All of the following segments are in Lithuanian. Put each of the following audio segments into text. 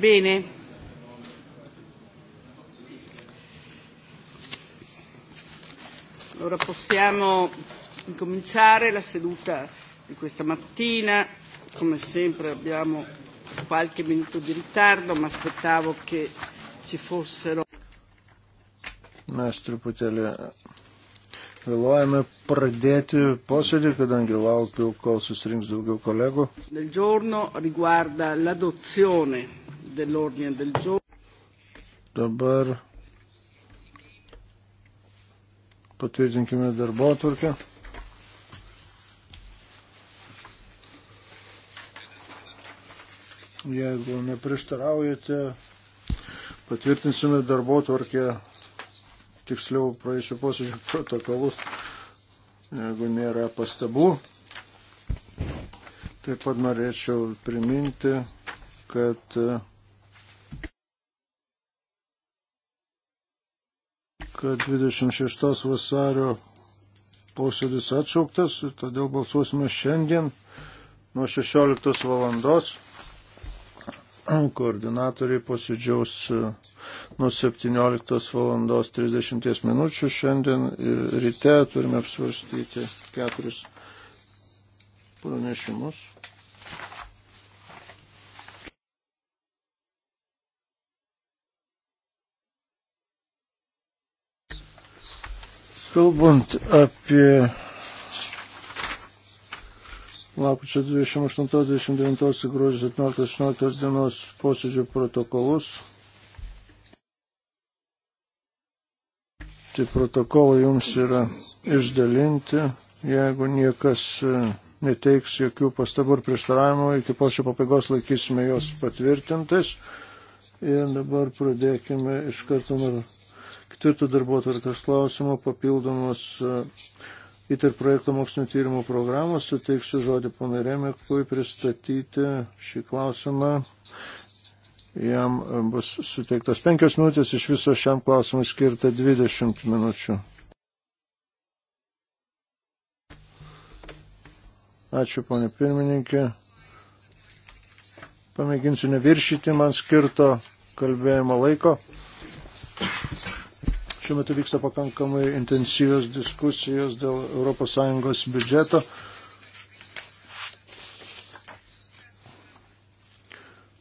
Bene. Allora possiamo incominciare la seduta di questa mattina. Come sempre abbiamo qualche minuto di ritardo, ma aspettavo che ci fossero. Mes truputėlį vėluojame pradėti posėdį, kadangi laukiu, kol susirinks daugiau kolegų. Del giorno riguarda l'adozione dell'ordine e del giorno. Dabar patvirtinkime darbo atvarkę. Jeigu neprieštaraujate, patvirtinsime darbo atvarkę, tiksliau praeisiu posėdžių protokolus, jeigu nėra pastabų. Taip pat norėčiau priminti, kad kad 26 vasario posėdis atšauktas ir todėl balsuosime šiandien nuo 16 valandos. Koordinatoriai posėdžiaus e, nuo 17 valandos 30 minučių šiandien ir ryte turime apsvarstyti keturis pranešimus. Kalbant apie lapkričio 28-29 gruodžio 17-18 dienos posėdžio protokolus, tai protokolai jums yra išdalinti, jeigu niekas e, neteiks jokių pastabų ir prieštaravimų, iki pačio pabaigos laikysime juos patvirtintais. Ir dabar pradėkime iš karto nuo Ketvirto darbo tvarkės klausimo papildomos ITER e, projekto mokslinio tyrimų programos. Suteiksiu žodį ponai Remekui pristatyti šį klausimą. Jam e, bus suteiktos penkios minutės, iš viso šiam klausimui skirta 20 minučių. Ačiū, ponė pirmininkė. Pamėginsiu neviršyti man skirto kalbėjimo laiko. Šiuo metu vyksta pakankamai intensyvios diskusijos dėl ES biudžeto.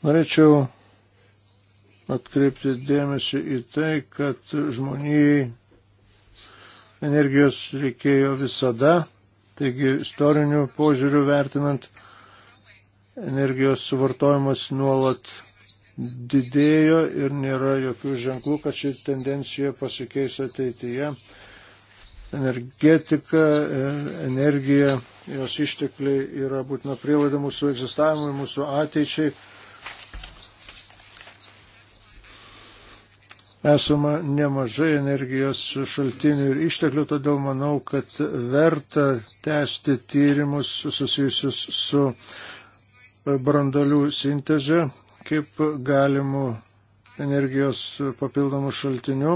Norėčiau atkreipti dėmesį į tai, kad žmonijai energijos reikėjo visada, taigi istorinių požiūrių vertinant energijos suvartojimas nuolat didėjo ir nėra jokių ženklų, kad ši tendencija pasikeis ateityje. Energetika, e, energija, jos ištekliai yra būtina prielaida mūsų egzistavimui, mūsų ateičiai. Esama nemažai energijos šaltinių ir išteklių, todėl manau, kad verta tęsti tyrimus susijusius su brandolių sintezė, kaip galimų energijos papildomų šaltinių.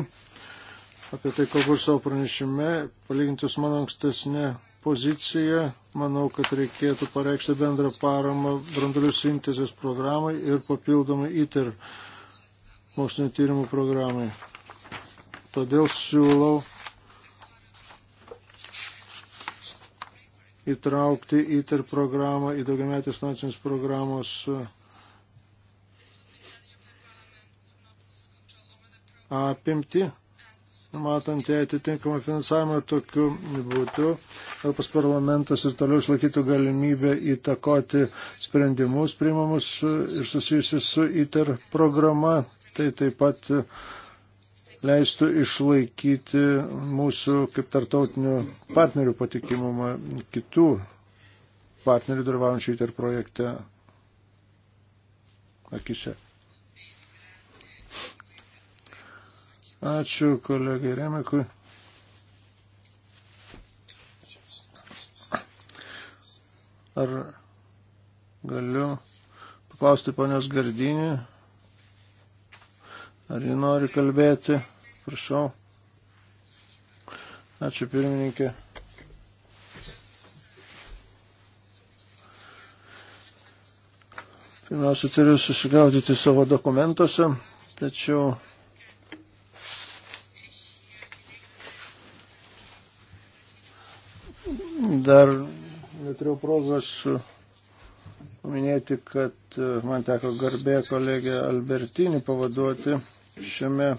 Apie tai kalbu ir savo pranešime. Palygintus mano ankstesnė pozicija, manau, kad reikėtų pareikšti bendrą paramą brandulių sintezės programai ir papildomai ITER mokslinio tyrimų programai. Todėl siūlau įtraukti ITER programą į daugiametės nacinės programos apimti, matant atitinkamą finansavimą tokiu būdu. Europos parlamentas ir toliau išlaikytų galimybę įtakoti sprendimus priimamus ir susijusius su ITER programa. Tai taip pat leistų išlaikyti mūsų kaip tartautinių partnerių patikimumą kitų partnerių dalyvaujančių ITER projekte akise. Ačiū kolegai Remekui. Ar galiu paklausti ponios Gardinį, ar ji nori kalbėti? Prašau. Ačiū pirmininkė. Pirmiausia, turiu susigaudyti savo dokumentuose, tačiau dar neturėjau progos paminėti, kad e, man teko garbė kolegę Albertinį pavaduoti šiame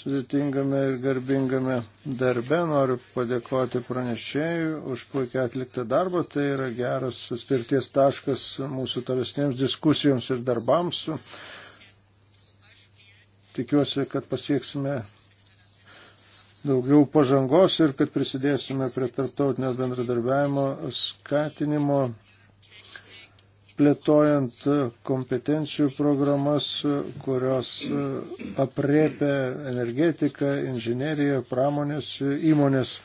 sudėtingame ir garbingame darbe. Noriu padėkoti pranešėjui už puikiai atliktą darbą. Tai yra geras spirties taškas mūsų tolesnėms diskusijoms ir darbams. Tikiuosi, kad pasieksime daugiau pažangos ir kad prisidėsime prie tarptautinio bendradarbiavimo skatinimo, plėtojant kompetencijų programas, kurios apriepia energetiką, inžineriją, pramonės įmonės.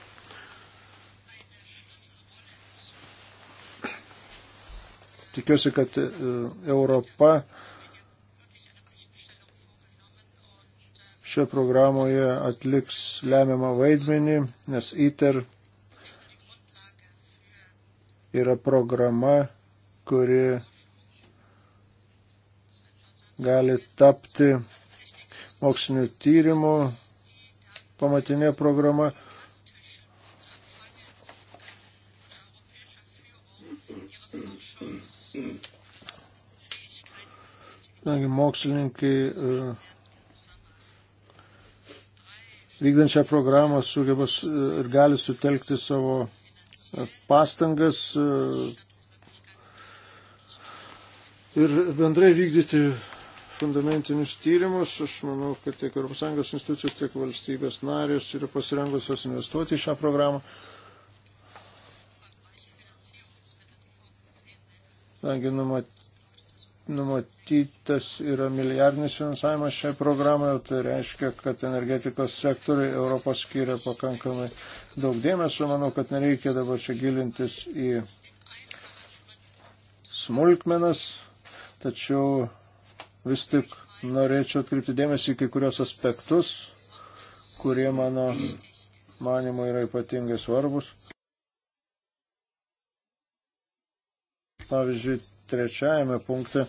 Tikiuosi, kad Europa šioje programoje atliks lemiamą vaidmenį, nes ITER yra programa, kuri gali tapti mokslinių tyrimų pamatinė programa. Nagi, mokslininkai uh, vykdančią programą sugeba ir gali sutelkti savo e, pastangas e, ir bendrai vykdyti fundamentinius tyrimus. Aš manau, kad tiek ES institucijos, tiek valstybės narės yra pasirengusios investuoti į šią programą. Kadangi numat, numatytas yra milijardinis finansavimas šiai programai, tai reiškia, kad energetikos sektoriai Europos skiria pakankamai daug dėmesio. Manau, kad nereikia dabar čia gilintis į smulkmenas, tačiau vis tik norėčiau atkreipti dėmesį į kai kurios aspektus, kurie mano manimo yra ypatingai svarbus. Pavyzdžiui, trečiajame punkte,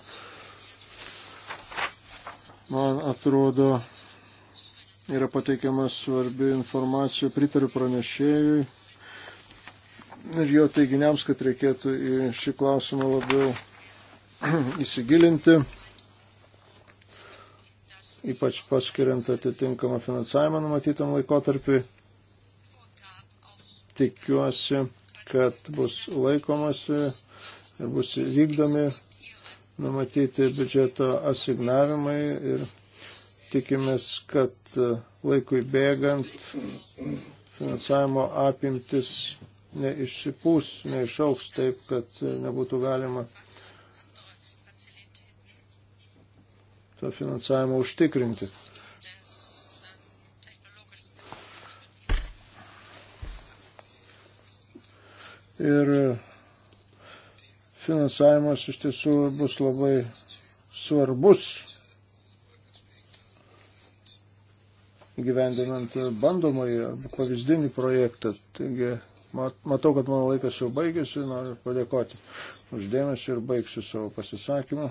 man atrodo, yra pateikiama svarbi informacija, pritariu pranešėjui ir jo teiginiams, kad reikėtų į šį klausimą labiau įsigilinti, ypač paskiriant atitinkamą finansavimą numatytam laikotarpiu. Tikiuosi, kad bus laikomasi ir bus vykdomi numatyti biudžeto asignavimai ir tikimės, kad e, laikui bėgant finansavimo apimtis neišsipūs, neišauks taip, kad e, nebūtų galima to finansavimo užtikrinti. Ir e, finansavimas iš tiesų bus labai svarbus gyvendinant bandomąjį arba pavyzdinį projektą. Taigi, matau, kad mano laikas jau baigėsi, noriu padėkoti uždėmesį ir baigsiu savo pasisakymą.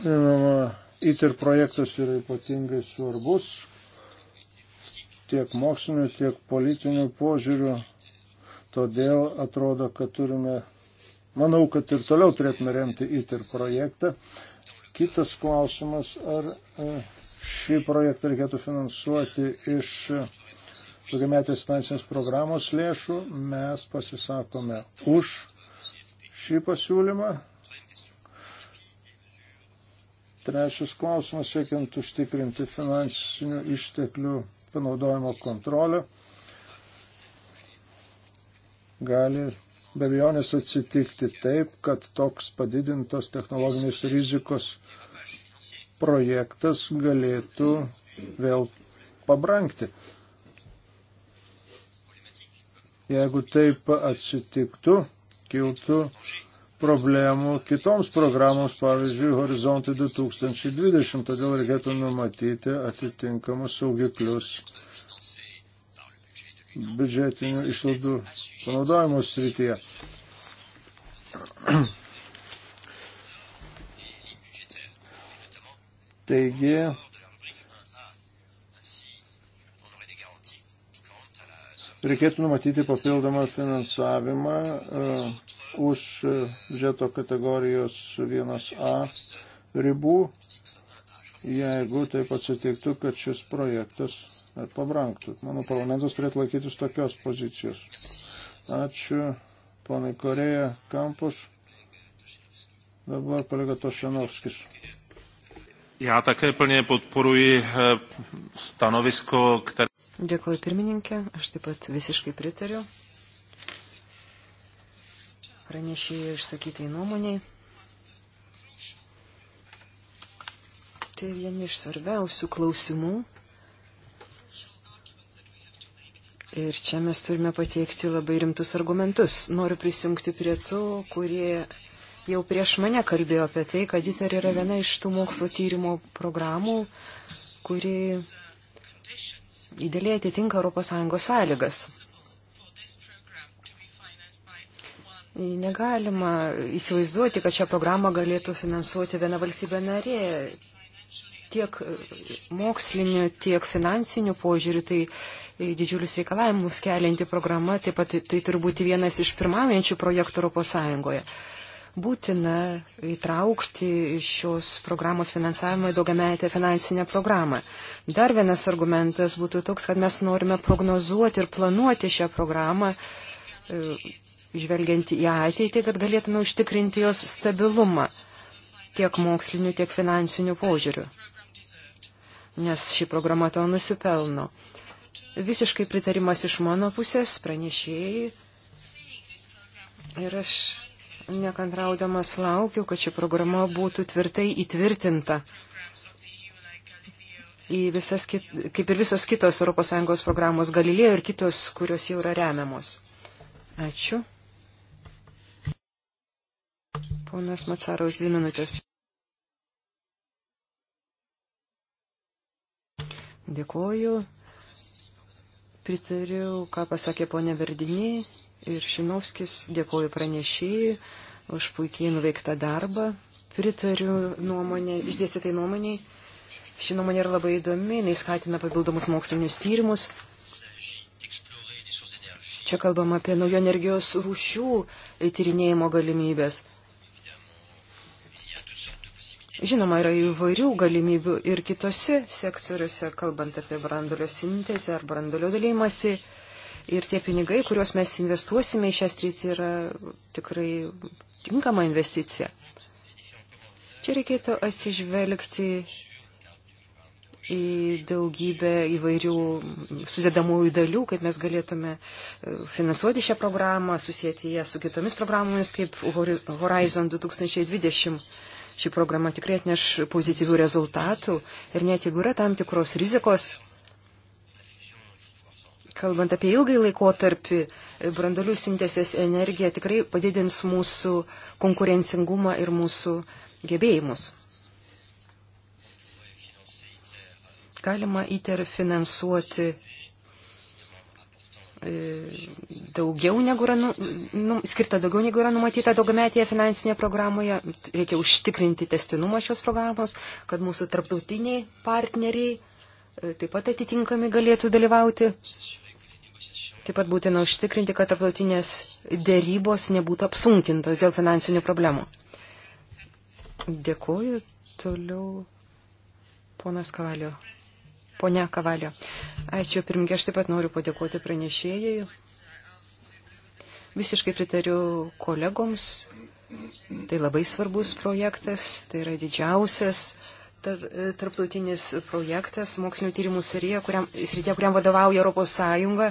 Žinoma, ITER projektas yra ypatingai svarbus tiek mokslinių, tiek politinių požiūrių. Todėl atrodo, kad turime, manau, kad ir toliau turėtume remti ITER projektą. Kitas klausimas, ar e, šį projektą reikėtų finansuoti iš daugiametės finansinės programos lėšų. Mes pasisakome už šį pasiūlymą Trečias klausimas, siekiant užtikrinti finansinių išteklių panaudojimo kontrolę, gali be abejonės atsitikti taip, kad toks padidintos technologinės rizikos projektas galėtų vėl pabrangti. Jeigu taip atsitiktų, kiltų problemų kitoms programoms, pavyzdžiui, Horizontui 2020, todėl reikėtų numatyti atitinkamus saugiklius biudžetinių išlaidų panaudojimo srityje. Taigi, reikėtų numatyti papildomą finansavimą uh, už biudžeto kategorijos 1A ribų, jeigu taip atsitiktų, kad šis projektas pabranktų. Mano parlamentas turėtų laikytis tokios pozicijos. Ačiū, ponai Koreja Kampuš. Dabar kolega Tošanovskis. Já také plně podporuji eh, stanovisko, které. Dėkuoju pirmininkė, aš taip pat visiškai pritariu pranešėjų išsakytai nuomoniai. Tai vieni iš svarbiausių klausimų. Ir čia mes turime pateikti labai rimtus argumentus. Noriu prisijungti prie tų, kurie jau prieš mane kalbėjo apie tai, kad ITER yra viena iš tų mokslo tyrimo programų, kuri įdėlė atitinka ES sąlygas. Negalima įsivaizduoti, kad šią programą galėtų finansuoti viena valstybė narė. Tiek mokslinio, tiek finansinio požiūrių, tai e, didžiulius reikalavimus kelianti programa, taip pat tai turi būti vienas iš pirmaujančių projektų Europos Sąjungoje būtina įtraukti šios programos finansavimą į daugiametę finansinę programą. Dar vienas argumentas būtų toks, kad mes norime prognozuoti ir planuoti šią programą e, žvelgiant į ateitį, kad galėtume užtikrinti jos stabilumą tiek mokslinių, tiek finansinių požiūrių, nes ši programa to nusipelno. Visiškai pritarimas iš mano pusės, pranešėjai. Ir aš nekantraudamas laukiu, kad ši programa būtų tvirtai įtvirtinta į visas, kit, kaip ir visos kitos ES programos Galilėjo ir kitos, kurios jau yra remiamos. Ačiū. Ponas Macaros, dvi minutės. Dėkoju. Pritariu, ką pasakė ponė Verdiniai ir Šinovskis. Dėkoju pranešėjai už puikiai nuveiktą darbą. Pritariu nuomonė, išdėstytai nuomoniai. Ši nuomonė yra labai įdomi, jis skatina papildomus mokslinius tyrimus. Čia kalbam apie naujo energijos rūšių tyrinėjimo galimybės. Žinoma, yra įvairių galimybių ir kitose sektoriuose, kalbant apie brandulio sintezę ar brandulio dalymasi. Ir tie pinigai, kuriuos mes investuosime į šią sritį, yra tikrai tinkama investicija. Čia reikėtų atsižvelgti į daugybę įvairių sudėdamųjų dalių, kaip mes galėtume e, finansuoti šią programą, susijęti ją su kitomis programomis, kaip Horizon 2020 ši programa tikrai atneš pozityvių rezultatų ir net jeigu yra tam tikros rizikos, kalbant apie ilgai laikotarpį, brandolių sintesės energija tikrai padidins mūsų konkurencingumą ir mūsų gebėjimus. Galima įter finansuoti E, daugiau negu yra, nu, nu, skirta daugiau negu yra numatyta daugiametėje finansinėje programoje. Reikia užtikrinti testinumą šios programos, kad mūsų tarptautiniai partneriai e, taip pat atitinkami galėtų dalyvauti. Taip pat būtina užtikrinti, kad tarptautinės dėrybos nebūtų apsunkintos dėl finansinių problemų. Dėkuoju. Toliau ponas Kavalio. Pone Kavalio. Ačiū, pirmininkė, aš taip pat noriu padėkoti pranešėjai. Visiškai pritariu kolegoms. Tai labai svarbus projektas, tai yra didžiausias tar, tarptautinis projektas mokslinio tyrimų srityje, kuriam, srityje, kuriam vadovauja Europos Sąjunga.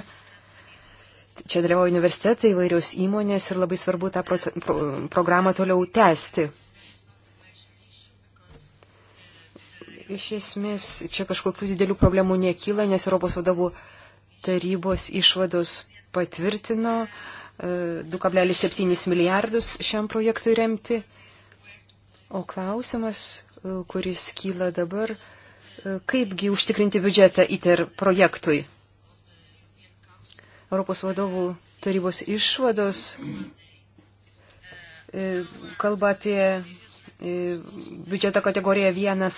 Čia dalyvauja universitetai, įvairios įmonės ir labai svarbu tą proces, pro, programą toliau tęsti. Iš esmės, čia kažkokių didelių problemų nekyla, nes Europos vadovų tarybos išvados patvirtino 2,7 e, milijardus šiam projektui remti. O klausimas, e, kuris kyla dabar, e, kaipgi užtikrinti biudžetą ITER projektui. Europos vadovų tarybos išvados kalba apie biudžeto kategoriją 1A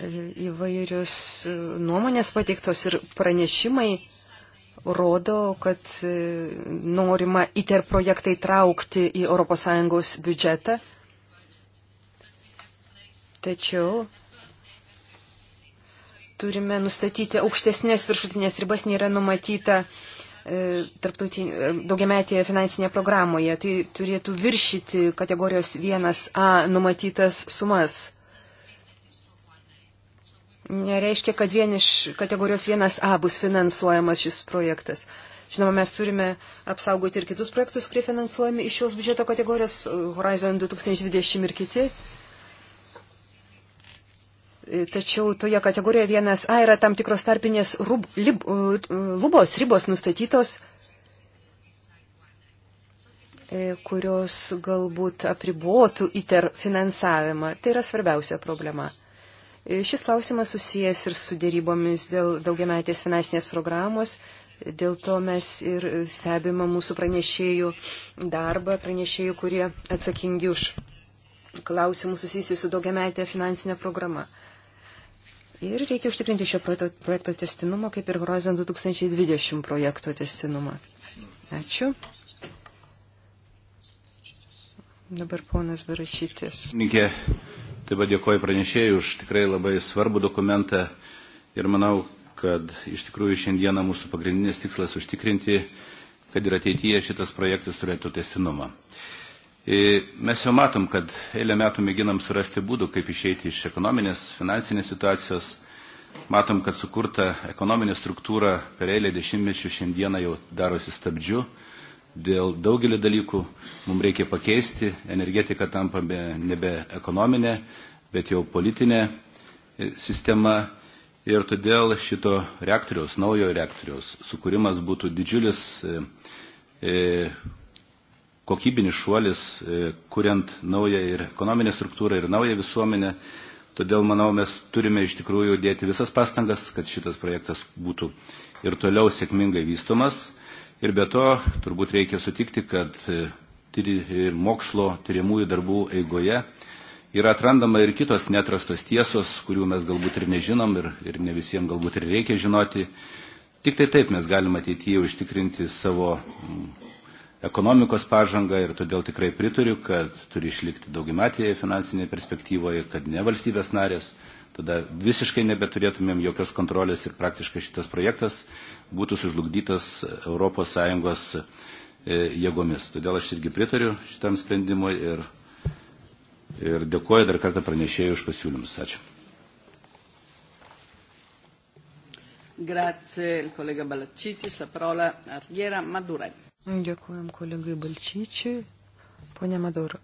Įvairius e, nuomonės pateiktos ir pranešimai rodo, kad e, norima ITER projektai traukti į ES biudžetą. Tačiau turime nustatyti aukštesnės viršutinės ribas, nėra numatyta e, daugiametėje finansinėje programoje. Tai turėtų viršyti kategorijos 1A numatytas sumas nereiškia, kad vien iš kategorijos 1A bus finansuojamas šis projektas. Žinoma, mes turime apsaugoti ir kitus projektus, kurie finansuojami iš šios biudžeto kategorijos, Horizon 2020 ir kiti. Tačiau toje kategorijoje vienas A yra tam tikros tarpinės rub, lib, lubos, ribos nustatytos, e, kurios galbūt apribuotų įter finansavimą. Tai yra svarbiausia problema. Šis klausimas susijęs ir su dėrybomis dėl daugiametės finansinės programos. Dėl to mes ir stebime mūsų pranešėjų darbą, pranešėjų, kurie atsakingi už klausimus susijusius su daugiametė finansinė programa. Ir reikia užtikrinti šio projekto, projekto testinumą, kaip ir Horizon 2020 projekto testinumą. Ačiū. Dabar ponas Barašytis. Taip pat dėkoju pranešėjai už tikrai labai svarbų dokumentą ir manau, kad iš tikrųjų šiandieną mūsų pagrindinis tikslas užtikrinti, kad ir ateityje šitas projektas turėtų testinumą. E, mes jau matom, kad eilę metų mėginam surasti būdų, kaip išeiti iš ekonominės, finansinės situacijos. Matom, kad sukurta ekonominė struktūra per eilę dešimtmečių šiandieną jau darosi stabdžiu dėl daugelį dalykų mums reikia pakeisti, energetika tampa nebe ekonominė, bet jau politinė e, sistema ir todėl šito reaktoriaus, naujo reaktoriaus sukūrimas būtų didžiulis e, e, kokybinis šuolis, e, kuriant naują ir ekonominę struktūrą, ir naują visuomenę. Todėl, manau, mes turime iš tikrųjų dėti visas pastangas, kad šitas projektas būtų ir toliau sėkmingai vystomas Ir be to, turbūt reikia sutikti, kad e, e, mokslo tyrimųjų darbų eigoje yra atrandama ir kitos netrastos tiesos, kurių mes galbūt ir nežinom ir, ir ne visiems galbūt ir reikia žinoti. Tik tai taip mes galime ateityje užtikrinti savo ekonomikos pažangą ir todėl tikrai pritariu, kad turi išlikti daugiamatėje finansinėje perspektyvoje, kad ne valstybės narės, tada visiškai nebeturėtumėm jokios kontrolės ir praktiškai šitas projektas būtų sužlugdytas ES e, jėgomis. Todėl aš irgi pritariu šitam sprendimui ir, ir dėkuoju dar kartą pranešėjai už pasiūlymus. Ačiū. Grazie, kolega Balčytis, la parola Arjera Madurai. Dėkuojam kolegai Balčyčiui. Pone Maduro.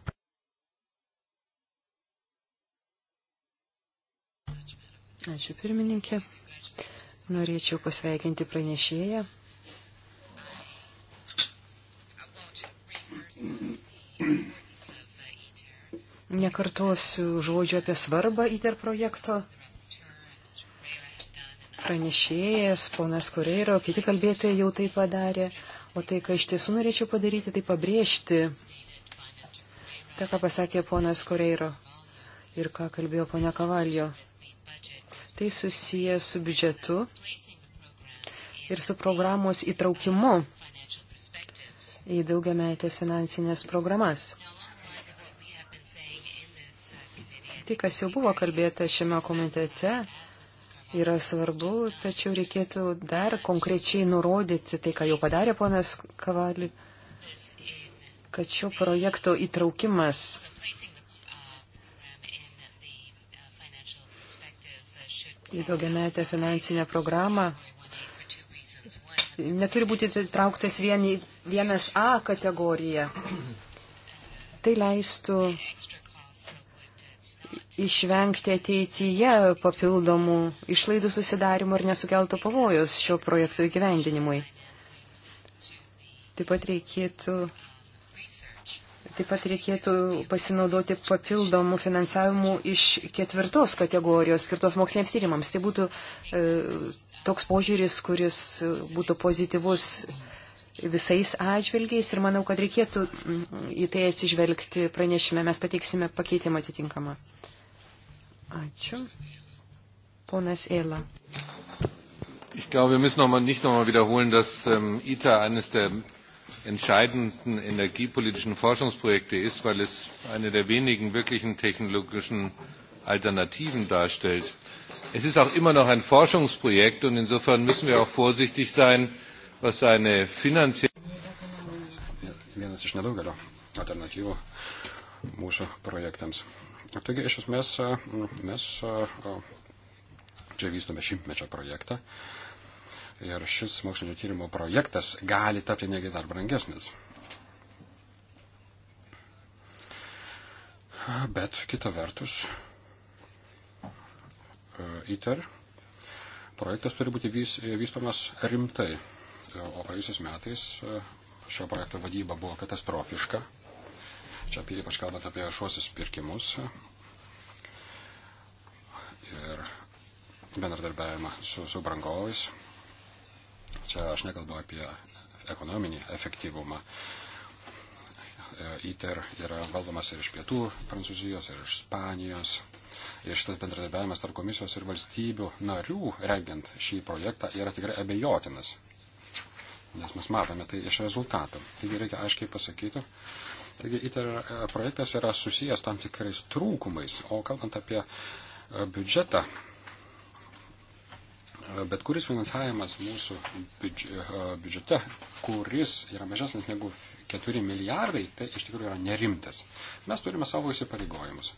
Ačiū pirmininkė. Norėčiau pasveikinti pranešėją. Nekartosiu žodžio apie svarbą ITER projekto. Pranešėjas, ponas Koreiro, kiti kalbėtojai jau tai padarė. O tai, ką iš tiesų norėčiau padaryti, tai pabrėžti. Ta, ką pasakė ponas Koreiro ir ką kalbėjo ponia Kavaljo. Tai susiję su biudžetu ir su programos įtraukimu į daugiametės finansinės programas. Tai, kas jau buvo kalbėta šiame komitete, yra svarbu, tačiau reikėtų dar konkrečiai nurodyti tai, ką jau padarė ponas Kavali, kad šio projekto įtraukimas į daugiametę finansinę programą neturi būti trauktas vien į vienas A kategoriją. Tai leistų išvengti ateityje papildomų išlaidų susidarimo ir nesukeltų pavojus šio projekto įgyvendinimui. Taip pat reikėtų Taip pat reikėtų pasinaudoti papildomų finansavimų iš ketvirtos kategorijos skirtos moksliniams tyrimams. Tai būtų e, toks požiūris, kuris būtų pozityvus visais atžvilgiais ir manau, kad reikėtų į tai atsižvelgti pranešime. Mes pateiksime pakeitimą atitinkamą. Ačiū. Ponas Ėla. Ich glaube, wir müssen noch mal, nicht nochmal wiederholen, dass ähm, ITER eines der entscheidenden energiepolitischen Forschungsprojekte ist, weil es eine der wenigen wirklichen technologischen Alternativen darstellt. Es ist auch immer noch ein Forschungsprojekt und insofern müssen wir auch vorsichtig sein, was seine finanzielle. Vienas iš nedaugelio alternatyvų mūsų projektams. Taigi, iš esmės, mes äh, čia vystome šimtmečio projektą. Uh, ir šis mokslinio tyrimo projektas gali tapti negi dar brangesnis. Bet kita vertus, e, ITER projektas turi būti vystomas rimtai. O praėjusiais metais e, šio projekto vadyba buvo katastrofiška. Čia apie ypač kalbant apie viešuosius pirkimus ir bendradarbiavimą su, su brangovais. Čia aš nekalbu apie ekonominį efektyvumą. E, ITER yra valdomas ir iš pietų Prancūzijos, ir iš Ispanijos. Ir šitas bendradarbiavimas tarp komisijos ir valstybių narių, rengiant šį projektą, yra tikrai abejotinas. Nes mes matome tai iš rezultatų. Taigi reikia aiškiai pasakyti. Taigi ITER projektas yra susijęs tam tikrais trūkumais. O kalbant apie e, biudžetą, bet kuris finansavimas mūsų e, biudžete, kuris yra mažesnis negu 4 milijardai, tai iš tikrųjų yra nerimtas. Mes turime savo įsipareigojimus.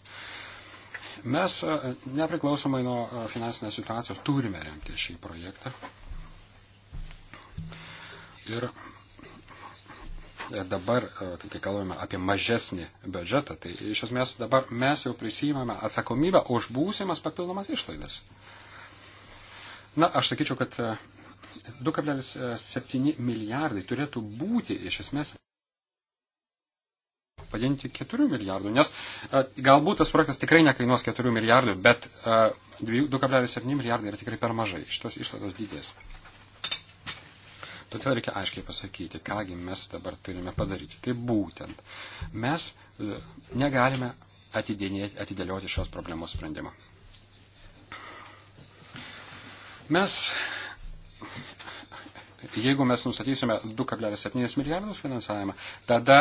Mes e, nepriklausomai nuo e, finansinės situacijos turime remti šį projektą. Ir dabar, kai kalbame apie mažesnį biudžetą, tai iš esmės dabar mes jau prisimame atsakomybę už būsimas papildomas išlaidas. Na, aš sakyčiau, kad 2,7 e, milijardai turėtų būti iš esmės padinti 4 milijardų, nes e, galbūt tas projektas tikrai nekainuos 4 milijardų, bet 2,7 e, milijardai yra tikrai per mažai, šitos išlaidos didės. Todėl reikia aiškiai pasakyti, kągi mes dabar turime padaryti. Tai būtent mes negalime atidėlioti šios problemos sprendimą. Mes, jeigu mes nustatysime 2,7 milijardus finansavimą, tada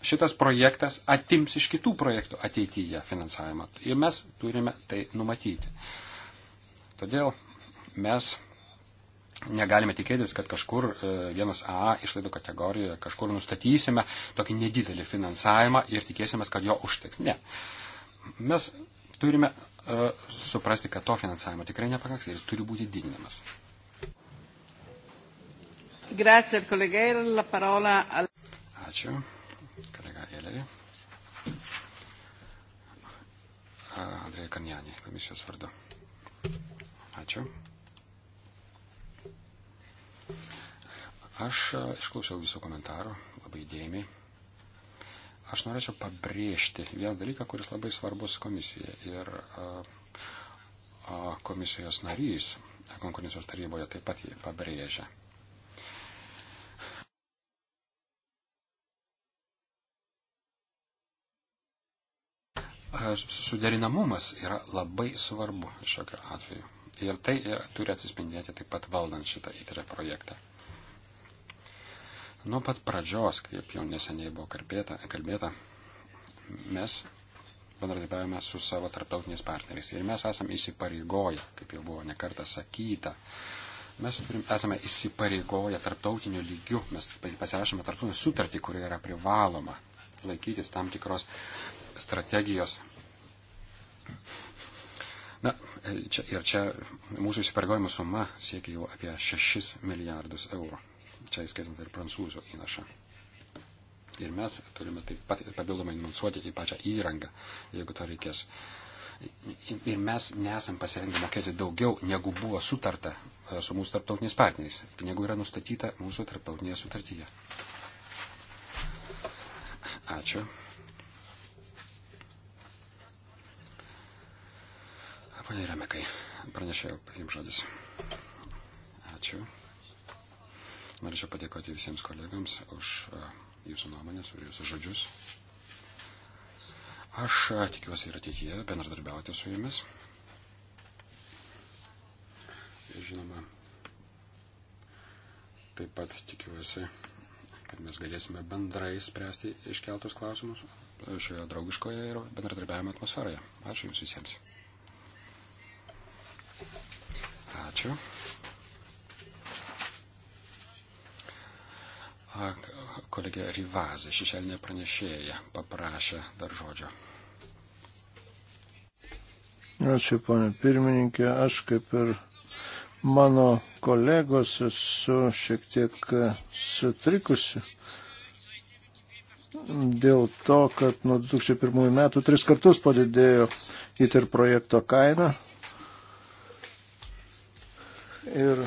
šitas projektas atims iš kitų projektų ateityje finansavimą. Ir mes turime tai numatyti. Todėl mes negalime tikėtis, kad kažkur e, vienas A išlaidų kategorijoje kažkur nustatysime tokį nedidelį finansavimą ir tikėsime, kad jo užteks. Ne. Mes turime E, suprasti, kad to finansavimo tikrai nepakaks ir jis turi būti didinamas. Grazie, kolegė, la parola. Al... Ačiū, kolega Elerį. E, Andrėja Kanjanė, komisijos vardu. Ačiū. Aš e, išklausiau visų komentarų labai dėmiai. Aš norėčiau pabrėžti vieną dalyką, kuris labai svarbus komisijai ir a, a, komisijos narys konkurencijos taryboje taip pat jį pabrėžia. Suderinamumas yra labai svarbu šiokiu atveju. Ir tai yra, turi atsispindėti taip pat valdant šitą įtarę projektą. Nuo pat pradžios, kaip jau neseniai buvo kalbėta, kalbėta mes bendradarbiavome su savo tarptautiniais partneriais ir mes esame įsipareigoję, kaip jau buvo nekarta sakyta, mes turim, esame įsipareigoję tarptautiniu lygiu, mes pasirašėme tarptautinį sutartį, kuri yra privaloma laikytis tam tikros strategijos. Na, čia, ir čia mūsų įsipareigojimų suma siekia jau apie 6 milijardus eurų čia įskaitant ir prancūzų įnašą. Ir mes turime taip pat papildomai finansuoti į pačią įrangą, jeigu to reikės. Ir mes nesam pasirengę mokėti daugiau, negu buvo sutarta e, su mūsų tarptautiniais partneriais, negu yra nustatyta mūsų tarptautinėje sutartyje. Ačiū. Pane Remekai, pranešėjau, jums žodis. Ačiū. Norėčiau padėkoti visiems kolegams už e, jūsų nuomonės, už jūsų žodžius. Aš e, tikiuosi ir ateityje bendradarbiauti su jumis. Žinoma, taip pat tikiuosi, kad mes galėsime bendrai spręsti iškeltus klausimus šioje draugiškoje ir bendradarbiavimo atmosferoje. Ačiū Jums visiems. Ačiū. kolegė Rivazė, šešėlinė pranešėja, paprašė dar žodžio. Ačiū, ponė pirmininkė. Aš kaip ir mano kolegos esu šiek tiek sutrikusi dėl to, kad nuo 2001 metų tris kartus padidėjo įtir projekto kaina. Ir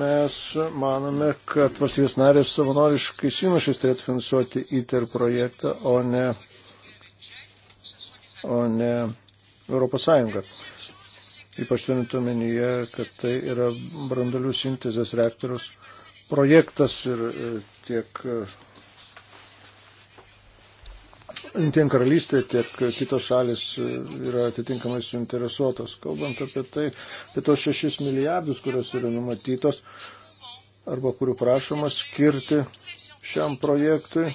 Mes manome, kad valstybės narės savanoriškais įnašais turėtų finansuoti ITER projektą, o ne, o ne Europos Sąjunga. Ypač turint omenyje, kad tai yra brandalių sintezės reaktorius projektas ir e, tiek e, Jungtinė karalystė, tiek kitos šalis e, yra atitinkamai suinteresuotos. Kalbant apie tai, apie tos 6 milijardus, kurios yra numatytos arba kurių prašoma skirti šiam projektui,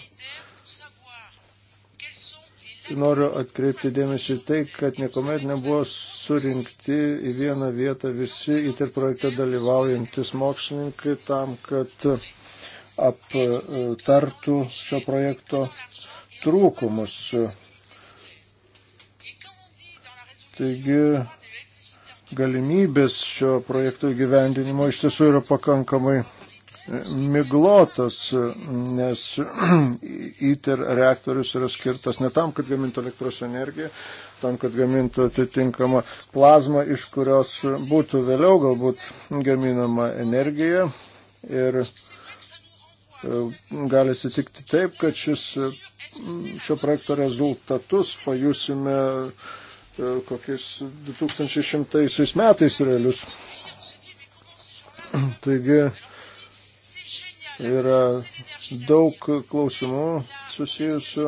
noriu atkreipti dėmesį tai, kad niekuomet nebuvo surinkti į vieną vietą visi įtirprojekte dalyvaujantis mokslininkai tam, kad aptartų e, šio projekto trūkumus. Taigi galimybės šio projekto gyvendinimo iš tiesų yra pakankamai e, miglotas, nes ITER reaktorius yra skirtas ne tam, kad gamintų elektros energiją, tam, kad gamintų atitinkamą plazmą, iš kurios būtų vėliau galbūt gaminama energija. Ir uh, gali atsitikti taip, kad šis, šio projekto rezultatus pajusime e, kokiais 2100 metais realius. Taigi yra daug klausimų susijusių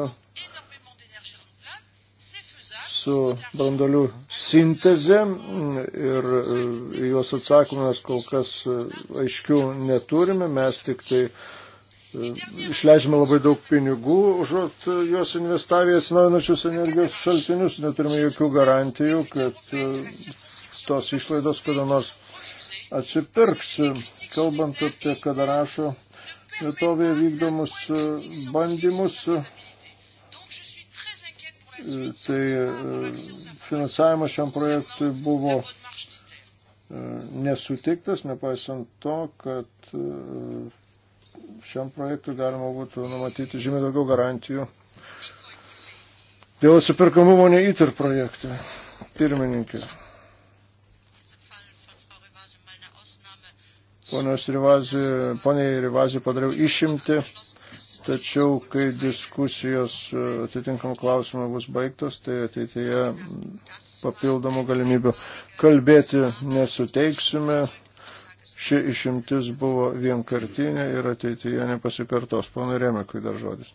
su brandolių sintezė ir e, juos atsakymas kol kas e, aiškių neturime, mes tik tai uh, Išleidžiame labai daug pinigų, užuot juos investavę į atsinaujinančius energijos šaltinius, neturime jokių garantijų, kad e, tos išlaidos kada nors atsipirks. Kalbant apie kadarašo vietovėje vykdomus e, bandymus, e, tai finansavimas šiam projektui buvo nesutiktas, nepaisant to, kad šiam projektui galima būtų numatyti žymiai daugiau garantijų dėl atsipirkamumo neįtir projektui. Pirmininkė. Poniai Rivazį padariau išimti, tačiau kai diskusijos e, atitinkamų klausimų bus baigtos, tai ateityje papildomų galimybių kalbėti nesuteiksime ši išimtis buvo vienkartinė ir ateityje nepasikartos. Pana Remekui dar žodis.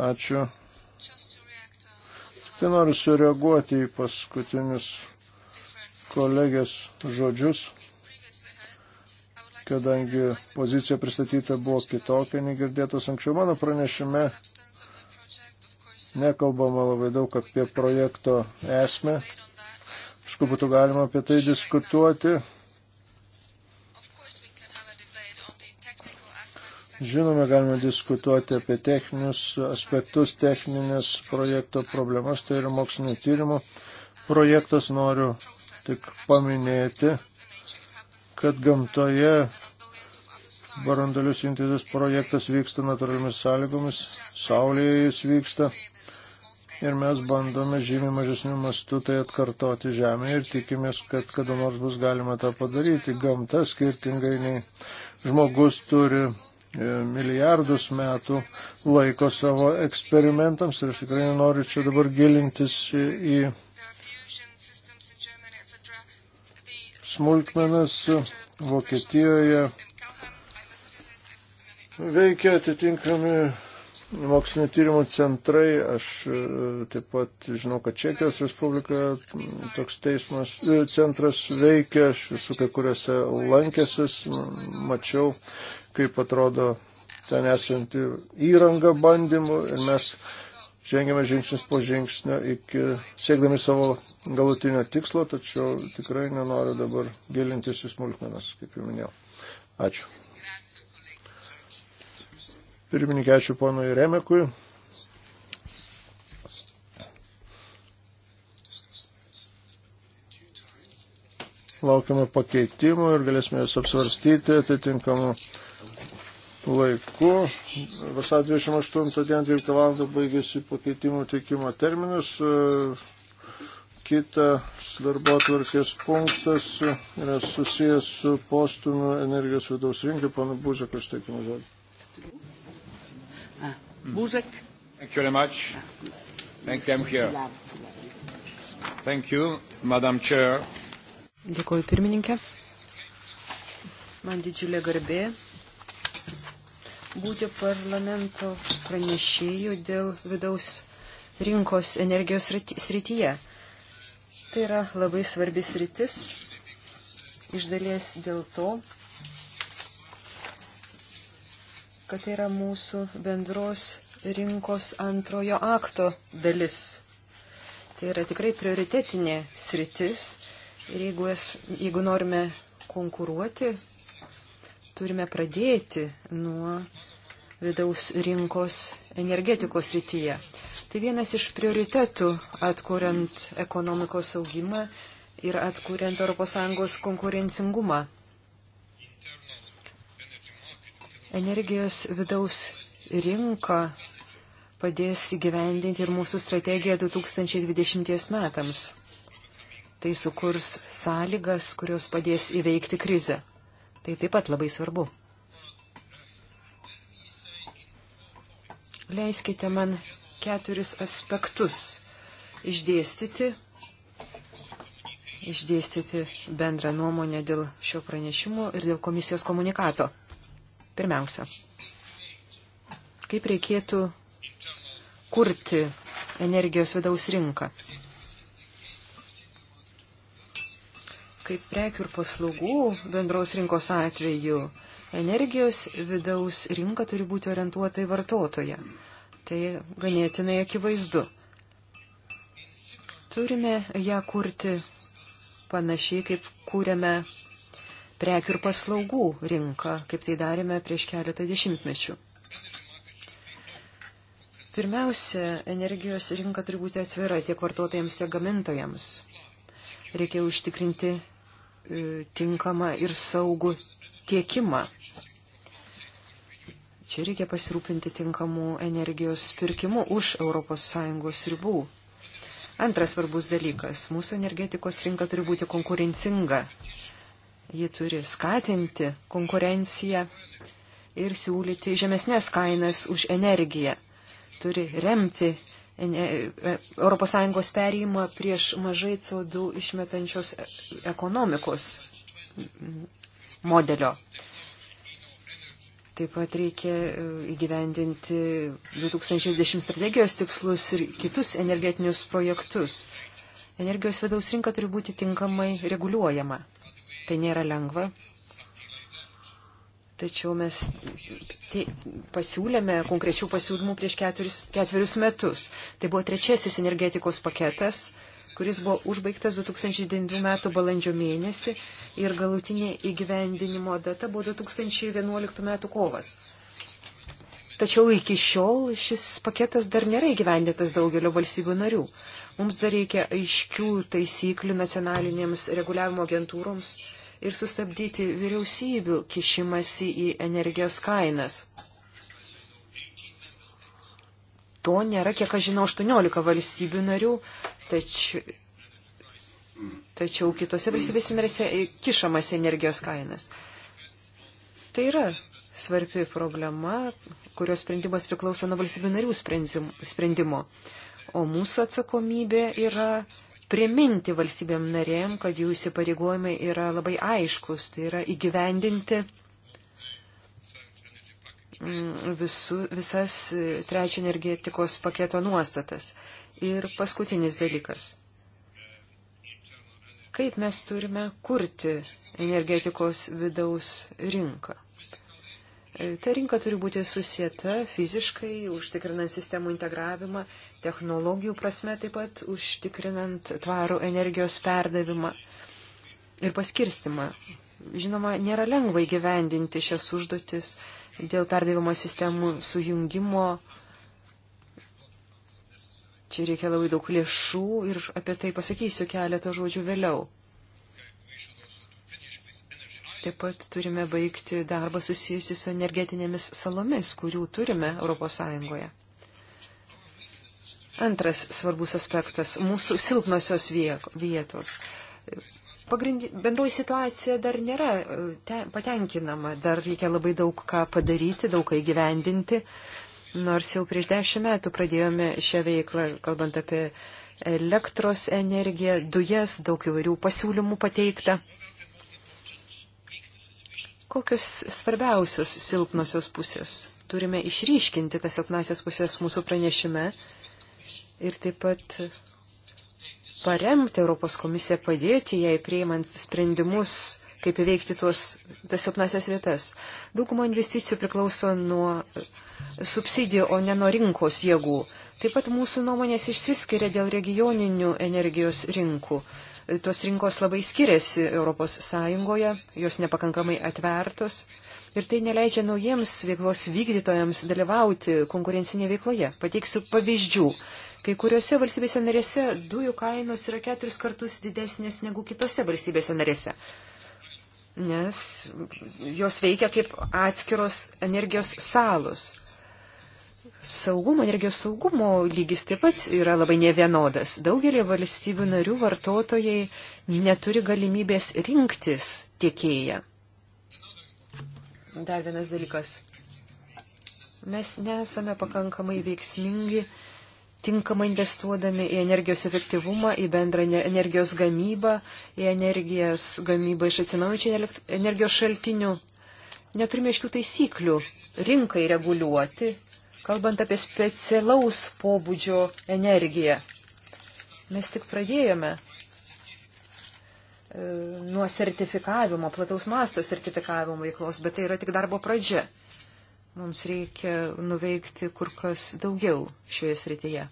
Ačiū. Tai noriu sureaguoti į paskutinius kolegės žodžius, kadangi pozicija pristatyta buvo kitokia, negirdėtos anksčiau. Mano pranešime nekalbama labai daug apie projekto esmę, aišku, būtų galima apie tai diskutuoti. Žinome, galime diskutuoti apie techninius aspektus, techninės projekto problemas, tai yra mokslinio tyrimo projektas, noriu tik paminėti, kad gamtoje barandalių sintezės projektas vyksta natūraliomis sąlygomis, saulėje jis vyksta ir mes bandome žymiai mažesnių mastų tai atkartoti žemėje ir tikimės, kad kada nors bus galima tą padaryti. Gamta skirtingai nei žmogus turi e, milijardus metų laiko savo eksperimentams ir aš tikrai nenoriu čia dabar gilintis į smulkmenas Vokietijoje veikia atitinkami mokslinio tyrimų centrai. Aš e, taip pat žinau, kad Čekijos Respublikoje toks teismas, e, centras veikia. Aš esu kai kuriuose lankęsis, mačiau, kaip atrodo ten esanti įranga bandymų ir mes žengėme žingsnis po žingsnio iki siekdami savo galutinio tikslo, tačiau tikrai nenoriu dabar gilintis į smulkmenas, kaip jau minėjau. Ačiū. Pirmininkė, ačiū ponui Remekui. Laukiame pakeitimų ir galėsime jas apsvarstyti atitinkamu laiku. Vasarį 28 dieną 12 val. baigėsi pakeitimų teikimo terminas. Kitas darbo atvarkės punktas yra susijęs su postumiu energijos vidaus rinkai. Pana Buzikas, teikimo žodį. Buzek. Thank you very much. Thank you, I'm here. Thank you, Madam Chair. Dėkuoju pirmininkė. Man didžiulė garbė būti parlamento pranešėjų dėl vidaus rinkos energijos srityje. Tai yra labai svarbis rytis, iš dalies dėl to, kad tai yra mūsų bendros rinkos antrojo akto dalis. Tai yra tikrai prioritetinė sritis ir jeigu, es, jeigu norime konkuruoti, turime pradėti nuo vidaus rinkos energetikos srityje. Tai vienas iš prioritetų atkuriant ekonomikos augimą ir atkuriant ES konkurencingumą. Energijos vidaus rinka padės įgyvendinti ir mūsų strategiją 2020 metams. Tai sukurs sąlygas, kurios padės įveikti krizę. Tai taip pat labai svarbu. Leiskite man keturis aspektus išdėstyti, išdėstyti bendrą nuomonę dėl šio pranešimo ir dėl komisijos komunikato. Pirmiausia, kaip reikėtų kurti energijos vidaus rinką? Kaip prekių ir paslaugų bendros rinkos atveju, energijos vidaus rinka turi būti orientuota į vartotoją. Tai ganėtinai akivaizdu. Turime ją kurti panašiai, kaip kūrėme prekių ir paslaugų rinką, kaip tai darėme prieš keletą dešimtmečių. Pirmiausia, energijos rinka turi būti atvira tiek vartotojams, tiek gamintojams. Reikia užtikrinti e, tinkamą ir saugų tiekimą. Čia reikia pasirūpinti tinkamų energijos pirkimu už ES ribų. Antras svarbus dalykas - mūsų energetikos rinka turi būti konkurencinga. Ji turi skatinti konkurenciją ir siūlyti žemesnės kainas už energiją. Turi remti ES e, perėjimą prieš mažai CO2 išmetančios e, ekonomikos modelio. Taip pat reikia e, įgyvendinti 2020 strategijos tikslus ir kitus energetinius projektus. Energijos vidaus rinka turi būti tinkamai reguliuojama. Tai nėra lengva. Tačiau mes pasiūlėme konkrečių pasiūlymų prieš keturis, ketverius metus. Tai buvo trečiasis energetikos paketas, kuris buvo užbaigtas 2009 m. balandžio mėnesį ir galutinė įgyvendinimo data buvo 2011 m. kovas. Tačiau iki šiol šis paketas dar nėra įgyvendintas daugelio valstybių narių. Mums dar reikia aiškių taisyklių nacionalinėms reguliavimo agentūroms ir sustabdyti vyriausybių kišimasi į energijos kainas. To nėra, kiek aš žinau, 18 valstybių narių, tačiau, tačiau kitose valstybėse narėse kišamas energijos kainas. Tai yra svarbi problema, kurios sprendimas priklauso nuo valstybių narių sprendimo. O mūsų atsakomybė yra priminti valstybėm narėm, kad jų įsipareigojimai yra labai aiškus, tai yra įgyvendinti mm, visu, visas e, trečio energetikos paketo nuostatas. Ir paskutinis dalykas. Kaip mes turime kurti energetikos vidaus rinką? E, ta rinka turi būti susieta fiziškai, užtikrinant sistemų integravimą technologijų prasme taip pat užtikrinant tvarų energijos perdavimą ir paskirstimą. Žinoma, nėra lengva įgyvendinti šias užduotis dėl perdavimo sistemų sujungimo. Čia reikia labai daug lėšų ir apie tai pasakysiu keletą žodžių vėliau. Taip pat turime baigti darbą susijusi su energetinėmis salomis, kurių turime ES. Antras svarbus aspektas - mūsų silpnosios vietos. Pagrindi, bendroji situacija dar nėra e, te, patenkinama, dar reikia labai daug ką padaryti, daug ką įgyvendinti. Nors jau prieš dešimt metų pradėjome šią veiklą, kalbant apie elektros energiją, dujas, daug įvairių pasiūlymų pateikta. Kokios svarbiausios silpnosios pusės? Turime išryškinti tas silpnasias pusės mūsų pranešime ir taip pat paremti Europos komisiją, padėti jai prieimant sprendimus, kaip įveikti tuos tas silpnasias vietas. Dauguma investicijų priklauso nuo subsidijų, o ne nuo rinkos jėgų. Taip pat mūsų nuomonės išsiskiria dėl regioninių energijos rinkų. Tos rinkos labai skiriasi ES, jos nepakankamai atvertos ir tai neleidžia naujiems veiklos vykdytojams dalyvauti konkurencinėje veikloje. Pateiksiu pavyzdžių. Kai kuriuose valstybėse narėse dujų kainos yra keturis kartus didesnės negu kitose valstybėse narėse, nes jos veikia kaip atskiros energijos salos. Saugumo, energijos saugumo lygis taip pat yra labai nevienodas. Daugelį valstybių narių vartotojai neturi galimybės rinktis tiekėją. Dar vienas dalykas. Mes nesame pakankamai veiksmingi tinkamai investuodami į energijos efektyvumą, į bendrą energijos gamybą, į energijos gamybą iš atsinaujančių energijos šaltinių. Neturime iškių taisyklių rinkai reguliuoti, kalbant apie specialaus pobūdžio energiją. Mes tik pradėjome e, nuo sertifikavimo, plataus masto sertifikavimo veiklos, bet tai yra tik darbo pradžia. Mums reikia nuveikti kur kas daugiau šioje srityje.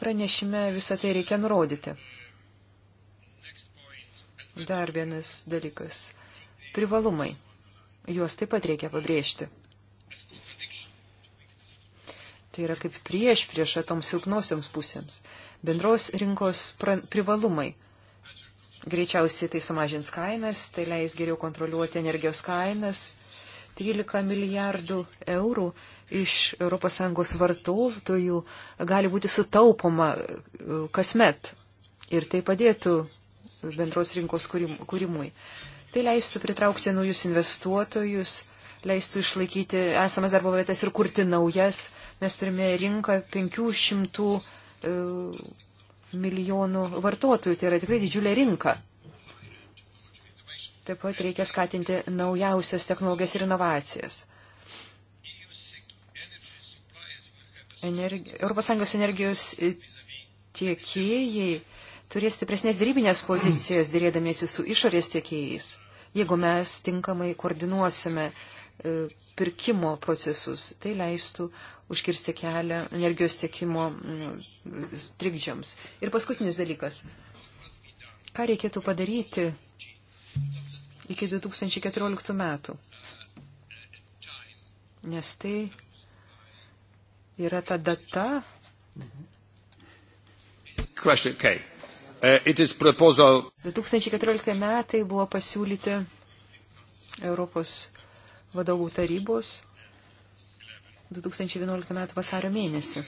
Pranešime visą tai reikia nurodyti. Dar vienas dalykas. Privalumai. Juos taip pat reikia pabrėžti. Tai yra kaip prieš priešą toms silpnosioms pusėms. Bendros rinkos privalumai Greičiausiai tai sumažins kainas, tai leis geriau kontroliuoti energijos kainas. 13 milijardų eurų iš ES vartotojų gali būti sutaupoma e, kasmet ir tai padėtų bendros rinkos kūrimui. Tai leistų pritraukti naujus investuotojus, leistų išlaikyti esamas darbo vietas ir kurti naujas. Mes turime rinką 500 milijonų vartotojų, tai yra tikrai didžiulė rinka. Taip pat reikia skatinti naujausias technologijas ir inovacijas. Energi... ES energijos tiekėjai turės stipresnės darybinės pozicijas dėrėdamiesi su išorės tiekėjais, jeigu mes tinkamai koordinuosime uh, E, pirkimo procesus. Tai leistų užkirsti kelią energijos tiekimo mm, trikdžiams. Ir paskutinis dalykas. Ką reikėtų padaryti iki 2014 metų? Nes tai yra ta data. Question, okay. uh, it is proposal... 2014 metai buvo pasiūlyti Europos vadovų tarybos 2011 m. vasario mėnesį.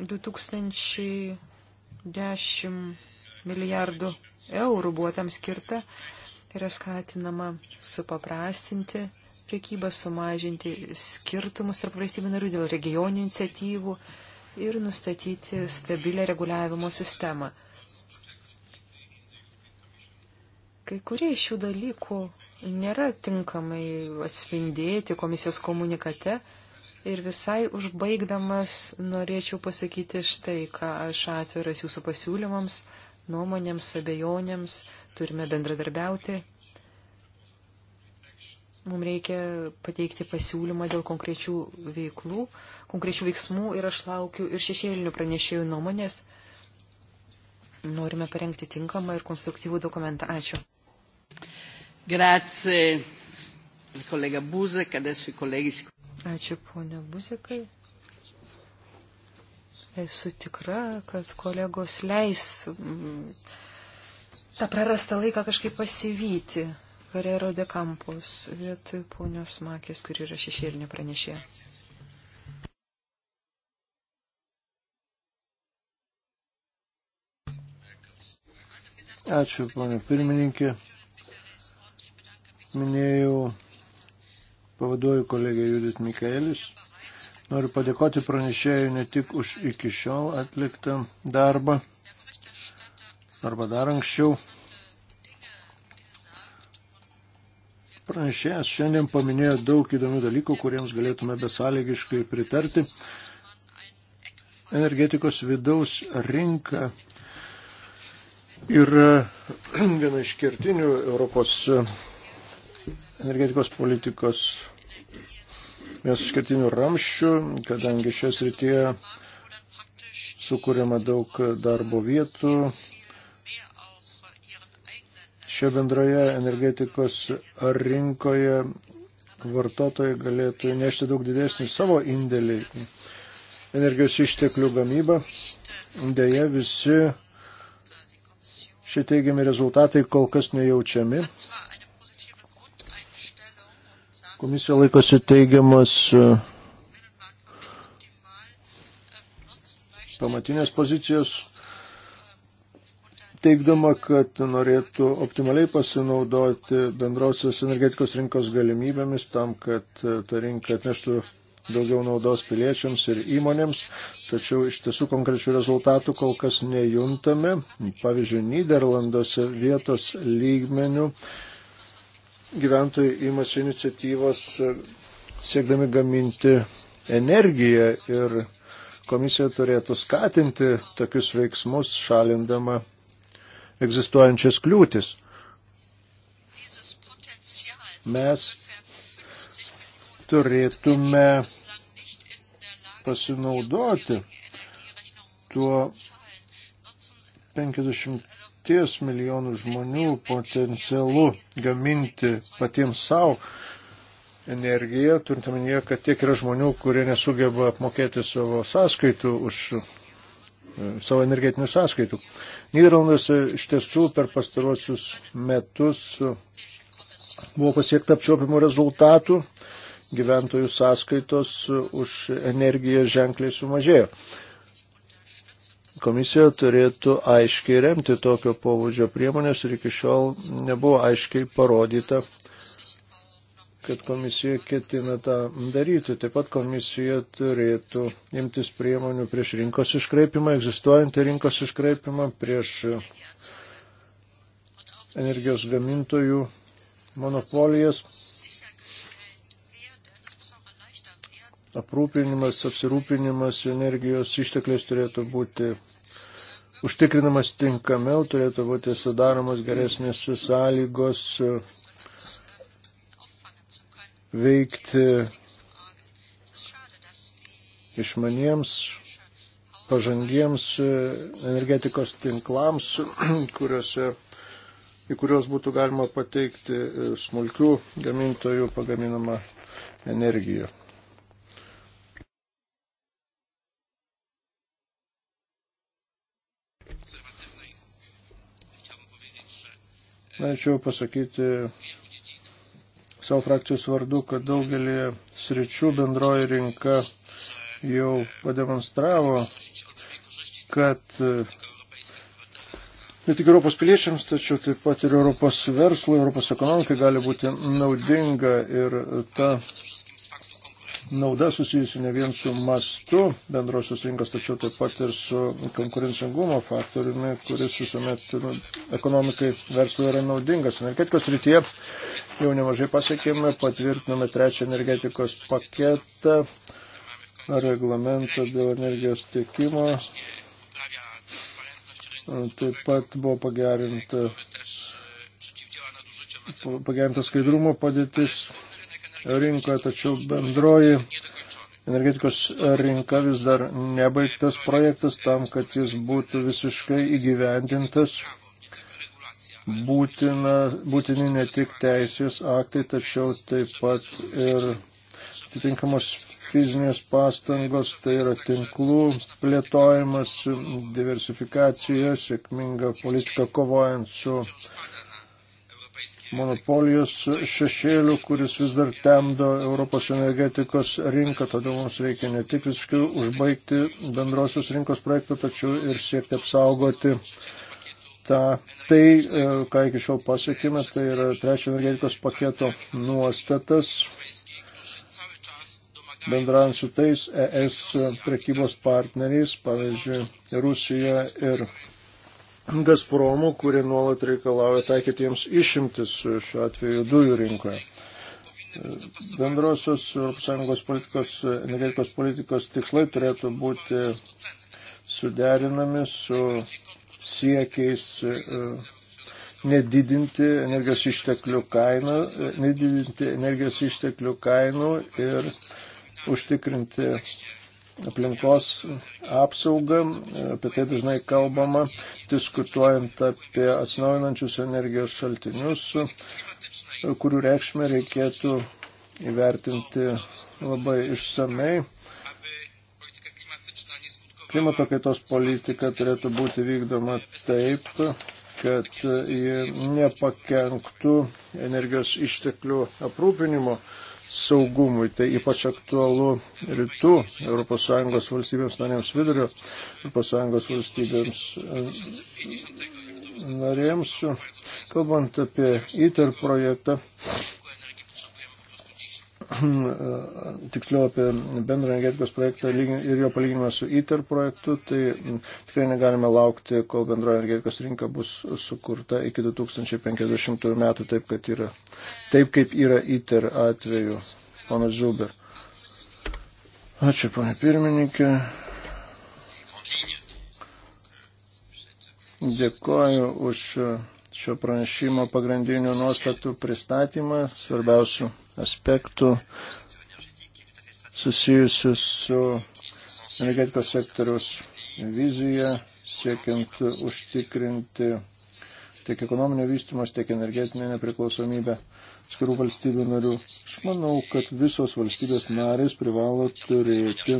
2010 milijardų eurų buvo tam skirta yra skatinama supaprastinti priekybą, sumažinti skirtumus tarp valstybių narių dėl regioninių iniciatyvų ir nustatyti stabilę reguliavimo sistemą. Kai kurie iš šių dalykų nėra tinkamai atspindėti komisijos komunikate. Ir visai užbaigdamas norėčiau pasakyti štai, ką aš atviras jūsų pasiūlymams, nuomonėms, abejonėms, turime bendradarbiauti. Mums reikia pateikti pasiūlymą dėl konkrečių veiklų, konkrečių veiksmų ir aš laukiu ir šešėlinių pranešėjų nuomonės. Norime parengti tinkamą ir konstruktyvų dokumentą. Ačiū. Grazie, kolega Buzek, adesso i colleghi. Ačiū, ponia Buzekai. Esu tikra, kad kolegos leis mm, tą prarastą laiką kažkaip pasivyti. Karero de Campos vietoj ponios Makės, kuri yra šešėlinė pranešė. Ačiū, ponė pirmininkė minėjau, pavaduoju kolegę Judith Mikaelis. Noriu padėkoti pranešėjui ne tik už iki šiol atliktą darbą, arba dar anksčiau. Pranešėjas šiandien paminėjo daug įdomių dalykų, kuriems galėtume besąlygiškai pritarti. Energetikos vidaus rinka yra viena iš kertinių Europos energetikos politikos vienas iš kertinių ramščių, kadangi šioje srityje sukūrėma daug darbo vietų. Šioje bendroje energetikos rinkoje vartotojai galėtų nešti daug didesnį savo indėlį energijos išteklių gamybą. Deja, visi šitie teigiami rezultatai kol kas nejaučiami. Komisija laikosi teigiamas e, pamatinės pozicijos, teikdama, kad norėtų optimaliai pasinaudoti bendrosios energetikos rinkos galimybėmis tam, kad e, ta rinka atneštų daugiau naudos piliečiams ir įmonėms, tačiau iš tiesų konkrečių rezultatų kol kas nejuntame. Pavyzdžiui, Niderlanduose vietos lygmenių gyventojai imasi iniciatyvos e, siekdami gaminti energiją ir komisija turėtų skatinti tokius veiksmus, šalindama egzistuojančias kliūtis. Mes turėtume pasinaudoti tuo 50 dešimties milijonų žmonių potencialu gaminti patiems savo energiją, turint omenyje, kad tiek yra žmonių, kurie nesugeba apmokėti savo sąskaitų už e, savo energetinių sąskaitų. Niderlanduose iš tiesų per pastarosius metus buvo pasiekta apčiopimų rezultatų, gyventojų sąskaitos už energiją ženkliai sumažėjo. Komisija turėtų aiškiai remti tokio pobūdžio priemonės ir iki šiol nebuvo aiškiai parodyta, kad komisija ketina tą daryti. Taip pat komisija turėtų imtis priemonių prieš rinkos iškraipimą, egzistuojantį rinkos iškraipimą, prieš energijos gamintojų monopolijas. aprūpinimas, apsirūpinimas energijos ištekliais turėtų būti užtikrinamas tinkamiau, turėtų būti sudaromos geresnės sąlygos uh, veikti išmaniems, pažangiems uh, energetikos tinklams, kuriuose, į kuriuos būtų galima pateikti uh, smulkių gamintojų pagaminamą energiją. Norėčiau pasakyti savo frakcijos vardu, kad daugelį sričių bendroji rinka jau pademonstravo, kad e, ne tik Europos piliečiams, tačiau taip pat ir Europos verslui, Europos ekonomikai gali būti naudinga ir ta nauda susijusi ne vien su mastu bendrosios rinkos, tačiau taip pat ir su konkurencingumo faktoriumi, kuris visuomet nu, ekonomikai verslui yra naudingas. Energetikos rytyje jau nemažai pasiekėme, patvirtinome trečią energetikos paketą reglamentą dėl energijos tiekimo. Taip pat buvo pagerinta, pagerinta skaidrumo padėtis rinkoje, tačiau bendroji energetikos rinka vis dar nebaigtas projektas tam, kad jis būtų visiškai įgyvendintas. Būtina, būtini ne tik teisės aktai, tačiau taip pat ir atitinkamos fizinės pastangos, tai yra tinklų plėtojimas, diversifikacija, sėkminga politika kovojant su monopolijos šešėlių, kuris vis dar temdo Europos energetikos rinką, todėl mums reikia ne tik visiškai užbaigti bendrosios rinkos projektą, tačiau ir siekti apsaugoti tą, tai, e, ką iki šiol pasiekime, tai yra trečio energetikos paketo nuostatas bendraujant su tais ES prekybos partneriais, pavyzdžiui, Rusija ir Gazpromų, kurie nuolat reikalauja taikyti jiems išimtis šiuo atveju dujų rinkoje. Bendrosios ES politikos, energetikos politikos tikslai turėtų būti suderinami su siekiais e, nedidinti energijos išteklių kainų, e, nedidinti energijos išteklių kainų ir užtikrinti aplinkos apsaugą. Apie tai dažnai kalbama, diskutuojant apie atsinaujinančius energijos šaltinius, kurių reikšmę reikėtų įvertinti labai išsamei. Klimato kaitos politika turėtų būti vykdoma taip, kad ji nepakenktų energijos išteklių aprūpinimo saugumui. Tai ypač aktualu rytų ES valstybėms narėms vidurio ES valstybėms e, narėms. Kalbant apie ITER projektą, Hmm, e, tiksliau apie bendrą energetikos projektą ir jo palyginimą su ITER projektu, tai hmm, tikrai negalime laukti, kol bendro energetikos rinka bus sukurta iki 2050 metų, taip, kad yra, taip kaip yra ITER atveju. Ponas Zuber. Ačiū, ponė pirmininkė. Dėkoju už šio pranešimo pagrindinių nuostatų pristatymą, svarbiausių aspektų susijusių su energetikos sektoriaus vizija, siekiant užtikrinti tiek ekonominio vystimas, tiek energetinę nepriklausomybę skirų valstybių narių. Aš manau, kad visos valstybės narės privalo turėti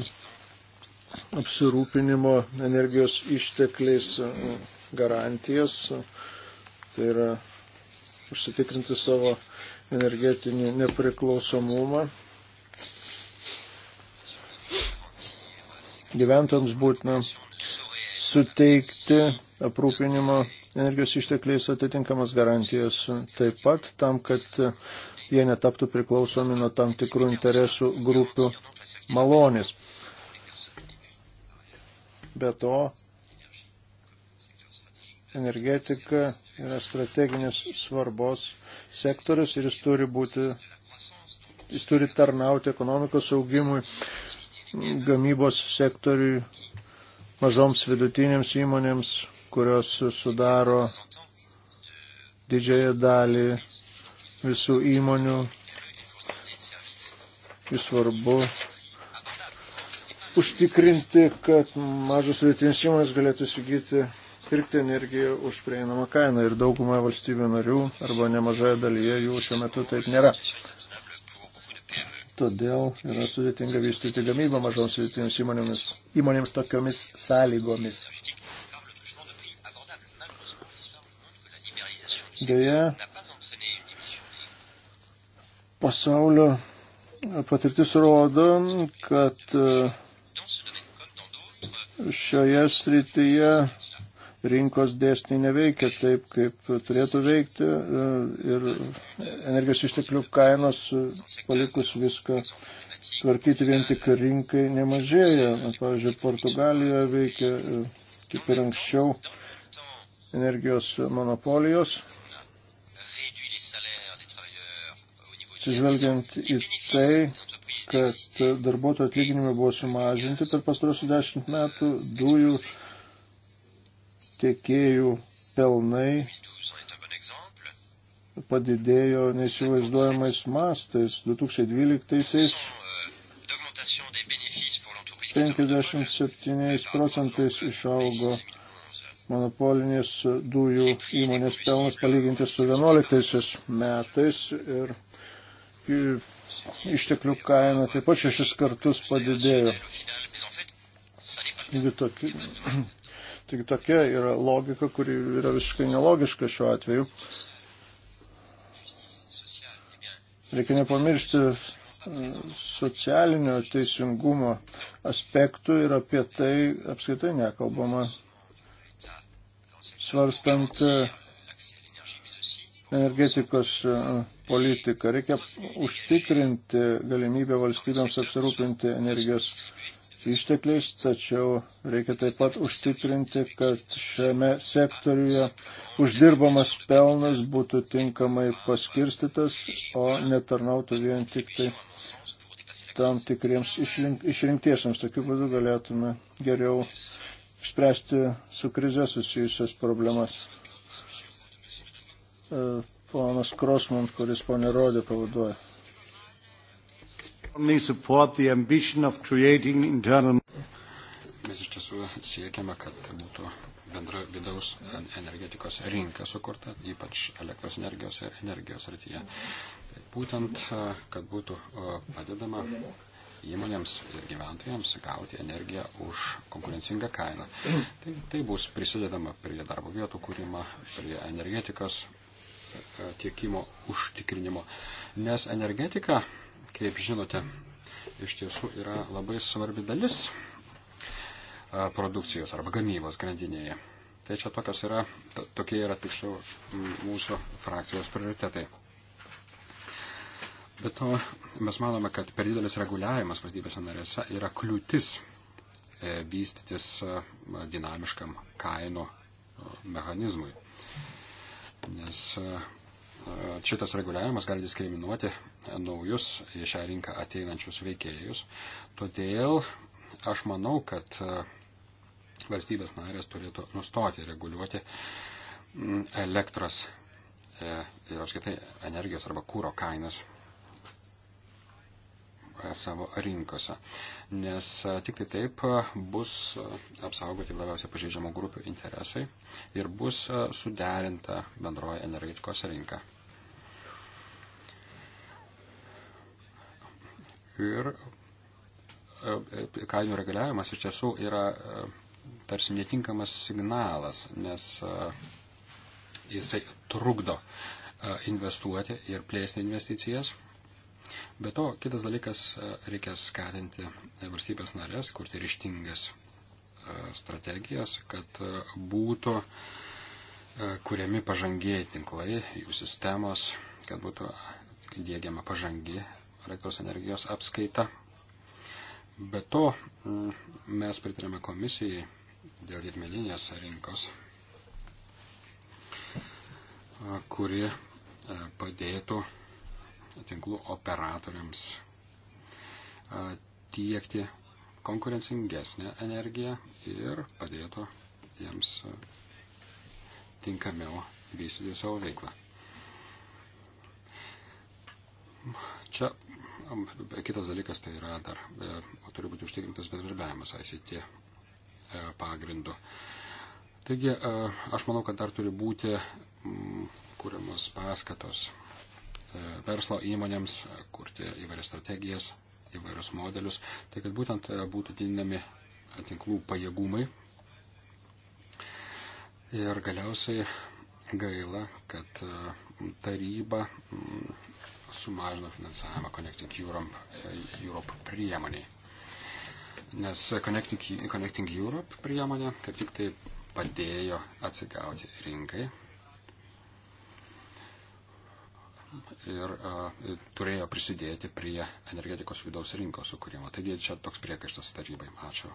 apsirūpinimo energijos ištekliais garantijas, Tai yra užsitikrinti savo energetinį nepriklausomumą. Gyventojams būtina suteikti aprūpinimo energijos ištekliais atitinkamas garantijas taip pat tam, kad jie netaptų priklausomi nuo tam tikrų interesų grupių malonės. Be to, energetika yra strateginės svarbos sektorius ir jis turi būti, jis turi tarnauti ekonomikos augimui, gamybos sektoriui, mažoms vidutinėms įmonėms, kurios sudaro didžiąją dalį visų įmonių. Jis svarbu užtikrinti, kad mažos vietinės įmonės galėtų įsigyti pirkti energiją už prieinamą kainą ir daugumoje valstybių narių arba nemažoje dalyje jų šiuo metu taip nėra. Todėl yra sudėtinga vystyti gamybą mažoms sudėtinėms įmonėms, įmonėms tokiomis sąlygomis. Deja, pasaulio patirtis rodo, kad e, šioje srityje rinkos dėsniai neveikia taip, kaip turėtų veikti e, ir energijos išteklių kainos palikus viską tvarkyti vien tik rinkai nemažėja. Pavyzdžiui, Portugalijoje veikia e, kaip ir anksčiau energijos monopolijos. Atsižvelgiant į tai, kad darbuotojų atlyginimai buvo sumažinti per pastarosius dešimt metų, dujų tiekėjų pelnai padidėjo nesivaizduojamais mastais 2012-aisiais 57 procentais išaugo monopolinės dujų įmonės pelnas palyginti su 11 metais ir išteklių kaina taip pat šešis kartus padidėjo. Taigi tokie, Tik tokia yra logika, kuri yra visiškai nelogiška šiuo atveju. Reikia nepamiršti e, socialinio teisingumo aspektų ir apie tai apskaitai nekalbama, svarstant e, energetikos e, politiką. Reikia užtikrinti galimybę valstybėms apsirūpinti energijos ištekliais, tačiau reikia taip pat užtikrinti, kad šiame sektoriuje uždirbamas pelnas būtų tinkamai paskirstytas, o netarnautų vien tik tai tam tikriems išrink, išrinktiesiams. Tokiu būdu galėtume geriau spręsti su krize susijusias problemas. E, ponas Krosman, kuris ponė Rodė pavaduoja. Mes iš tiesų siekiame, kad būtų bendra vidaus energetikos rinka sukurta, ypač elektros energijos ir energijos rytyje. Tai būtent, kad būtų padedama įmonėms ir gyventojams gauti energiją už konkurencingą kainą. Tai, tai bus prisidedama prie darbo vietų kūrimo, prie energetikos tiekimo užtikrinimo, nes energetika kaip žinote, iš tiesų yra labai svarbi dalis produkcijos arba gamybos grandinėje. Tai čia tokios yra, tokie yra tiksliau mūsų frakcijos prioritetai. Bet to mes manome, kad per didelis reguliavimas valstybėse narėse yra kliūtis e, vystytis dinamiškam kainų mechanizmui. Nes šitas reguliavimas gali diskriminuoti naujus į šią rinką ateinančius veikėjus. Todėl aš manau, kad e, valstybės narės turėtų nustoti reguliuoti elektros e, ir apskaitai energijos arba kūro kainas e, savo rinkose, nes tik tai taip bus apsaugoti labiausiai pažeidžiamų grupių interesai ir bus suderinta bendroji energetikos rinka. ir e, e, kainų reguliavimas iš tiesų yra e, tarsi netinkamas signalas, nes jisai trukdo investuoti ir plėsti investicijas. Be to, kitas dalykas, reikia skatinti valstybės narės, kurti ryštingas strategijas, kad būtų kuriami pažangiai tinklai, jų sistemos, kad būtų dėgiama pažangi elektros energijos apskaita. Be to, mm, mes pritarėme komisijai dėl didmeninės rinkos, kuri e, padėtų tinklų operatoriams tiekti konkurencingesnę energiją ir padėtų jiems tinkamiau vystyti savo veiklą. Čia Kitas dalykas tai yra dar e, turi būti užtikrintas bendradarbiavimas ICT e, pagrindu. Taigi e, aš manau, kad dar turi būti kūriamos paskatos verslo įmonėms, kurti įvairias strategijas, įvairius modelius, tai kad būtent būtų didinami tinklų pajėgumai. Ir galiausiai gaila, kad taryba sumažino finansavimą Connecting Europe, e, Europe priemoniai. Nes Connecting, Connecting Europe priemonė kaip tik tai padėjo atsigauti rinkai ir uh, turėjo prisidėti prie energetikos vidaus rinkos sukūrimo. Taigi čia toks priekaištas tarybai. Ačiū.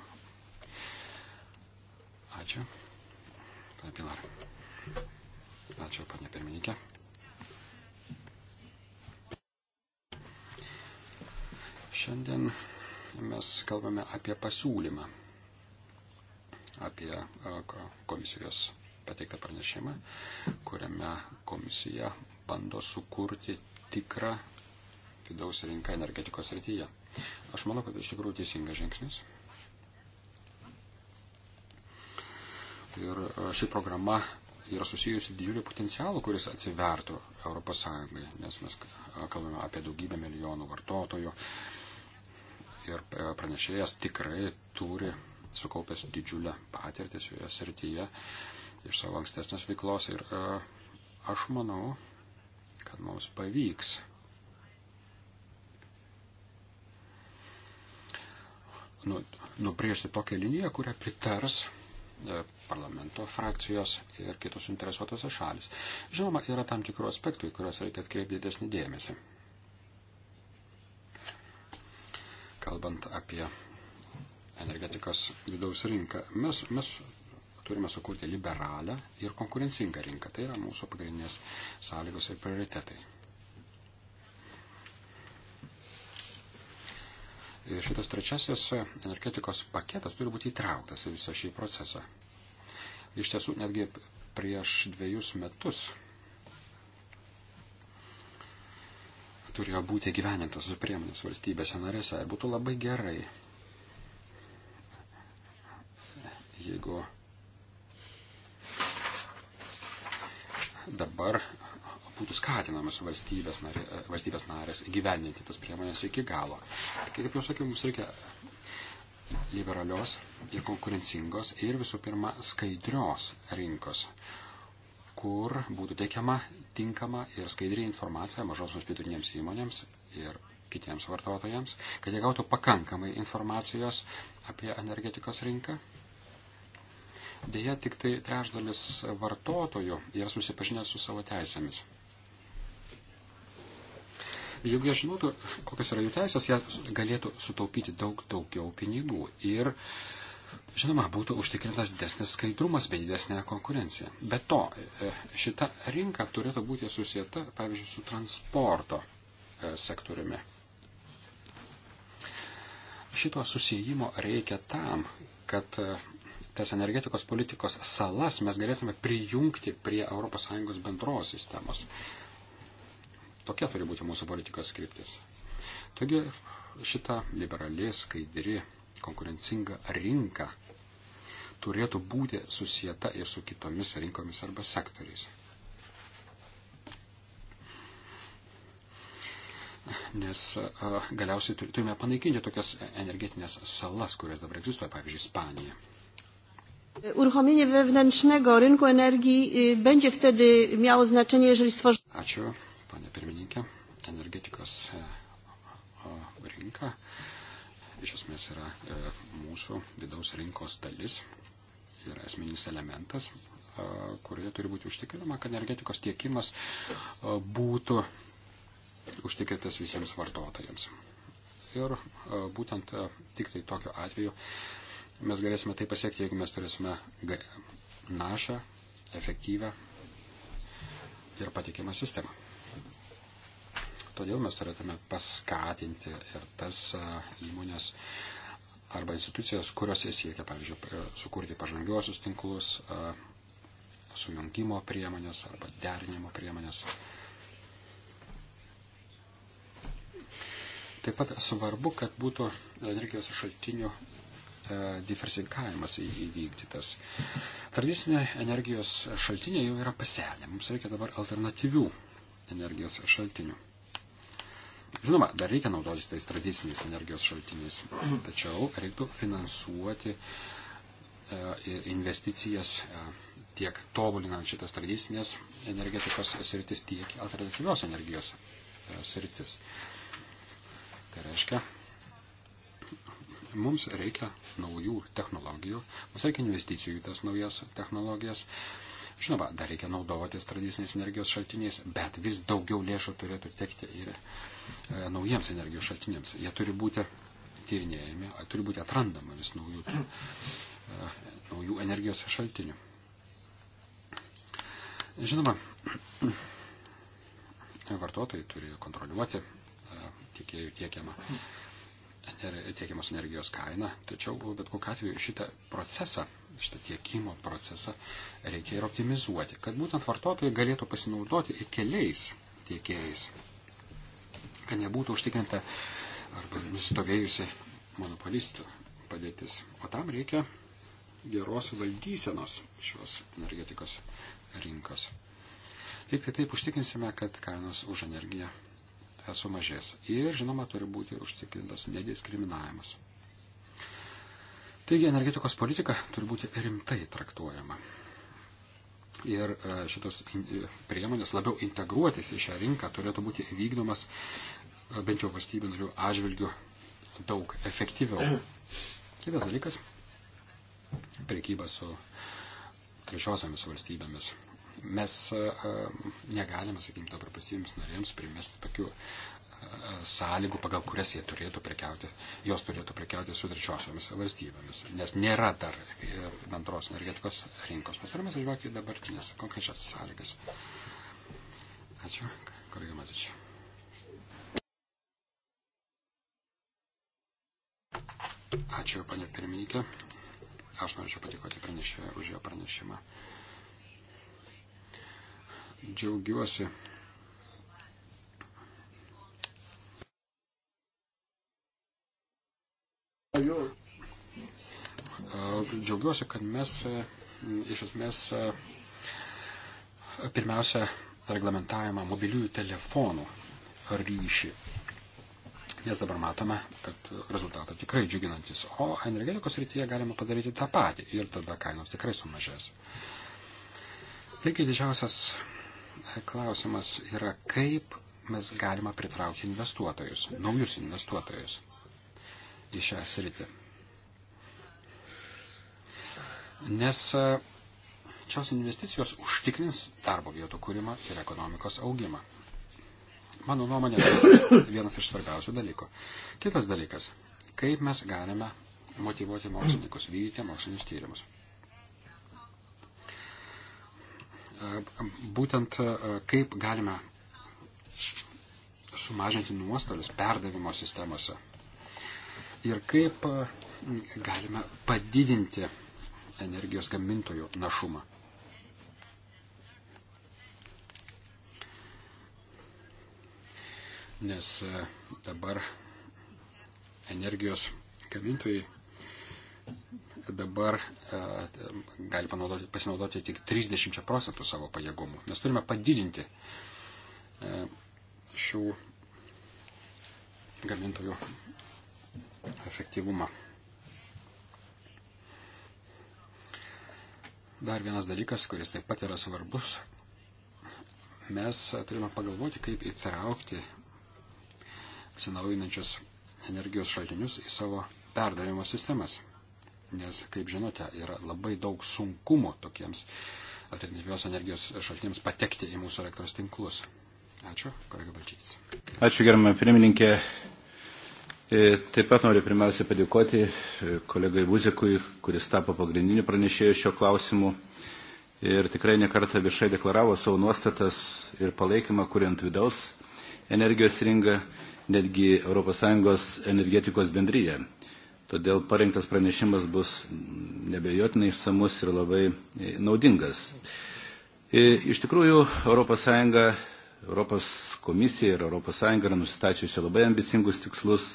Ačiū. Pane Pilar. Ačiū, pane pirmininkė. Šiandien mes kalbame apie pasiūlymą, apie komisijos pateiktą pranešimą, kuriame komisija bando sukurti tikrą vidaus rinką energetikos rytyje. Aš manau, kad iš tikrųjų teisingas žingsnis. Ir ši programa yra susijusi didžiulį potencialų, kuris atsivertų ES, nes mes kalbame apie daugybę milijonų vartotojų, ir pranešėjas tikrai turi sukaupęs didžiulę patirtį šioje srityje iš savo ankstesnės veiklos ir e, aš manau, kad mums pavyks. Nu, nubriežti tokią liniją, kurią pritars e, parlamento frakcijos ir kitos interesuotose šalis. Žinoma, yra tam tikrų aspektų, į kuriuos reikia atkreipti didesnį dėmesį. kalbant apie energetikos vidaus rinką. Mes, mes turime sukurti liberalią ir konkurencingą rinką. Tai yra mūsų pagrindinės sąlygos ir prioritetai. Ir šitas trečiasis energetikos paketas turi būti įtrauktas į visą šį procesą. Iš tiesų, netgi prieš dviejus metus turėjo būti gyvenintos su priemonės valstybėse narėse. Ir būtų labai gerai, jeigu dabar būtų skatinamas valstybės, narė, valstybės narės įgyvendinti tas priemonės iki galo. Kaip jau sakiau, mums reikia liberalios ir konkurencingos ir visų pirma skaidrios rinkos, kur būtų teikiama tinkama ir skaidri informacija mažosioms vidutinėms įmonėms ir kitiems vartotojams, kad jie gautų pakankamai informacijos apie energetikos rinką. Deja, tik tai trešdalis vartotojų yra susipažinęs su savo teisėmis. Juk jie žinotų, kokios yra jų teisės, jie galėtų sutaupyti daug daugiau pinigų ir uh, Žinoma, būtų užtikrintas didesnis skaidrumas bei didesnė konkurencija. Be to, e, šita rinka turėtų būti susijęta, pavyzdžiui, su transporto e, sektoriumi. Šito susijimo reikia tam, kad e, tas energetikos politikos salas mes galėtume prijungti prie ES bendros sistemos. Tokia turi būti mūsų politikos skriptis. Taigi šita liberali, skaidri, konkurencinga rinka turėtų būti susijęta ir su kitomis rinkomis arba sektoriais. Nes galiausiai turime panaikinti tokias energetinės salas, kurias dabar egzistuoja, pavyzdžiui, Ispanija. Uruchomienie wewnętrznego rynku energii będzie wtedy miało znaczenie, jeżeli stworzy... Ačiū, pane pirmininkė. Energetikos e, rinka iš esmės yra e, mūsų vidaus rinkos dalis yra esminis elementas, kurioje turi būti užtikrinama, kad energetikos tiekimas būtų užtikrintas visiems vartotojams. Ir būtent tik tai tokiu atveju mes galėsime tai pasiekti, jeigu mes turėsime našą, efektyvę ir patikimą sistemą. Todėl mes turėtume paskatinti ir tas įmonės, arba institucijas, kurios siekia, pavyzdžiui, e, sukurti pažangiuosius tinklus, sujungimo priemonės arba derinimo priemonės. Taip pat svarbu, kad būtų energijos šaltinių e, diversifikavimas įvykdytas. Tradicinė energijos šaltinė jau yra pasenė. Mums reikia dabar alternatyvių energijos šaltinių. Žinoma, dar reikia naudotis tais tradiciniais energijos šaltiniais, tačiau reiktų finansuoti e, investicijas e, tiek tobulinant šitas tradicinės energetikos sritis, tiek alternatyvios energijos e, sritis. Tai reiškia, mums reikia naujų technologijų, mums reikia investicijų į tas naujas technologijas. Žinoma, dar reikia naudotis tradiciniais energijos šaltiniais, bet vis daugiau lėšų turėtų tekti ir E, naujiems energijos šaltiniams. Jie turi būti tyrinėjami, turi būti atrandama vis naujų, e, naujų energijos šaltinių. Žinoma, vartotojai turi kontroliuoti e, tiekėjų tiekiamą tiekiamos energijos kainą, tačiau bet kokiu atveju šitą procesą, šitą tiekimo procesą reikia ir optimizuoti, kad būtent vartotojai galėtų pasinaudoti ir keliais tiekėjais kad nebūtų užtikrinta arba nusistovėjusi monopolistų padėtis. O tam reikia geros valdysenos šios energetikos rinkos. Tik tai taip užtikrinsime, kad kainos už energiją e, sumažės. Ir, žinoma, turi būti užtikrintas nediskriminavimas. Taigi energetikos politika turi būti rimtai traktuojama ir e, šitos e, priemonės labiau integruotis į šią rinką turėtų būti vykdomas e, bent jau valstybių narių atžvilgių daug efektyviau. Kitas dalykas - prekyba su trečiosiomis valstybėmis. Mes negalime, sakykime, dabar valstybėms narėms primesti tokių sąlygų, pagal kurias jie turėtų prekiauti, jos turėtų prekiauti su trečiosiomis valstybėmis, nes nėra dar bendros energetikos rinkos. Mes turime atsižvelgti dabartinės konkrečias sąlygas. Ačiū, kolega Mazič. Ačiū, panė pirmininkė. Aš norėčiau patikoti pranešę už jo pranešimą. Džiaugiuosi Džiaugiuosi, kad mes e, iš esmės e, pirmiausia reglamentavimą mobiliųjų telefonų ryšį. Nes dabar matome, kad rezultatai tikrai džiuginantis, o energetikos rytyje galima padaryti tą patį ir tada kainos tikrai sumažės. Taigi didžiausias e, klausimas yra, kaip mes galima pritraukti investuotojus, naujus investuotojus į šią sritį. Nes e, šios investicijos užtikrins darbo vietų kūrimą ir ekonomikos augimą. Mano nuomonė, vienas iš svarbiausių dalykų. Kitas dalykas, kaip mes galime motivuoti mokslininkus, vykdyti mokslinius tyrimus. E, būtent e, kaip galime sumažinti nuostolius perdavimo sistemose, ir kaip e, galime padidinti energijos gamintojų našumą. Nes e, dabar energijos gamintojai dabar e, gali pasinaudoti tik 30 procentų savo pajėgumų. Mes turime padidinti šių gamintojų efektyvumą. Dar vienas dalykas, kuris taip pat yra svarbus. Mes turime pagalvoti, kaip įtraukti atsinaujinančius energijos šaltinius į savo perdavimo sistemas. Nes, kaip žinote, yra labai daug sunkumų tokiems alternatyvios energijos šaltiniams patekti į mūsų elektros tinklus. Ačiū, kolega Balčytis. Ačiū, gerbama pirmininkė. E, taip pat noriu pirmiausia padėkoti e, kolegai Buzikui, kuris tapo pagrindinį pranešėją šio klausimu ir tikrai nekartą viešai deklaravo savo nuostatas ir palaikymą kuriant vidaus energijos ringą, netgi ES energetikos bendryje. Todėl parengtas pranešimas bus nebejotinai išsamus ir labai e, naudingas. Iš tikrųjų, ES, ES komisija ir ES yra nusistačiusi labai ambicingus tikslus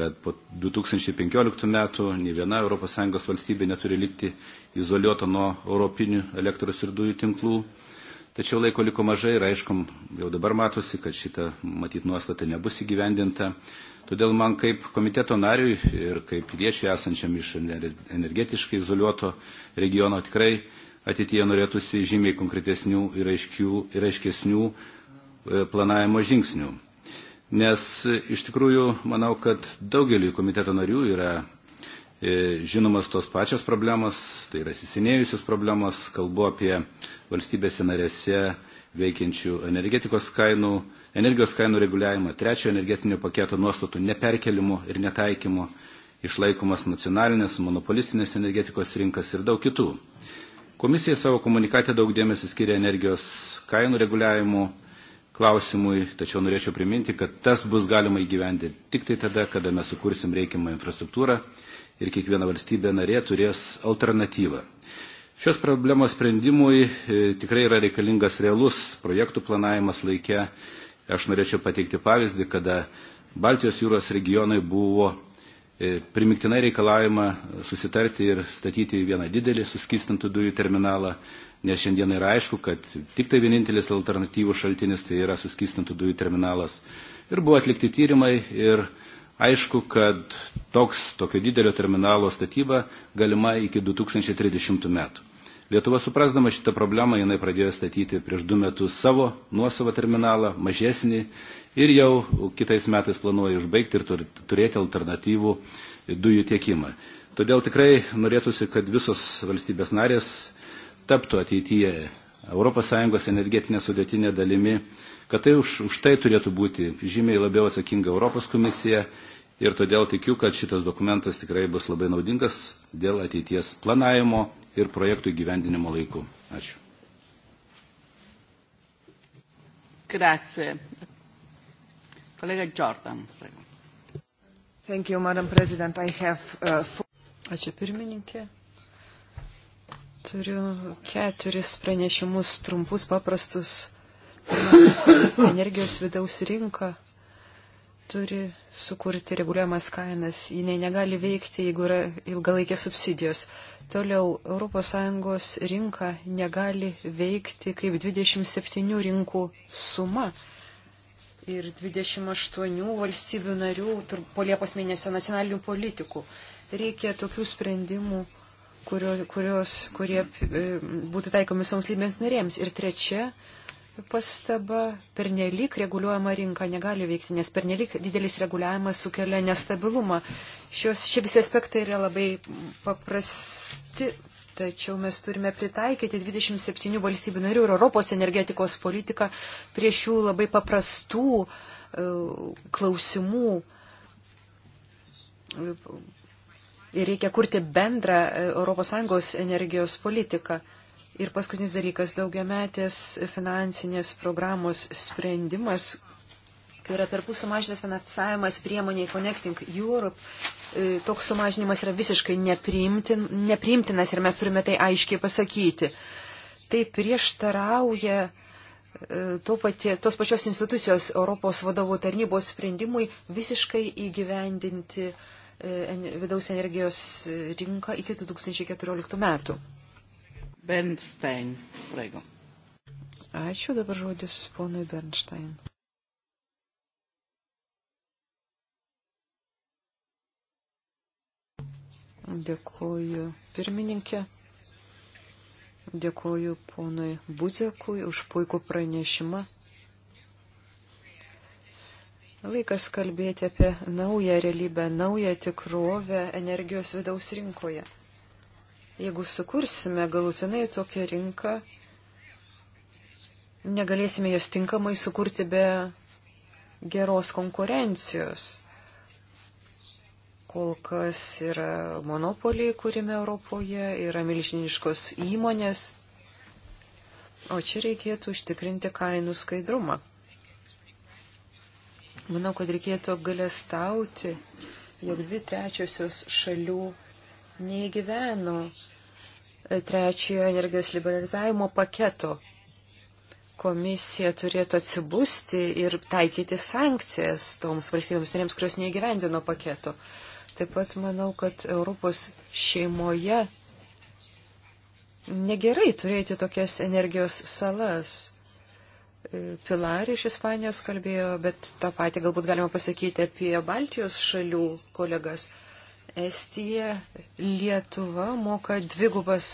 kad po 2015 metų nei viena ES valstybė neturi likti izoliuota nuo europinių elektros ir dujų tinklų. Tačiau laiko liko mažai ir aiškom, jau dabar matosi, kad šita matyt nuostata nebus įgyvendinta. Todėl man kaip komiteto nariui ir kaip piliečiui esančiam iš energetiškai izoliuoto regiono tikrai ateityje norėtųsi žymiai konkretesnių ir, aiškių, ir aiškesnių e, planavimo žingsnių nes iš tikrųjų manau, kad daugeliu komiteto narių yra e, žinomas tos pačios problemos, tai yra įsinėjusios problemos, kalbu apie valstybėse narėse veikiančių energetikos kainų, energijos kainų reguliavimą, trečio energetinio paketo nuostatų neperkelimo ir netaikymo, išlaikomas nacionalinės, monopolistinės energetikos rinkas ir daug kitų. Komisija savo komunikate daug dėmesį skiria energijos kainų reguliavimu, klausimui, tačiau norėčiau priminti, kad tas bus galima įgyvendinti tik tai tada, kada mes sukursim reikiamą infrastruktūrą ir kiekviena valstybė narė turės alternatyvą. Šios problemos sprendimui e, tikrai yra reikalingas realus projektų planavimas laikė. Aš norėčiau pateikti pavyzdį, kada Baltijos jūros regionai buvo e, primiktinai reikalavimą susitarti ir statyti vieną didelį suskistintų dujų terminalą, nes šiandien yra aišku, kad tik tai vienintelis alternatyvų šaltinis tai yra suskistintų dujų terminalas. Ir buvo atlikti tyrimai ir aišku, kad toks tokio didelio terminalo statyba galima iki 2030 metų. Lietuva suprasdama šitą problemą, jinai pradėjo statyti prieš du metus savo nuosavą terminalą, mažesnį, ir jau kitais metais planuoja užbaigti ir turėti alternatyvų dujų tiekimą. Todėl tikrai norėtųsi, kad visos valstybės narės taptų ateityje ES energetinė sudėtinė dalimi, kad tai už, už tai turėtų būti žymiai labiau atsakinga Europos komisija ir todėl tikiu, kad šitas dokumentas tikrai bus labai naudingas dėl ateities planavimo ir projektų įgyvendinimo laikų. Ačiū. Grazie. Kolega Jordan. Thank you, Madam President. I have, uh, Ačiū pirmininkė. Turiu keturis pranešimus, trumpus, paprastus. Pirmas, energijos vidaus rinka turi sukurti reguliuojamas kainas. Ji negali veikti, jeigu yra ilgalaikės subsidijos. Toliau, ES rinka negali veikti kaip 27 rinkų suma ir 28 valstybių narių po Liepos mėnesio nacionalinių politikų. Reikia tokių sprendimų, kurios, kurie e, būtų taikomi visoms lygmens narėms. Ir trečia pastaba, pernelyg reguliuojama rinka negali veikti, nes pernelyg didelis reguliavimas sukelia nestabilumą. Šios, šie visi aspektai yra labai paprasti, tačiau mes turime pritaikyti 27 valstybių narių ir Europos energetikos politiką prie šių labai paprastų e, klausimų ir reikia kurti bendrą ES energijos politiką. Ir paskutinis dalykas - daugiametės finansinės programos sprendimas, kai yra per pusę mažintas finansavimas priemoniai Connecting Europe. E, toks sumažinimas yra visiškai nepriimtin, nepriimtinas ir mes turime tai aiškiai pasakyti. Tai prieštarauja e, to pati, tos pačios institucijos Europos vadovų tarnybos sprendimui visiškai įgyvendinti uh, vidaus energijos rinką iki 2014 metų. Bernstein, prego. Ačiū dabar žodis ponui Bernstein. Dėkuoju pirmininkė. Dėkuoju ponui Buzekui už puikų pranešimą. Laikas kalbėti apie naują realybę, naują tikrovę energijos vidaus rinkoje. Jeigu sukursime galutinai tokią rinką, negalėsime jos tinkamai sukurti be geros konkurencijos. Kol kas yra monopoliai kūrime Europoje, yra milžiniškos įmonės, o čia reikėtų užtikrinti kainų skaidrumą. Manau, kad reikėtų apgalėstauti, jog dvi trečiosios šalių neįgyveno trečiojo energijos liberalizavimo paketo. Komisija turėtų atsibusti ir taikyti sankcijas toms valstybėms narėms, kurios neįgyvendino paketo. Taip pat manau, kad Europos šeimoje negerai turėti tokias energijos salas. Pilar iš Ispanijos kalbėjo, bet tą patį galbūt galima pasakyti apie Baltijos šalių kolegas. Estija, Lietuva moka dvigubas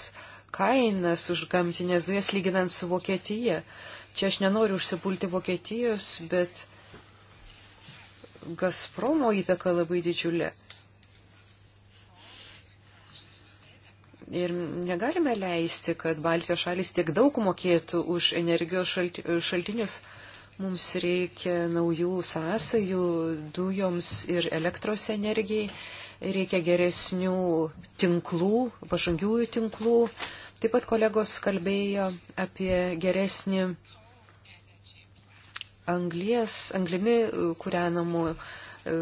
kainas už gamtinės dujas lyginant su Vokietija. Čia aš nenoriu užsipulti Vokietijos, bet Gazpromo įtaka labai didžiulė. Ir negalime leisti, kad Baltijos šalis tiek daug mokėtų už energijos šalti, šaltinius. Mums reikia naujų sąsajų dujoms ir elektros energijai, reikia geresnių tinklų, pažangiųjų tinklų. Taip pat kolegos kalbėjo apie geresnį anglies, anglimi kūrenamų e,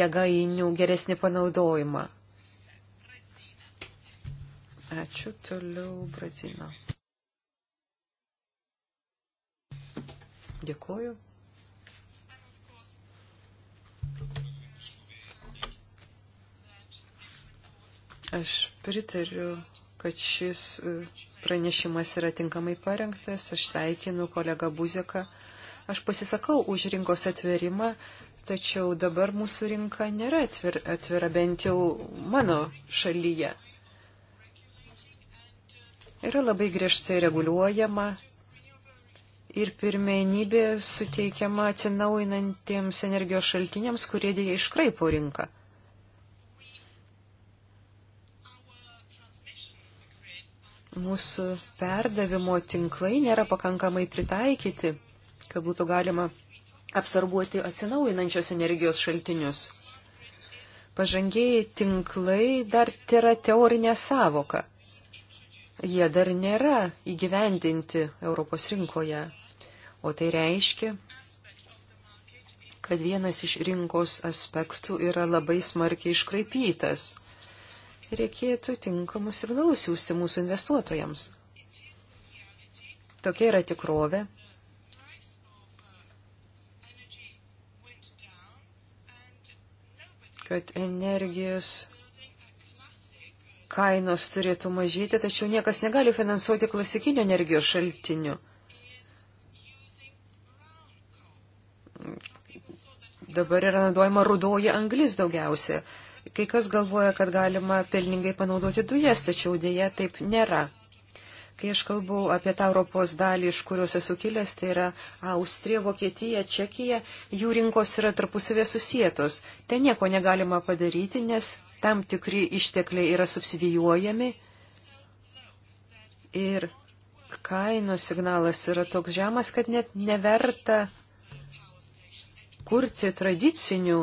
jėgainių geresnį panaudojimą. Ačiū toliau, Brazino. Dėkuoju. Aš pritariu, kad šis e, pranešimas yra tinkamai parengtas. Aš sveikinu kolegą Buzeką. Aš pasisakau už rinkos atverimą, tačiau dabar mūsų rinka nėra atvira, atvira bent jau mano šalyje yra labai griežtai reguliuojama ir pirmenybė suteikiama atsinaujinantiems energijos šaltiniams, kurie dėja iškraipo rinką. Mūsų perdavimo tinklai nėra pakankamai pritaikyti, kad būtų galima apsarbuoti atsinaujinančios energijos šaltinius. Pažangėjai tinklai dar yra teorinė savoka jie dar nėra įgyvendinti Europos rinkoje. O tai reiškia, kad vienas iš rinkos aspektų yra labai smarkiai iškraipytas. Reikėtų tinkamus signalus siūsti mūsų investuotojams. Tokia yra tikrovė. kad energijos kainos turėtų mažyti, tačiau niekas negali finansuoti klasikinių energijos šaltinių. Dabar yra naudojama rudoji anglis daugiausia. Kai kas galvoja, kad galima pelningai panaudoti dujas, tačiau dėja taip nėra. Kai aš kalbu apie tą Europos dalį, iš kurios esu kilęs, tai yra Austrija, Vokietija, Čekija, jų rinkos yra tarpusavė susijėtos. Ten nieko negalima padaryti, nes tam tikri ištekliai yra subsidijuojami ir kainų signalas yra toks žemas, kad net neverta kurti tradicinių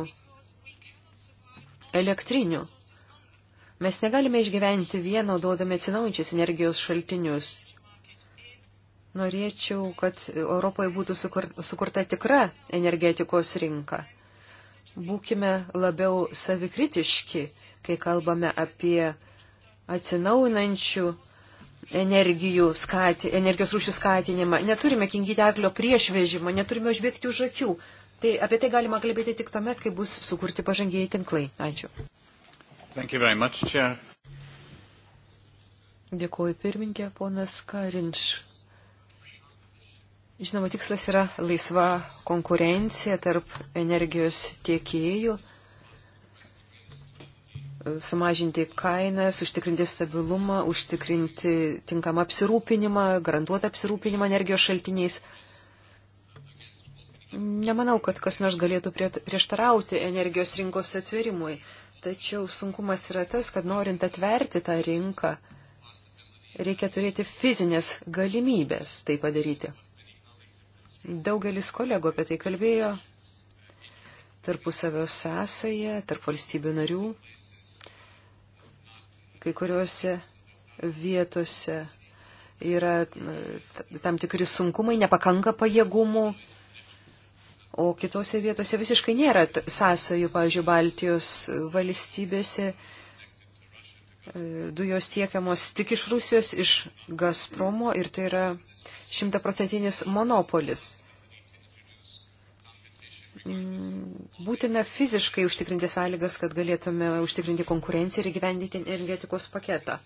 elektrinių. Mes negalime išgyventi vien naudodami atsinaujančius energijos šaltinius. Norėčiau, kad Europoje būtų sukurta tikra energetikos rinka. Būkime labiau savikritiški kai kalbame apie atsinaujinančių skati, energijos rūšių skatinimą, neturime kingyti arklio prieš vežimą, neturime užbėgti už akių. Tai apie tai galima kalbėti tik tuomet, kai bus sukurti pažangiai tinklai. Ačiū. Much, Chair. Dėkuoju pirmininkė, ponas Karinš. Žinoma, tikslas yra laisva konkurencija tarp energijos tiekėjų sumažinti kainas, užtikrinti stabilumą, užtikrinti tinkamą apsirūpinimą, garantuotą apsirūpinimą energijos šaltiniais. Nemanau, kad kas nors galėtų prieštarauti energijos rinkos atverimui, tačiau sunkumas yra tas, kad norint atverti tą rinką, reikia turėti fizinės galimybės tai padaryti. Daugelis kolegų apie tai kalbėjo, tarpusavio sąsąją, tarp valstybių narių. Kai kuriuose vietose yra e, tam tikri sunkumai, nepakanka pajėgumų, o kitose vietose visiškai nėra sąsajų, pavyzdžiui, Baltijos valstybėse e, dujos tiekiamos tik iš Rusijos, iš Gazpromo ir tai yra šimtaprocentinis monopolis. Mm, būtina fiziškai užtikrinti sąlygas, kad galėtume užtikrinti konkurenciją ir gyvendyti energetikos paketą.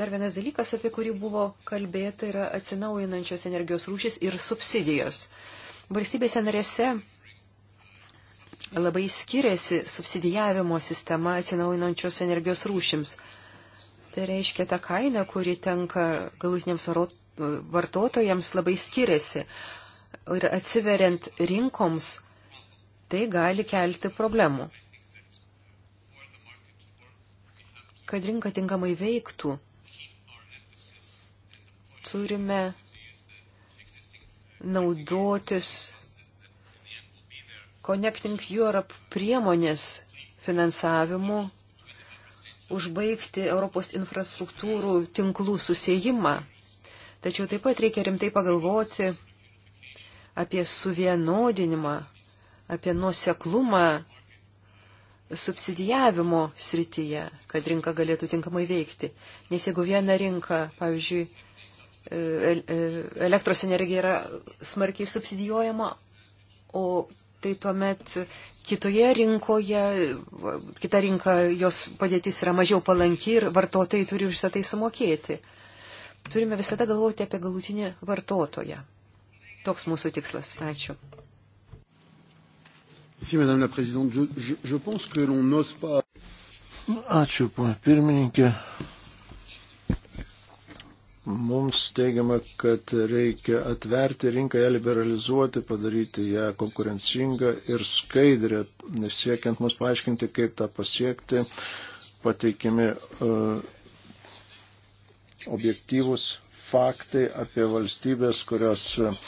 Dar vienas dalykas, apie kurį buvo kalbėta, yra atsinaujinančios energijos rūšis ir subsidijos. Valstybėse narėse labai skiriasi subsidijavimo sistema atsinaujinančios energijos rūšims. Tai reiškia, ta kaina, kuri tenka galutiniams vartotojams, labai skiriasi. Ir atsiveriant rinkoms tai gali kelti problemų. Kad rinka tinkamai veiktų, turime naudotis Connecting Europe priemonės finansavimu, užbaigti Europos infrastruktūrų tinklų susijimą. Tačiau taip pat reikia rimtai pagalvoti apie suvienodinimą apie nuoseklumą subsidijavimo srityje, kad rinka galėtų tinkamai veikti. Nes jeigu viena rinka, pavyzdžiui, e, e, elektros energija yra smarkiai subsidijuojama, o tai tuomet kitoje rinkoje, kita rinka, jos padėtis yra mažiau palanki ir vartotojai turi visą tai sumokėti. Turime visada galvoti apie galutinį vartotoją. Toks mūsų tikslas. Ačiū. Si, Madame la Présidente, je, je, je pense que l'on n'ose pas. Ačiū, ponia pirmininkė. Mums teigiama, kad reikia atverti rinką, ją liberalizuoti, padaryti ją konkurencingą ir skaidrę, siekiant mus paaiškinti, kaip tą pasiekti, pateikiami uh, e, objektyvus faktai apie valstybės, kurios uh,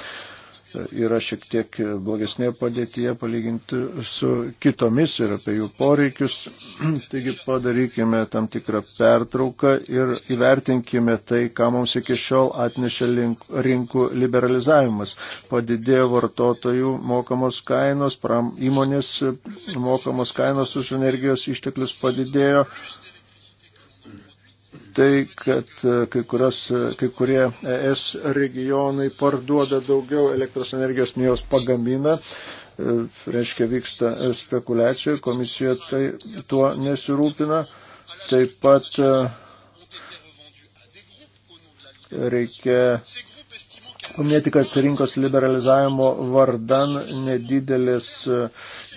yra šiek tiek blogesnėje padėtyje palyginti su kitomis ir apie jų poreikius. Taigi padarykime tam tikrą pertrauką ir įvertinkime tai, ką mums iki šiol atnešė rinkų liberalizavimas. Padidėjo vartotojų mokamos kainos, pram, įmonės mokamos kainos už energijos išteklius padidėjo tai, kad e, kai, kurios, e, kai kurie ES regionai parduoda daugiau elektros energijos, nei jos pagamina. E, reiškia, vyksta spekulacija, komisija tai, tuo nesirūpina. Taip pat reikia paminėti, kad rinkos liberalizavimo vardan nedidelės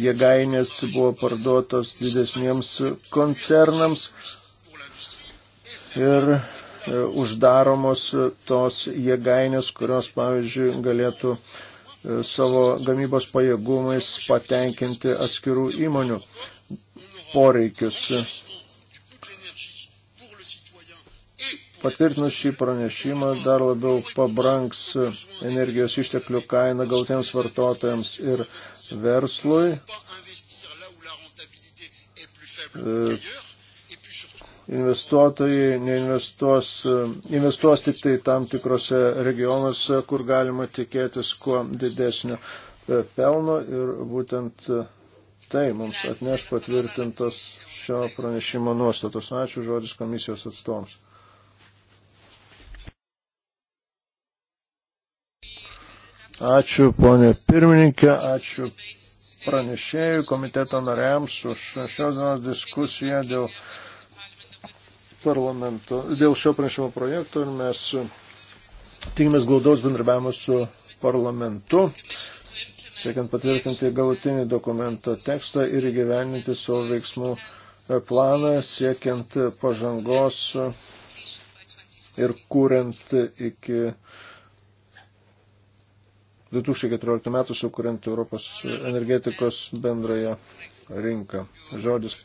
jėgainės buvo parduotos didesniems koncernams, ir e, uždaromos tos jėgainės, kurios, pavyzdžiui, galėtų e, savo gamybos pajėgumais patenkinti atskirų įmonių poreikius. Patvirtinus šį pranešimą dar labiau pabranks energijos išteklių kaina gautiems vartotojams ir verslui. E, investuotojai neinvestuos, investuos tik tai tam tikrose regionuose, kur galima tikėtis kuo didesnio e, pelno ir būtent e, tai mums atneš patvirtintos šio pranešimo nuostatos. Ačiū žodis komisijos atstovams. Ačiū ponė pirmininkė, ačiū pranešėjų komiteto nariams už šios dienos diskusiją dėl parlamento, dėl šio pranešimo projekto ir mes tikimės glaudaus bendrabiavimo su parlamentu, siekiant patvirtinti galutinį dokumento tekstą ir įgyveninti savo veiksmų planą, siekiant pažangos ir kuriant iki 2014 metų, sukuriant Europos energetikos bendrąją rinką. Žodis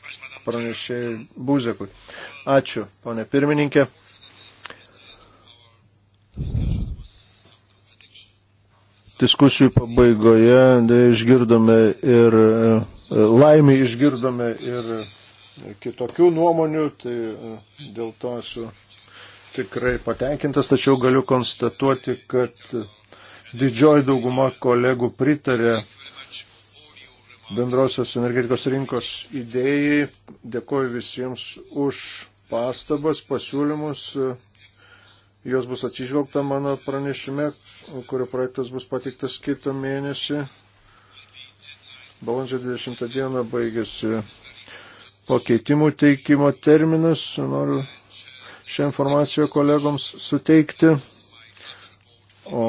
pranešėjai Buzekui. Ačiū, ponė pirmininkė. Diskusijų pabaigoje išgirdome ir e, laimį išgirdome ir e, kitokių nuomonių, tai e, dėl to esu tikrai patenkintas, tačiau galiu konstatuoti, kad didžioji dauguma kolegų pritarė bendrosios energetikos rinkos idėjai. Dėkoju visiems už pastabas, pasiūlymus. Jos bus atsižvelgta mano pranešime, kurio projektas bus pateiktas kitą mėnesį. Balandžio 20 dieną baigėsi pakeitimų teikimo terminas. Noriu šią informaciją kolegoms suteikti. O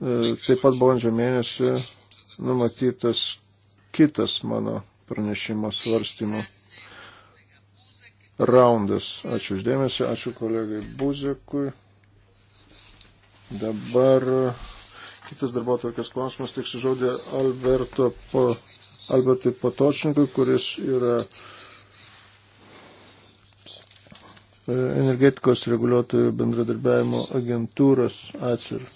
e, taip pat balandžio mėnesį numatytas kitas mano pranešimo svarstymo raundas. Ačiū uždėmesi, ačiū kolegai Buzikui. Dabar kitas darbo tokias klausimas, tik sužodė Alberto po, Albertui Patočnikui, kuris yra e, energetikos reguliuotojų bendradarbiavimo agentūros atsir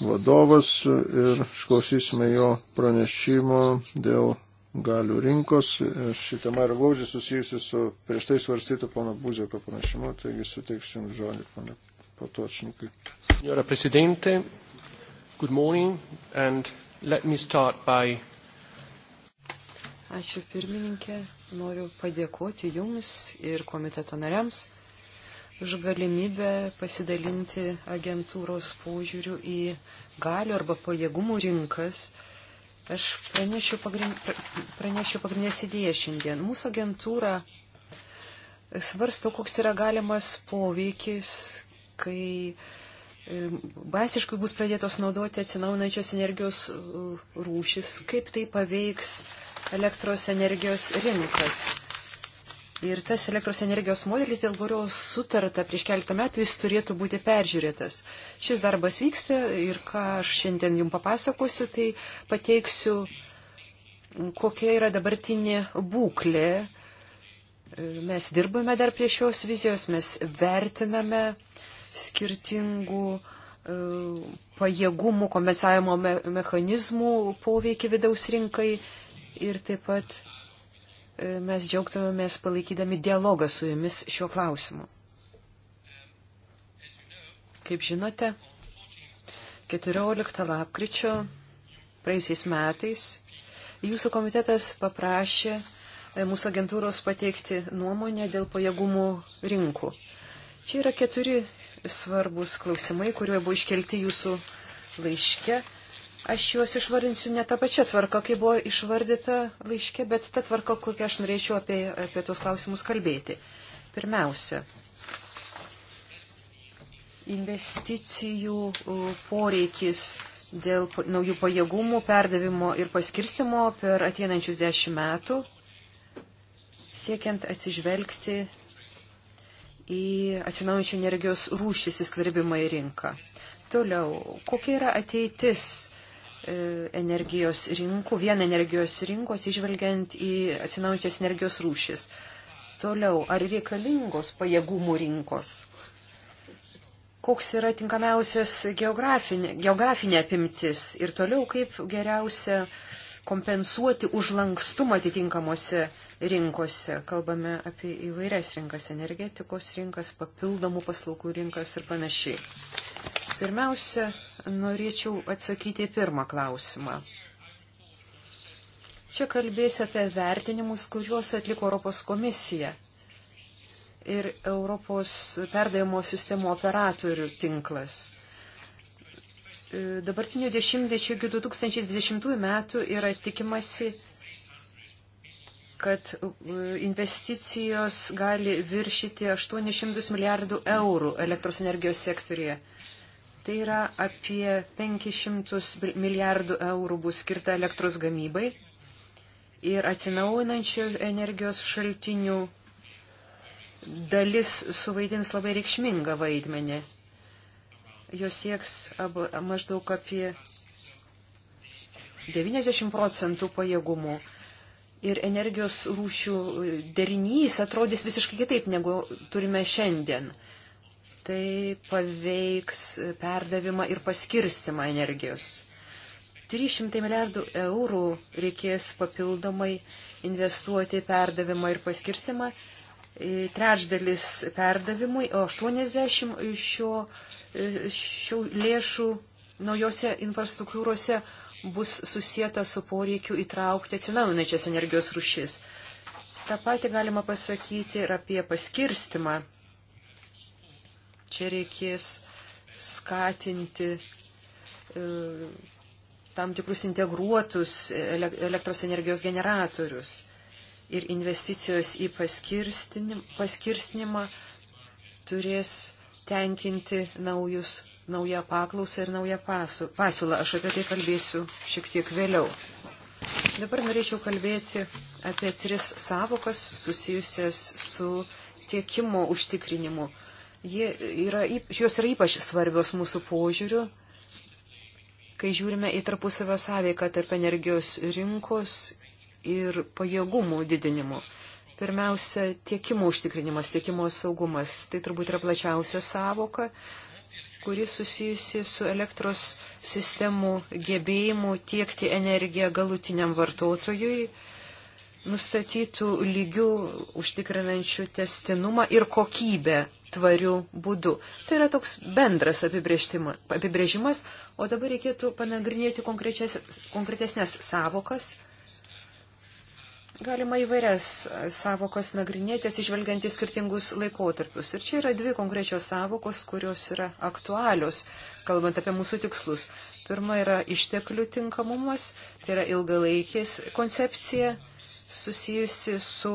vadovas ir išklausysime jo pranešimo dėl galių rinkos. Ši tema yra glaudžiai susijusi su prieš tai svarstytu pono Buzėko pranešimu, taigi suteiksiu jums žodį, pone Patočnikai. Jora prezidentė, good morning and let me start by. Ačiū pirmininkė, noriu padėkoti jums ir komiteto nariams už galimybę pasidalinti agentūros požiūrių į galių arba pajėgumų rinkas. Aš pranešiu, pagrind, pranešiu pagrindinės idėjas šiandien. Mūsų agentūra svarsto, koks yra galimas poveikis, kai e, basiškai bus pradėtos naudoti atsinaunančios energijos e, rūšis, kaip tai paveiks elektros energijos rinkas. Ir tas elektros energijos modelis, dėl kurio sutarta prieš keletą metų, jis turėtų būti peržiūrėtas. Šis darbas vyksta ir ką aš šiandien jums papasakosiu, tai pateiksiu, kokia yra dabartinė būklė. Mes dirbame dar prie šios vizijos, mes vertiname skirtingų e, pajėgumų kompensavimo mechanizmų poveikį vidaus rinkai ir taip pat E, mes džiaugtumėmės palaikydami dialogą su jumis šiuo klausimu. Kaip žinote, 14 lapkričio praėjusiais metais jūsų komitetas paprašė e, mūsų agentūros pateikti nuomonę dėl pajėgumų rinkų. Čia yra keturi svarbus klausimai, kurie buvo iškelti jūsų laiške Aš juos išvardinsiu ne tą pačią tvarką, kai buvo išvardyta laiškė, bet tą tvarką, kokią aš norėčiau apie, apie tuos klausimus kalbėti. Pirmiausia, investicijų poreikis dėl naujų pajėgumų perdavimo ir paskirstimo per ateinančius dešimt metų, siekiant atsižvelgti į atsinaujančių energijos rūšis įskverbimą į rinką. Toliau, kokia yra ateitis E, energijos rinkų, vieną energijos rinkų atsižvelgiant į atsinaujančias energijos rūšis. Toliau, ar reikalingos pajėgumų rinkos? Koks yra tinkamiausias geografinė, geografinė apimtis ir toliau kaip geriausia kompensuoti už lankstumą atitinkamuose rinkose. Kalbame apie įvairias rinkas - energetikos rinkas, papildomų paslaugų rinkas ir panašiai. Pirmiausia, norėčiau atsakyti pirmą klausimą. Čia kalbėsiu apie vertinimus, kuriuos atliko Europos komisija ir Europos perdavimo sistemų operatorių tinklas. E, Dabartinių dešimtmečių iki 2020 metų yra tikimasi, kad e, investicijos gali viršyti 800 milijardų eurų elektros energijos sektorėje. Tai yra apie 500 milijardų eurų bus skirta elektros gamybai ir atsinaujinančių energijos šaltinių dalis suvaidins labai reikšmingą vaidmenį. Jos sieks abu, maždaug apie 90 procentų pajėgumų. Ir energijos rūšių derinys atrodys visiškai kitaip, negu turime šiandien tai paveiks perdavimą ir paskirstimą energijos. 300 milijardų eurų reikės papildomai investuoti į perdavimą ir paskirstimą. E, trečdalis perdavimui, o 80 šio, e, šio lėšų naujose infrastruktūrose bus susijęta su poreikiu įtraukti atsinaujinančias energijos rušis. Ta pati galima pasakyti ir apie paskirstimą Čia reikės skatinti e, tam tikrus integruotus elektros energijos generatorius ir investicijos į paskirstinimą turės tenkinti naujus, naują paklausą ir naują pasiūlą. Aš apie tai kalbėsiu šiek tiek vėliau. Dabar norėčiau kalbėti apie tris savokas susijusias su tiekimo užtikrinimu Jie yra, jos yra ypač svarbios mūsų požiūriu, kai žiūrime į tarpusavio sąveiką tarp energijos rinkos ir pajėgumų didinimų. Pirmiausia, tiekimo užtikrinimas, tiekimo saugumas. Tai turbūt yra plačiausia savoka, kuri susijusi su elektros sistemų gebėjimu tiekti energiją galutiniam vartotojui, nustatytų lygių užtikrinančių testinumą ir kokybę tvarių būdų. Tai yra toks bendras apibrėžimas, o dabar reikėtų panagrinėti konkretesnės savokas. Galima įvairias savokas nagrinėti, atsižvelgiant į skirtingus laikotarpius. Ir čia yra dvi konkrečios savokos, kurios yra aktualios, kalbant apie mūsų tikslus. Pirma yra išteklių tinkamumas, tai yra ilgalaikis koncepcija susijusi su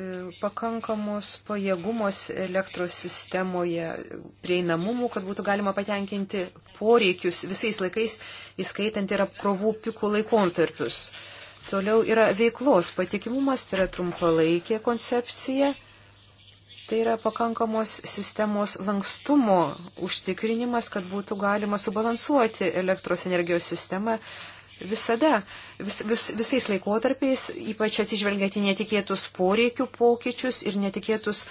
E, pakankamos pajėgumos elektros sistemoje, prieinamumų, kad būtų galima patenkinti poreikius visais laikais, įskaitant ir apkrovų pikų laikotarpius. Toliau yra veiklos patikimumas, tai yra trumpalaikė koncepcija, tai yra pakankamos sistemos lankstumo užtikrinimas, kad būtų galima subalansuoti elektros energijos sistemą visada, vis, vis, visais laikotarpiais, ypač atsižvelgiant į netikėtus poreikių pokyčius ir netikėtus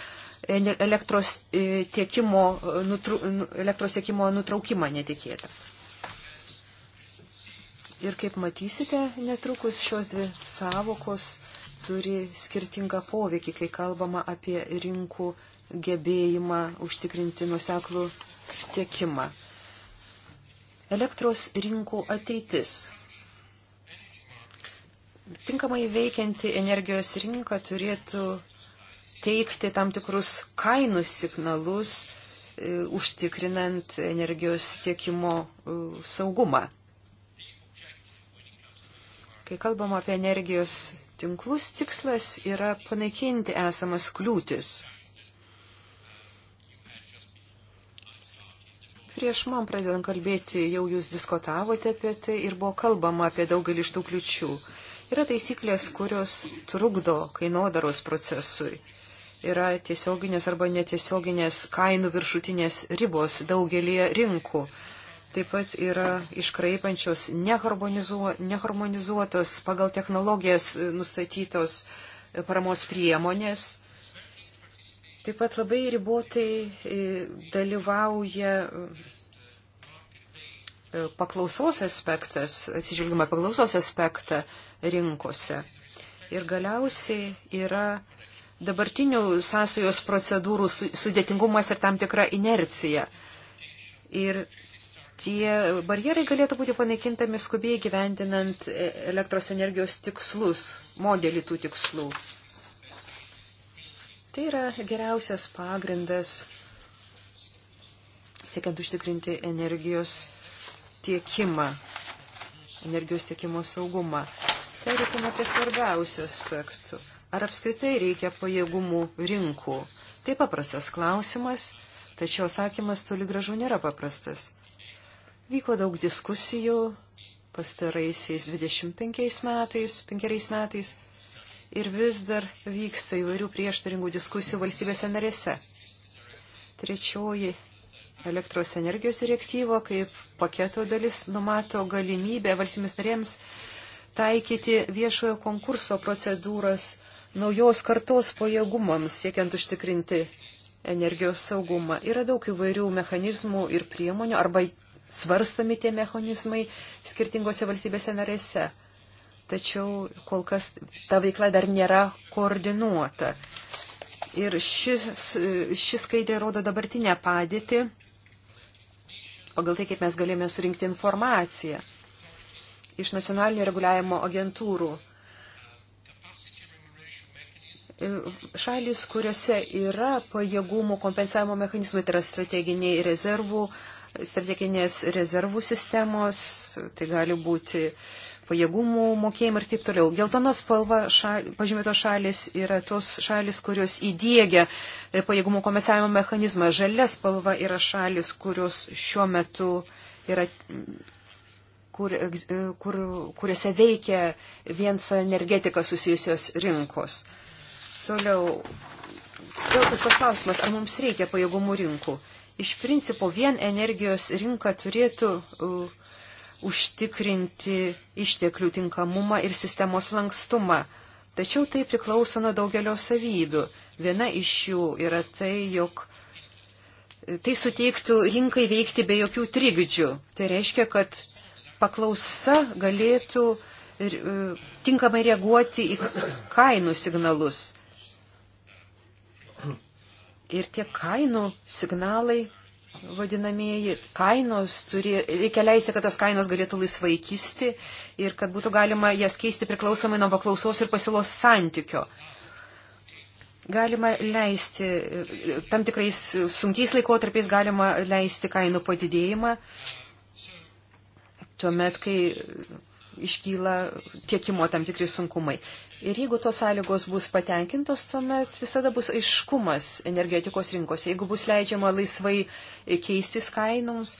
e, elektros e, tiekimo, e, nutru, nu, elektros tiekimo nutraukimą netikėtą. Ir kaip matysite, netrukus šios dvi savokos turi skirtingą poveikį, kai kalbama apie rinkų gebėjimą užtikrinti nuseklų tiekimą. Elektros rinkų ateitis. Tinkamai veikianti energijos rinka turėtų teikti tam tikrus kainų signalus, e, užtikrinant energijos tiekimo e, saugumą. Kai kalbam apie energijos tinklus, tikslas yra panaikinti esamas kliūtis. Prieš man pradedant kalbėti, jau jūs diskutavote apie tai ir buvo kalbama apie daugelį iš tų kliučių. Yra taisyklės, kurios trukdo kainodaros procesui. Yra tiesioginės arba netiesioginės kainų viršutinės ribos daugelie rinkų. Taip pat yra iškraipančios neharmonizuotos pagal technologijas e, nustatytos e, paramos priemonės. Taip pat labai ribotai e, dalyvauja paklausos aspektas, atsižiūrima paklausos aspektą, rinkose. Ir galiausiai yra dabartinių sąsajos procedūrų sudėtingumas ir tam tikra inercija. Ir tie barjerai galėtų būti panaikintami skubiai gyvendinant e, elektros energijos tikslus, modelį tų tikslų. Tai yra geriausias pagrindas siekiant užtikrinti energijos tiekimą, energijos tiekimo saugumą. Tarkime apie svarbiausių aspektų. Ar apskritai reikia pajėgumų rinkų? Tai paprastas klausimas, tačiau atsakymas toli gražu nėra paprastas. Vyko daug diskusijų pastaraisiais 25 metais, 5 metais ir vis dar vyksta įvairių prieštaringų diskusijų valstybėse narėse. Trečioji elektros energijos direktyva kaip paketo dalis numato galimybę valstybės narėms taikyti viešojo konkurso procedūras naujos kartos pajėgumams, siekiant užtikrinti energijos saugumą. Yra daug įvairių mechanizmų ir priemonių, arba svarstami tie mechanizmai skirtingose valstybėse narėse. Tačiau kol kas ta veikla dar nėra koordinuota. Ir šis, šis skaidrė rodo dabartinę padėtį pagal tai, kaip mes galėjome surinkti informaciją iš nacionalinių reguliavimo agentūrų. Šalis, kuriuose yra pajėgumų kompensavimo mechanizmai, tai yra strateginiai rezervų, strateginės rezervų sistemos, tai gali būti pajėgumų mokėjimai ir taip toliau. Geltonos spalva šal, pažymėtos šalis yra tos šalis, kurios įdėgia pajėgumų kompensavimo mechanizmą. Žalia spalva yra šalis, kurios šiuo metu yra kur, e, kur, kuriuose veikia vien su energetika susijusios rinkos. Toliau, vėl tas pats klausimas, ar mums reikia pajėgumų rinkų? Iš principo, vien energijos rinka turėtų uh, užtikrinti išteklių tinkamumą ir sistemos lankstumą. Tačiau tai priklauso nuo daugelio savybių. Viena iš jų yra tai, jog tai suteiktų rinkai veikti be jokių trikdžių. Tai reiškia, kad paklausa galėtų e, tinkamai reaguoti į kainų signalus. Ir tie kainų signalai, vadinamieji, kainos turi, reikia leisti, kad tos kainos galėtų laisvai kisti ir kad būtų galima jas keisti priklausomai nuo paklausos ir pasiūlos santykio. Galima leisti, e, tam tikrais sunkiais laikotarpiais galima leisti kainų padidėjimą, tuomet, kai iškyla tiekimo tam tikri sunkumai. Ir jeigu tos sąlygos bus patenkintos, tuomet visada bus aiškumas energetikos rinkose, jeigu bus leidžiama laisvai keistis kainoms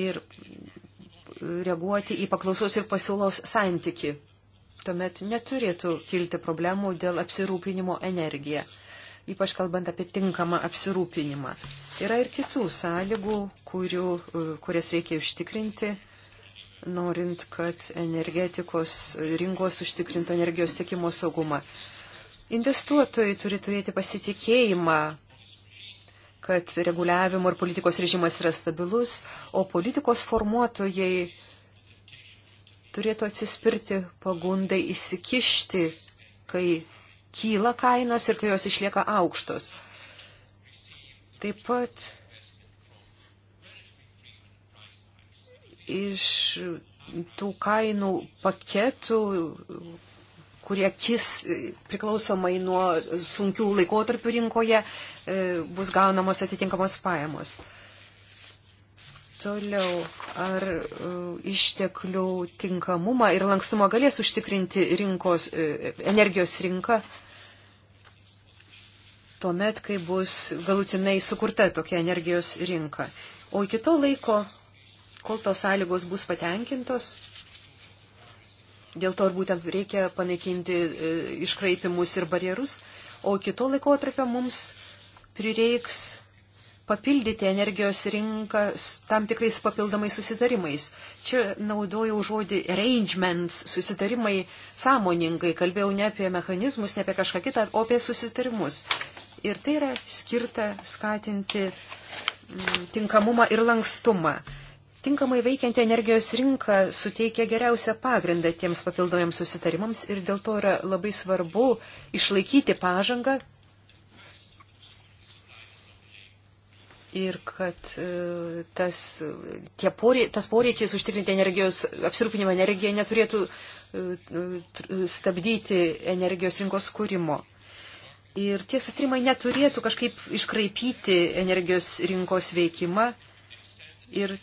ir reaguoti į paklausos ir pasiūlos santyki. Tuomet neturėtų kilti problemų dėl apsirūpinimo energiją, ypač kalbant apie tinkamą apsirūpinimą. Yra ir kitų sąlygų, kurių, kurias reikia užtikrinti norint, kad energetikos rinkos užtikrintų energijos tiekimo saugumą. Investuotojai turi turėti pasitikėjimą, kad reguliavimo ir politikos režimas yra stabilus, o politikos formuotojai turėtų atsispirti pagundai įsikišti, kai kyla kainos ir kai jos išlieka aukštos. Taip pat iš tų kainų paketų, kurie kis e, priklausomai nuo sunkių laikotarpių rinkoje, e, bus gaunamos atitinkamos pajamos. Toliau, ar e, išteklių tinkamumą ir lankstumą galės užtikrinti rinkos, energijos rinka tuomet, kai bus galutinai sukurta tokia energijos rinka. O iki to laiko kol tos sąlygos bus patenkintos. Dėl to ir būtent reikia panaikinti e, iškraipimus ir barjerus, o kito laiko atrapio mums prireiks papildyti energijos rinką tam tikrais papildomais susitarimais. Čia naudojau žodį arrangements, susitarimai sąmoningai, kalbėjau ne apie mechanizmus, ne apie kažką kitą, o apie susitarimus. Ir tai yra skirta skatinti mm, tinkamumą ir lankstumą. Tinkamai veikianti energijos rinka suteikia geriausią pagrindą tiems papildomiems susitarimams ir dėl to yra labai svarbu išlaikyti pažangą ir kad e, tas, porė, tas poreikis užtikrinti energijos apsirūpinimą energiją neturėtų e, stabdyti energijos rinkos skūrimo. Ir tie sustrimai neturėtų kažkaip iškraipyti energijos rinkos veikimą ir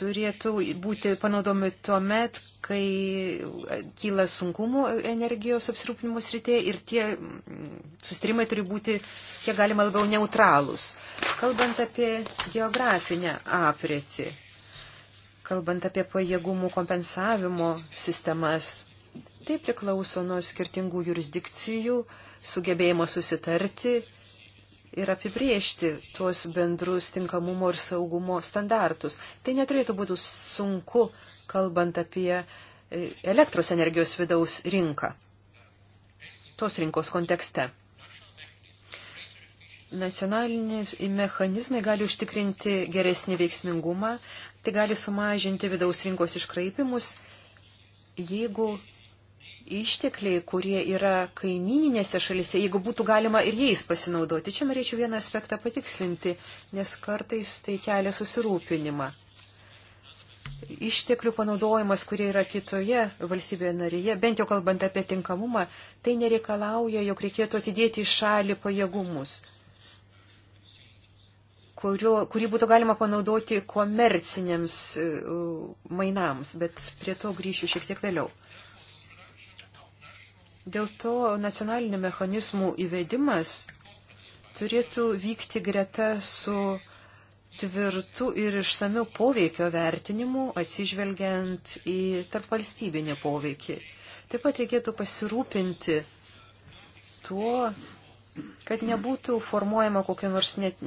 turėtų būti panaudomi tuo met, kai kyla sunkumų energijos apsirūpinimo srityje ir tie mm, sustarimai turi būti kiek galima labiau neutralūs. Kalbant apie geografinę aprėti, kalbant apie pajėgumų kompensavimo sistemas, tai priklauso nuo skirtingų jurisdikcijų, sugebėjimo susitarti ir apibriežti tuos bendrus tinkamumo ir saugumo standartus. Tai neturėtų būti sunku, kalbant apie e, elektros energijos vidaus rinką, tos rinkos kontekste. Nacionaliniai mechanizmai gali užtikrinti geresnį veiksmingumą, tai gali sumažinti vidaus rinkos iškraipimus, jeigu ištekliai, kurie yra kaimininėse šalise, jeigu būtų galima ir jais pasinaudoti. Čia norėčiau vieną aspektą patikslinti, nes kartais tai kelia susirūpinimą. Išteklių panaudojimas, kurie yra kitoje valstybėje narėje, bent jau kalbant apie tinkamumą, tai nereikalauja, jog reikėtų atidėti į šalį pajėgumus, kurio, kurį būtų galima panaudoti komerciniams e, mainams, bet prie to grįšiu šiek tiek vėliau. Dėl to nacionalinių mechanizmų įvedimas turėtų vykti greta su tvirtu ir išsamiu poveikio vertinimu, atsižvelgiant į tarpvalstybinį poveikį. Taip pat reikėtų pasirūpinti tuo, kad nebūtų formuojama kokiu nors net,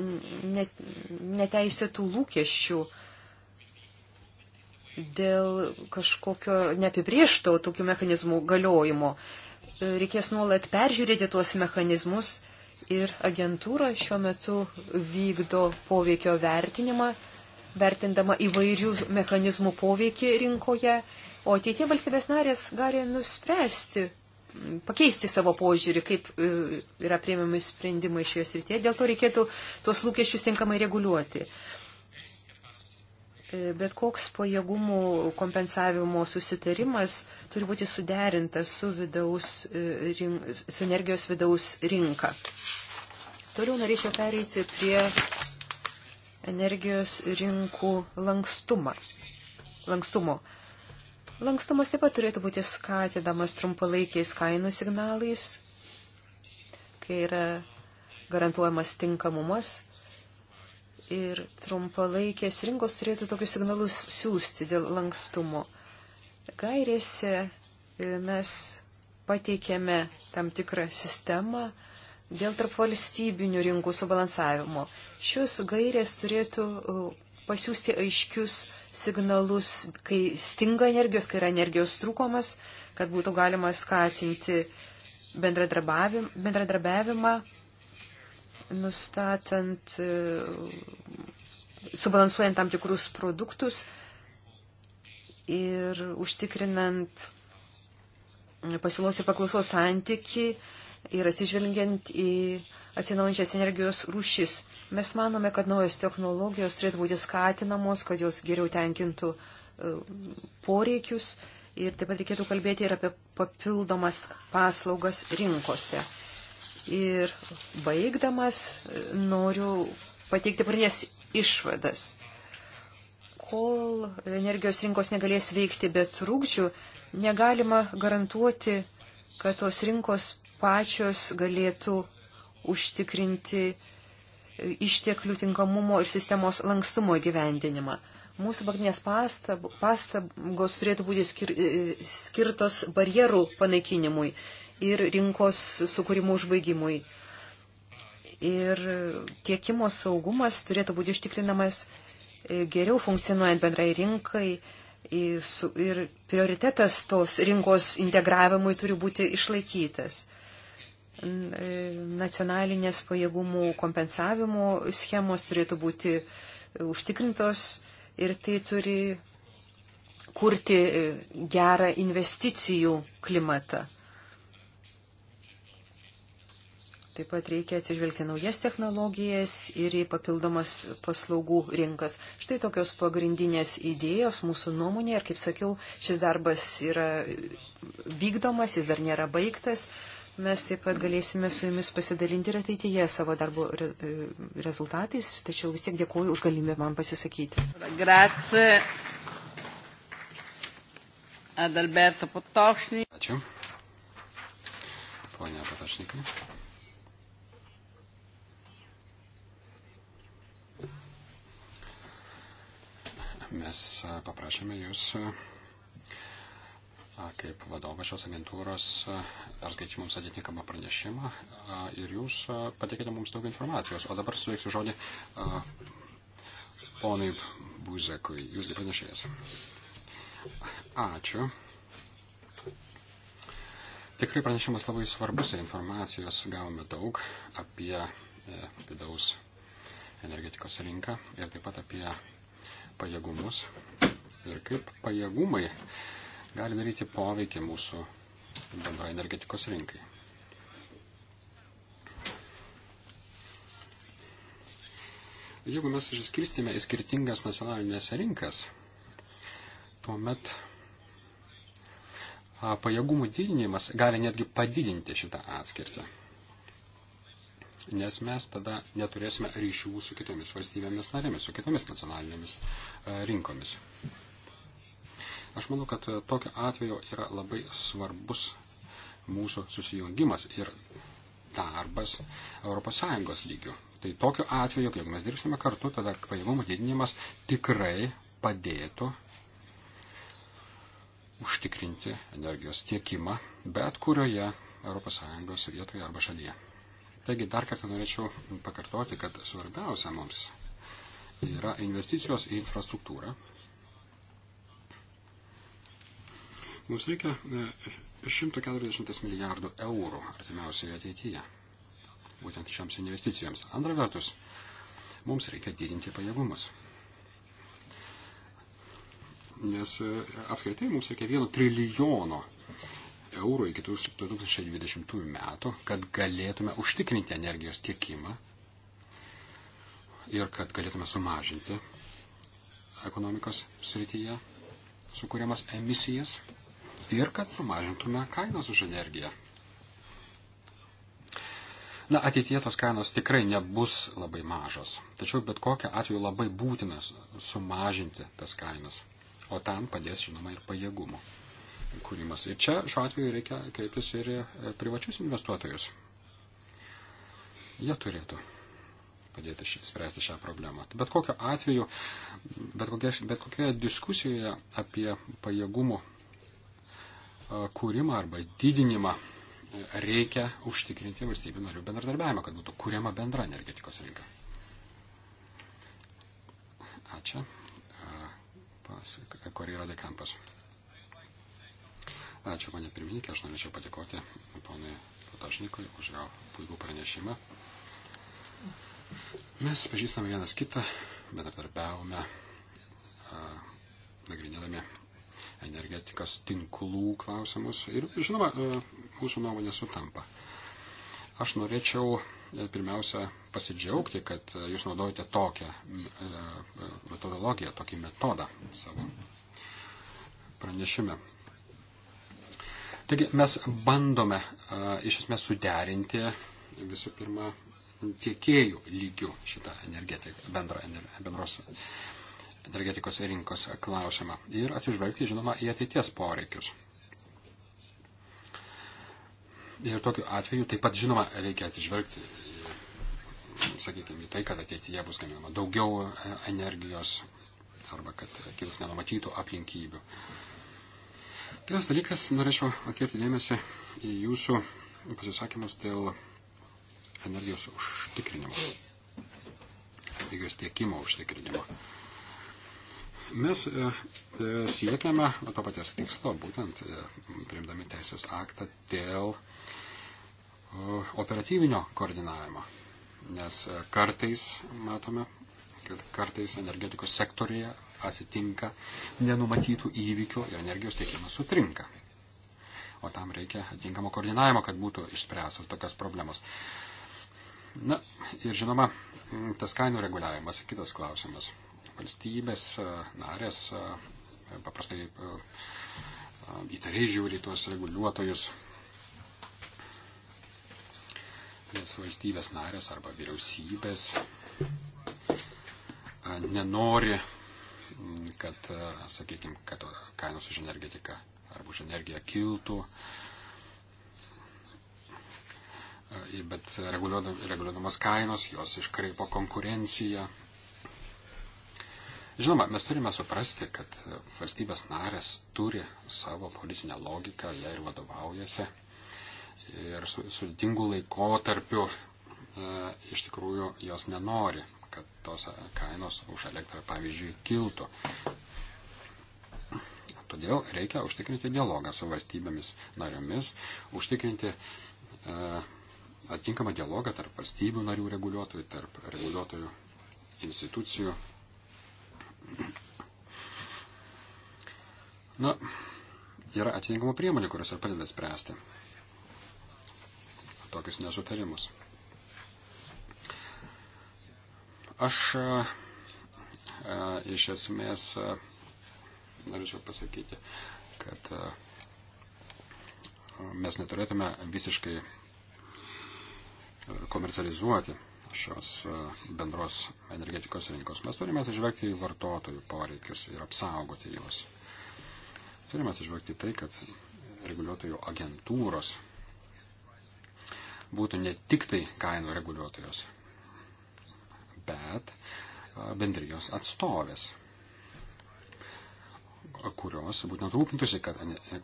net, neteisėtų lūkesčių dėl kažkokio neapibriešto tokių mechanizmų galiojimo reikės nuolat peržiūrėti tuos mechanizmus ir agentūra šiuo metu vykdo poveikio vertinimą, vertindama įvairių mechanizmų poveikį rinkoje, o ateitie valstybės narės gali nuspręsti, pakeisti savo požiūrį, kaip e, yra prieimiami sprendimai šioje srityje, dėl to reikėtų tuos lūkesčius tinkamai reguliuoti. E, bet koks pajėgumų kompensavimo susitarimas turi būti suderintas su, vidaus, e, su energijos vidaus rinka. Toliau norėčiau pereiti prie energijos rinkų lankstumą. lankstumo. Lankstumas taip pat turėtų būti skatinamas trumpalaikiais kainų signalais, kai yra garantuojamas tinkamumas ir trumpalaikės rinkos turėtų tokius signalus siūsti dėl lankstumo. Gairėse e, mes pateikėme tam tikrą sistemą dėl tarp valstybinių rinkų subalansavimo. Šios gairės turėtų e, pasiūsti aiškius signalus, kai stinga energijos, kai yra energijos trūkumas, kad būtų galima skatinti bendradarbiavimą nustatant, e, subalansuojant tam tikrus produktus ir užtikrinant pasiūlos ir paklausos santyki ir atsižvelgiant į atsinaujančias energijos rūšis. Mes manome, kad naujos technologijos turėtų būti skatinamos, kad jos geriau tenkintų e, poreikius ir taip pat reikėtų kalbėti ir apie papildomas paslaugas rinkose. Ir baigdamas noriu pateikti pranės išvadas. Kol energijos rinkos negalės veikti be trūkdžių, negalima garantuoti, kad tos rinkos pačios galėtų užtikrinti išteklių tinkamumo ir sistemos lankstumo gyvendinimą. Mūsų pagrindinės pastabos turėtų būti skir, skirtos barjerų panaikinimui ir rinkos sukūrimo užbaigimui. Ir tiekimo saugumas turėtų būti ištikrinamas e, geriau funkcionuojant bendrai rinkai ir prioritetas tos rinkos integravimui turi būti išlaikytas e, nacionalinės pajėgumų kompensavimo schemos turėtų būti e, užtikrintos ir tai turi kurti gerą investicijų klimatą. Taip pat reikia atsižvelgti naujas technologijas ir į papildomas paslaugų rinkas. Štai tokios pagrindinės idėjos mūsų nuomonė ir, kaip sakiau, šis darbas yra vykdomas, jis dar nėra baigtas. Mes taip pat galėsime su jumis pasidalinti ir ateityje savo darbo re, e, rezultatais, tačiau vis tiek dėkuoju už galimybę man pasisakyti. Grazie. Adalberto Potošnik. Ačiū. Pone Potošnikai. mes paprašėme jūs kaip vadovas šios agentūros perskaičiu mums atitinkamą pranešimą ir jūs pateikite mums daug informacijos. O dabar suveiksiu žodį ponui Buzekui. Jūs pranešėjas. Ačiū. Tikrai pranešimas labai svarbus ir informacijos gavome daug apie e, vidaus energetikos rinką ir taip pat apie pajėgumus ir kaip pajėgumai gali daryti poveikį mūsų bendrai energetikos rinkai. Jeigu mes išskirstime į skirtingas nacionalinės rinkas, tuomet pajėgumų didinimas gali netgi padidinti šitą atskirtį nes mes tada neturėsime ryšių su kitomis valstybėmis narėmis, su kitomis nacionalinėmis e, rinkomis. Aš manau, kad e, tokio atveju yra labai svarbus mūsų susijungimas ir darbas ES lygių. Tai tokiu atveju, jeigu mes dirbsime kartu, tada pajėgumų didinimas tikrai padėtų užtikrinti energijos tiekimą bet kurioje ES vietoje arba šalyje. Taigi dar kartą norėčiau pakartoti, kad svarbiausia mums yra investicijos į infrastruktūrą. Mums reikia 140 e, milijardų eurų artimiausioje ateityje, būtent šioms investicijoms. Antra vertus, mums reikia didinti pajėgumus. Nes e, apskritai mums reikia vieno trilijono eurų iki 2020 metų, kad galėtume užtikrinti energijos tiekimą ir kad galėtume sumažinti ekonomikos srityje sukūriamas emisijas ir kad sumažintume kainas už energiją. Na, ateityje tos kainos tikrai nebus labai mažos, tačiau bet kokią atveju labai būtinas sumažinti tas kainas, o tam padės, žinoma, ir pajėgumo kūrimas. Ir čia šiuo atveju reikia kreiptis ir e, privačius investuotojus. Jie turėtų padėti ši, spręsti šią problemą. Tai bet kokiu atveju, bet, kokia, bet kokioje diskusijoje apie pajėgumų e, kūrimą arba didinimą e, reikia užtikrinti valstybių narių bendradarbiavimą, kad būtų kuriama bendra energetikos rinka. Ačiū. Pas Korira de Kampas. Ačiū, ponė pirmininkė, aš norėčiau padėkoti ponui Patašnikui už jo puikų pranešimą. Mes pažįstame vienas kitą, bendradarbiavome, nagrinėdami energetikos tinklų klausimus ir, žinoma, mūsų nuomonė sutampa. Aš norėčiau e, pirmiausia pasidžiaugti, kad e, jūs naudojate tokią e, metodologiją, tokį metodą savo pranešime. Taigi mes bandome a, iš esmės suderinti visų pirma tiekėjų lygių šitą bendrą, bendros energetikos rinkos klausimą ir atsižvelgti, žinoma, į ateities poreikius. Ir tokiu atveju taip pat, žinoma, reikia atsižvelgti, sakykime, į tai, kad ateityje bus gaminama daugiau e, energijos arba kad kils nenumatytų aplinkybių. Uh, Kitas dalykas, norėčiau atkreipti dėmesį į jūsų pasisakymus dėl energijos užtikrinimo, energijos tiekimo užtikrinimo. Mes e, siekiame to paties tikslo, būtent e, priimdami teisės aktą dėl e, operatyvinio koordinavimo. Nes e, kartais matome, kad kartais energetikos sektorija atsitinka nenumatytų įvykių ir energijos tiekimas sutrinka. O tam reikia atitinkamo koordinavimo, kad būtų išspręstos tokios problemos. Na ir žinoma, tas kainų reguliavimas, kitas klausimas. Valstybės e, narės e, paprastai e, įtariai žiūri tuos reguliuotojus, nes valstybės narės arba vyriausybės nenori kad, e, sakykime, kad kainos už energetiką arba už energiją kiltų. E, bet reguliuodamos kainos, jos iškreipo konkurenciją. Žinoma, mes turime suprasti, kad e, valstybės narės turi savo politinę logiką, ją ir vadovaujasi. Ir sudėtingų laikotarpių e, iš tikrųjų jos nenori kad tos kainos už elektrą, pavyzdžiui, kiltų. Todėl reikia užtikrinti dialogą su valstybėmis narėmis, užtikrinti e, atitinkamą dialogą tarp valstybių narių reguliuotojų, tarp reguliuotojų institucijų. Na, yra atitinkamų priemonių, kurios ir padeda spręsti tokius nesutarimus. Aš a, e, a, e, iš esmės a, e, norėčiau pasakyti, kad a, mes neturėtume visiškai komercializuoti šios a, bendros energetikos rinkos. Mes turime atsižvelgti į vartotojų poreikius ir apsaugoti juos. Turime atsižvelgti tai, kad reguliuotojų agentūros būtų ne tik tai kainų reguliuotojos, bet bendrijos atstovės, kurios būtent rūpintųsi, kad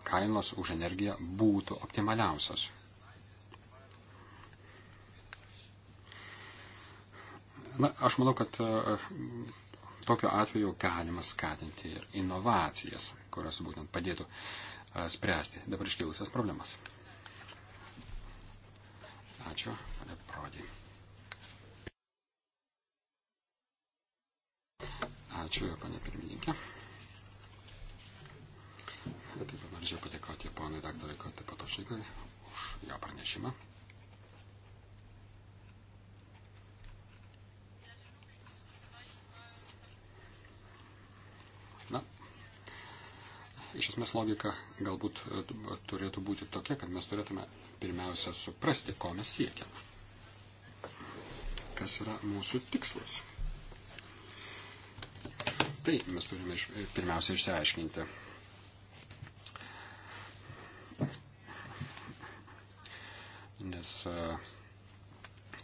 kainos už energiją būtų optimaliausios. Na, aš manau, kad tokiu atveju galima skatinti ir inovacijas, kurios būtent padėtų spręsti dabar iškilusias problemas. Ačiū, pane Prodį. Ačiū, panė pirmininkė. Taip pat norėčiau padėkoti ponui daktarui Kotė Patošykai už jo pranešimą. Na, iš esmės logika galbūt turėtų būti tokia, kad mes turėtume pirmiausia suprasti, ko mes siekiame. Kas yra mūsų tikslas. Tai mes turime iš, pirmiausia išsiaiškinti. Nes e,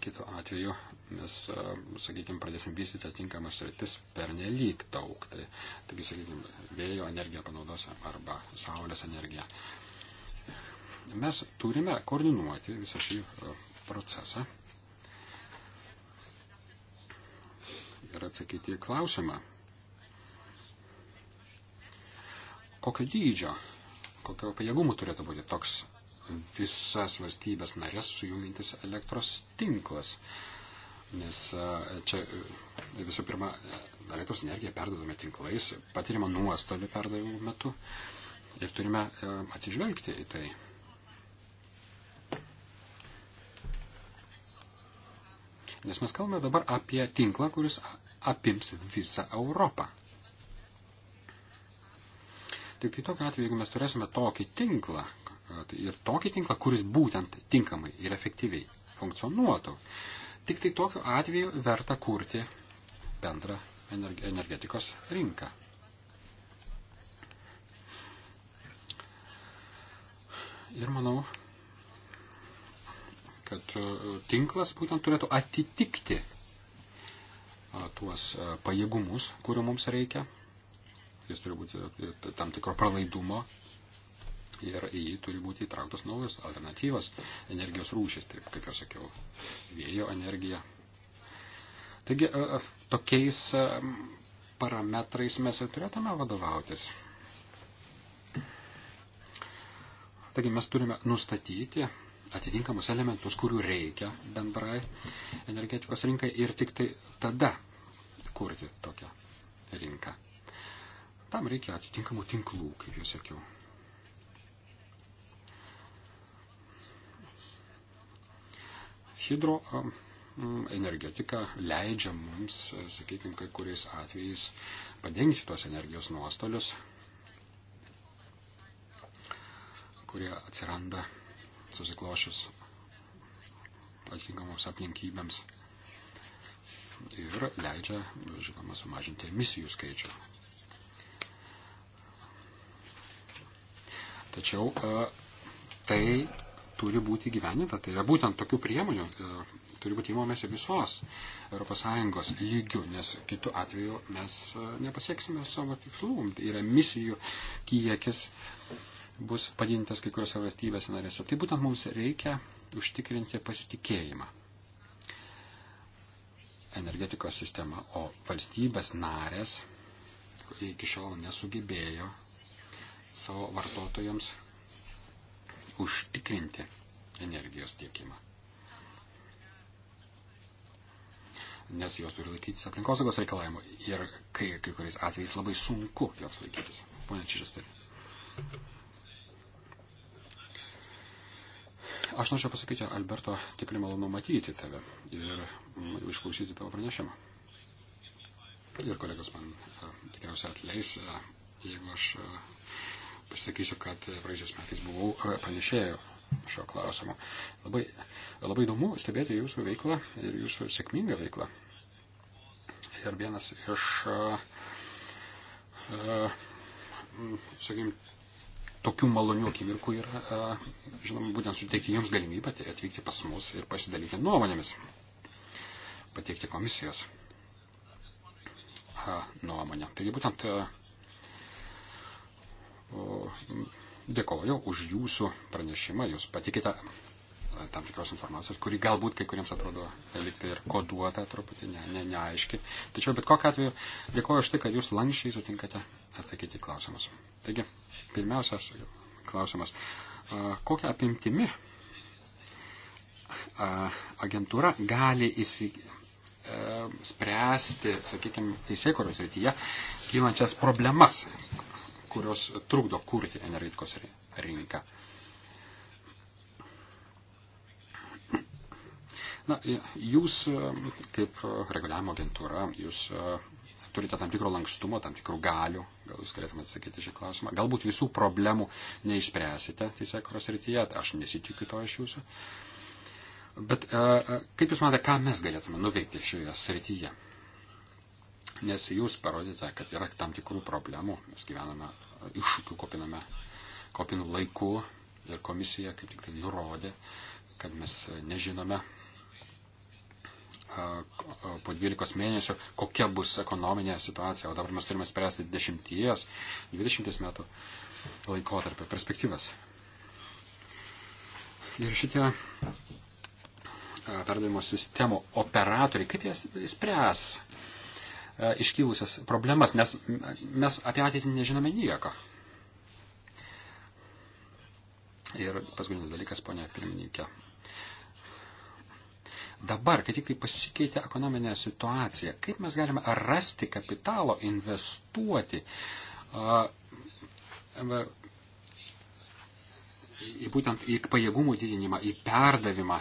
kitu atveju mes, e, sakykime, pradėsim vystyti atinkamas rytis per nelik daug. Tai, taigi, sakykime, vėjo energiją panaudosim arba saulės energiją. Mes turime koordinuoti visą šį e, procesą ir atsakyti į klausimą, kokio dydžio, kokio pajėgumo turėtų būti toks visas valstybės narės sujungintis elektros tinklas. Nes e, čia e, visų pirma, e, elektros energiją perdodame tinklais, patiriamą nuostolį perdavimų metu ir turime atsižvelgti į tai. Nes mes kalbame dabar apie tinklą, kuris apims visą Europą. Tik tai tokiu atveju, jeigu mes turėsime tokį tinklą ir tokį tinklą, kuris būtent tinkamai ir efektyviai funkcionuotų, tik tai tokiu atveju verta kurti bendrą energetikos rinką. Ir manau, kad e, tinklas būtent turėtų atitikti e, tuos e, pajėgumus, kurių mums reikia jis turi būti e, tam tikro pralaidumo ir į jį turi būti įtrauktos naujos alternatyvos energijos rūšis, taip kaip jau sakiau, vėjo energija. Taigi e, e, tokiais parametrais mes ir turėtume vadovautis. Taigi mes turime nustatyti atitinkamus elementus, kurių reikia bendrai energetikos rinkai ir tik tai tada kurti tokią rinką. Tam reikia atitinkamų tinklų, kaip jau sakiau. Hidro energetika leidžia mums, sakykime, kai kuriais atvejais padengti tos energijos nuostolius, kurie atsiranda susiklošius atitinkamoms aplinkybėms ir leidžia, žinoma, sumažinti emisijų skaičių. Tačiau e, tai turi būti gyveninta. Tai yra būtent tokių priemonių e, turi būti įmamėsi visos ES lygių, nes kitų atveju mes e, nepasieksime savo tikslų. Tai yra misijų kiekis bus padintas kai kuriuose valstybėse narėse. Tai būtent mums reikia užtikrinti pasitikėjimą energetikos sistema, o valstybės narės iki šiol nesugebėjo savo vartotojams užtikrinti energijos tiekimą. Nes jos turi laikytis aplinkosaugos reikalavimų ir kai, kai kuriais atvejais labai sunku jos laikytis. Pone Čiristeri. Aš norėčiau pasakyti, Alberto, tikrai malonu matyti tave ir m, mm, išklausyti tavo pranešimą. Ir kolegos man a, e, tikriausiai atleis, a, e, jeigu aš a, e, pasakysiu, kad praėjusiais metais buvau pranešėjo šio klausimo. Labai, labai įdomu stebėti jūsų veiklą ir jūsų sėkmingą veiklą. Ir vienas iš, sakykim, tokių malonių akimirkų yra, žinoma, būtent suteikti jums galimybę tai atvykti pas mus ir pasidalyti nuomonėmis, pateikti komisijos nuomonę. Taigi būtent dėkoju už jūsų pranešimą, jūs patikite e, tam tikros informacijos, kuri galbūt kai kuriems atrodo liktai ir koduota truputį, ne, ne, neaiški. Tačiau bet kokiu atveju dėkoju už tai, kad jūs lankščiai sutinkate atsakyti klausimus. Taigi, pirmiausias klausimas, kokią apimtimi agentūra gali įsigyti e, spręsti, sakykime, teisėkuros rytyje kylančias problemas, kurios trukdo kurti energetikos rinką. Na, jūs kaip reguliavimo agentūra, jūs e, turite tam tikro lankstumo, tam tikrų galių, gal jūs galėtumėte atsakyti šį klausimą. Galbūt visų problemų neišspręsite teisėkuros rytyje, aš nesitikiu to iš jūsų. Bet e, e, kaip jūs matote, ką mes galėtume nuveikti šioje srityje? nes jūs parodėte, kad yra tam tikrų problemų, mes gyvename e, iššūkių kopiname, kopinų laikų ir komisija kaip tik tai nurodė, kad mes e, nežinome e, po 12 mėnesių, kokia bus ekonominė situacija, o dabar mes turime spręsti 10-20 metų laikotarpio perspektyvas. Ir šitie perdavimo sistemų operatoriai, kaip jie spręs E, iškilusias problemas, nes mes apie ateitį nežinome nieko. Ir paskutinis dalykas, ponia pirmininkė. Dabar, kai tik tai pasikeitė ekonominė situacija, kaip mes galime rasti kapitalo, investuoti e, būtent į pajėgumų didinimą, į perdavimą,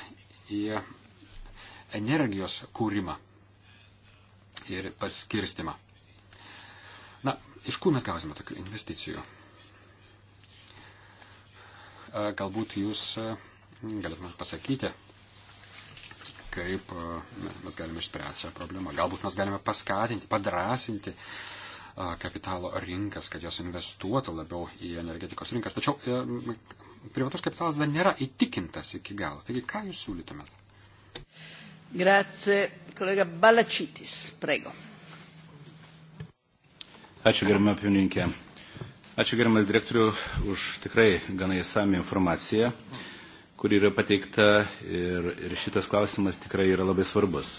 į energijos kūrimą ir paskirstimą. Na, iš kur mes gausime tokių investicijų? Galbūt jūs galėtumėte pasakyti, kaip mes galime išspręsti šią problemą. Galbūt mes galime paskatinti, padrasinti kapitalo rinkas, kad jos investuotų labiau į energetikos rinkas. Tačiau e, privatus kapitalas dar nėra įtikintas iki galo. Taigi, ką jūs siūlytumėt? Grazie. Kolega Balačytis, prego. Ačiū gerama pirmininkė. Ačiū gerimas direktoriu už tikrai gana įsami informaciją, kuri yra pateikta ir, ir šitas klausimas tikrai yra labai svarbus.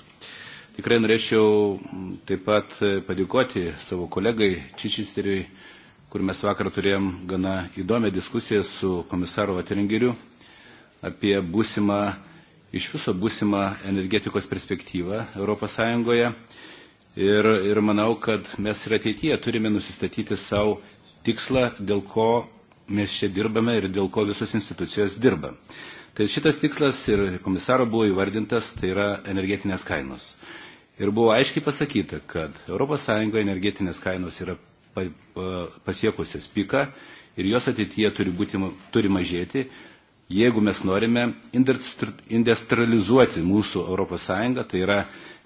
Tikrai norėčiau taip pat padėkoti savo kolegai Čičisteriui, kur mes vakar turėjom gana įdomią diskusiją su komisaru Vateringeriu apie būsimą iš viso būsimą energetikos perspektyvą ES. Ir, ir manau, kad mes ir ateityje turime nusistatyti savo tikslą, dėl ko mes čia dirbame ir dėl ko visos institucijos dirba. Tai šitas tikslas ir komisaro buvo įvardintas, tai yra energetinės kainos. Ir buvo aiškiai pasakyta, kad ES energetinės kainos yra pasiekusios piką ir jos ateityje turi, būti, turi mažėti, jeigu mes norime industrializuoti mūsų ES, tai yra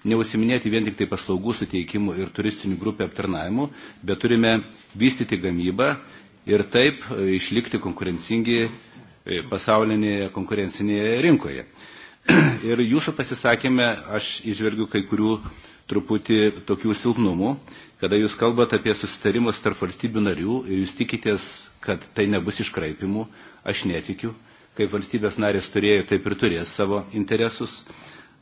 neusiminėti vien tik tai paslaugų suteikimu ir turistinių grupė aptarnavimu, bet turime vystyti gamybą ir taip e, išlikti konkurencingi e, pasaulinėje konkurencinėje rinkoje. Ir jūsų pasisakymė aš išvergiu kai kurių truputį tokių silpnumų, kada jūs kalbate apie susitarimus tarp valstybių narių ir jūs tikitės, kad tai nebus iškraipimų, aš netikiu kaip valstybės narės turėjo, taip ir turės savo interesus.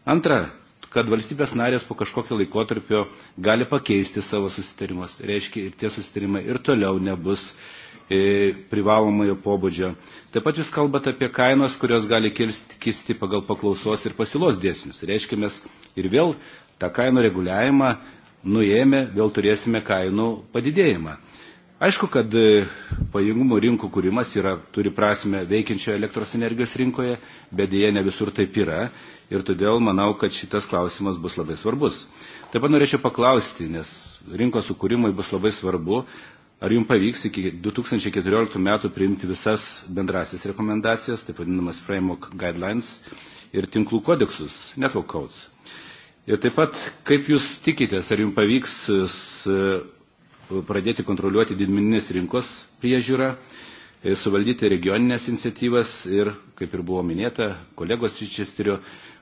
Antra, kad valstybės narės po kažkokio laikotarpio gali pakeisti savo susitarimus. Reiškia, ir tie susitarimai ir toliau nebus e, privalomojo pobūdžio. Taip pat jūs kalbate apie kainos, kurios gali kisti pagal paklausos ir pasiūlos dėsnius. Reiškia, mes ir vėl tą kainų reguliavimą nuėmė, vėl turėsime kainų padidėjimą. Aišku, kad e, pajėgumo rinkų kūrimas yra, turi prasme veikiančioje elektros energijos rinkoje, bet dėje ne visur taip yra ir todėl manau, kad šitas klausimas bus labai svarbus. Taip pat norėčiau paklausti, nes rinkos sukūrimai bus labai svarbu, ar jums pavyks iki 2014 metų priimti visas bendrasis rekomendacijas, taip vadinamas framework guidelines ir tinklų kodeksus, network codes. Ir taip pat, kaip jūs tikitės, ar jums pavyks e, pradėti kontroliuoti didmeninės rinkos priežiūrą, e, suvaldyti regioninės iniciatyvas ir, kaip ir buvo minėta kolegos iš Česterio,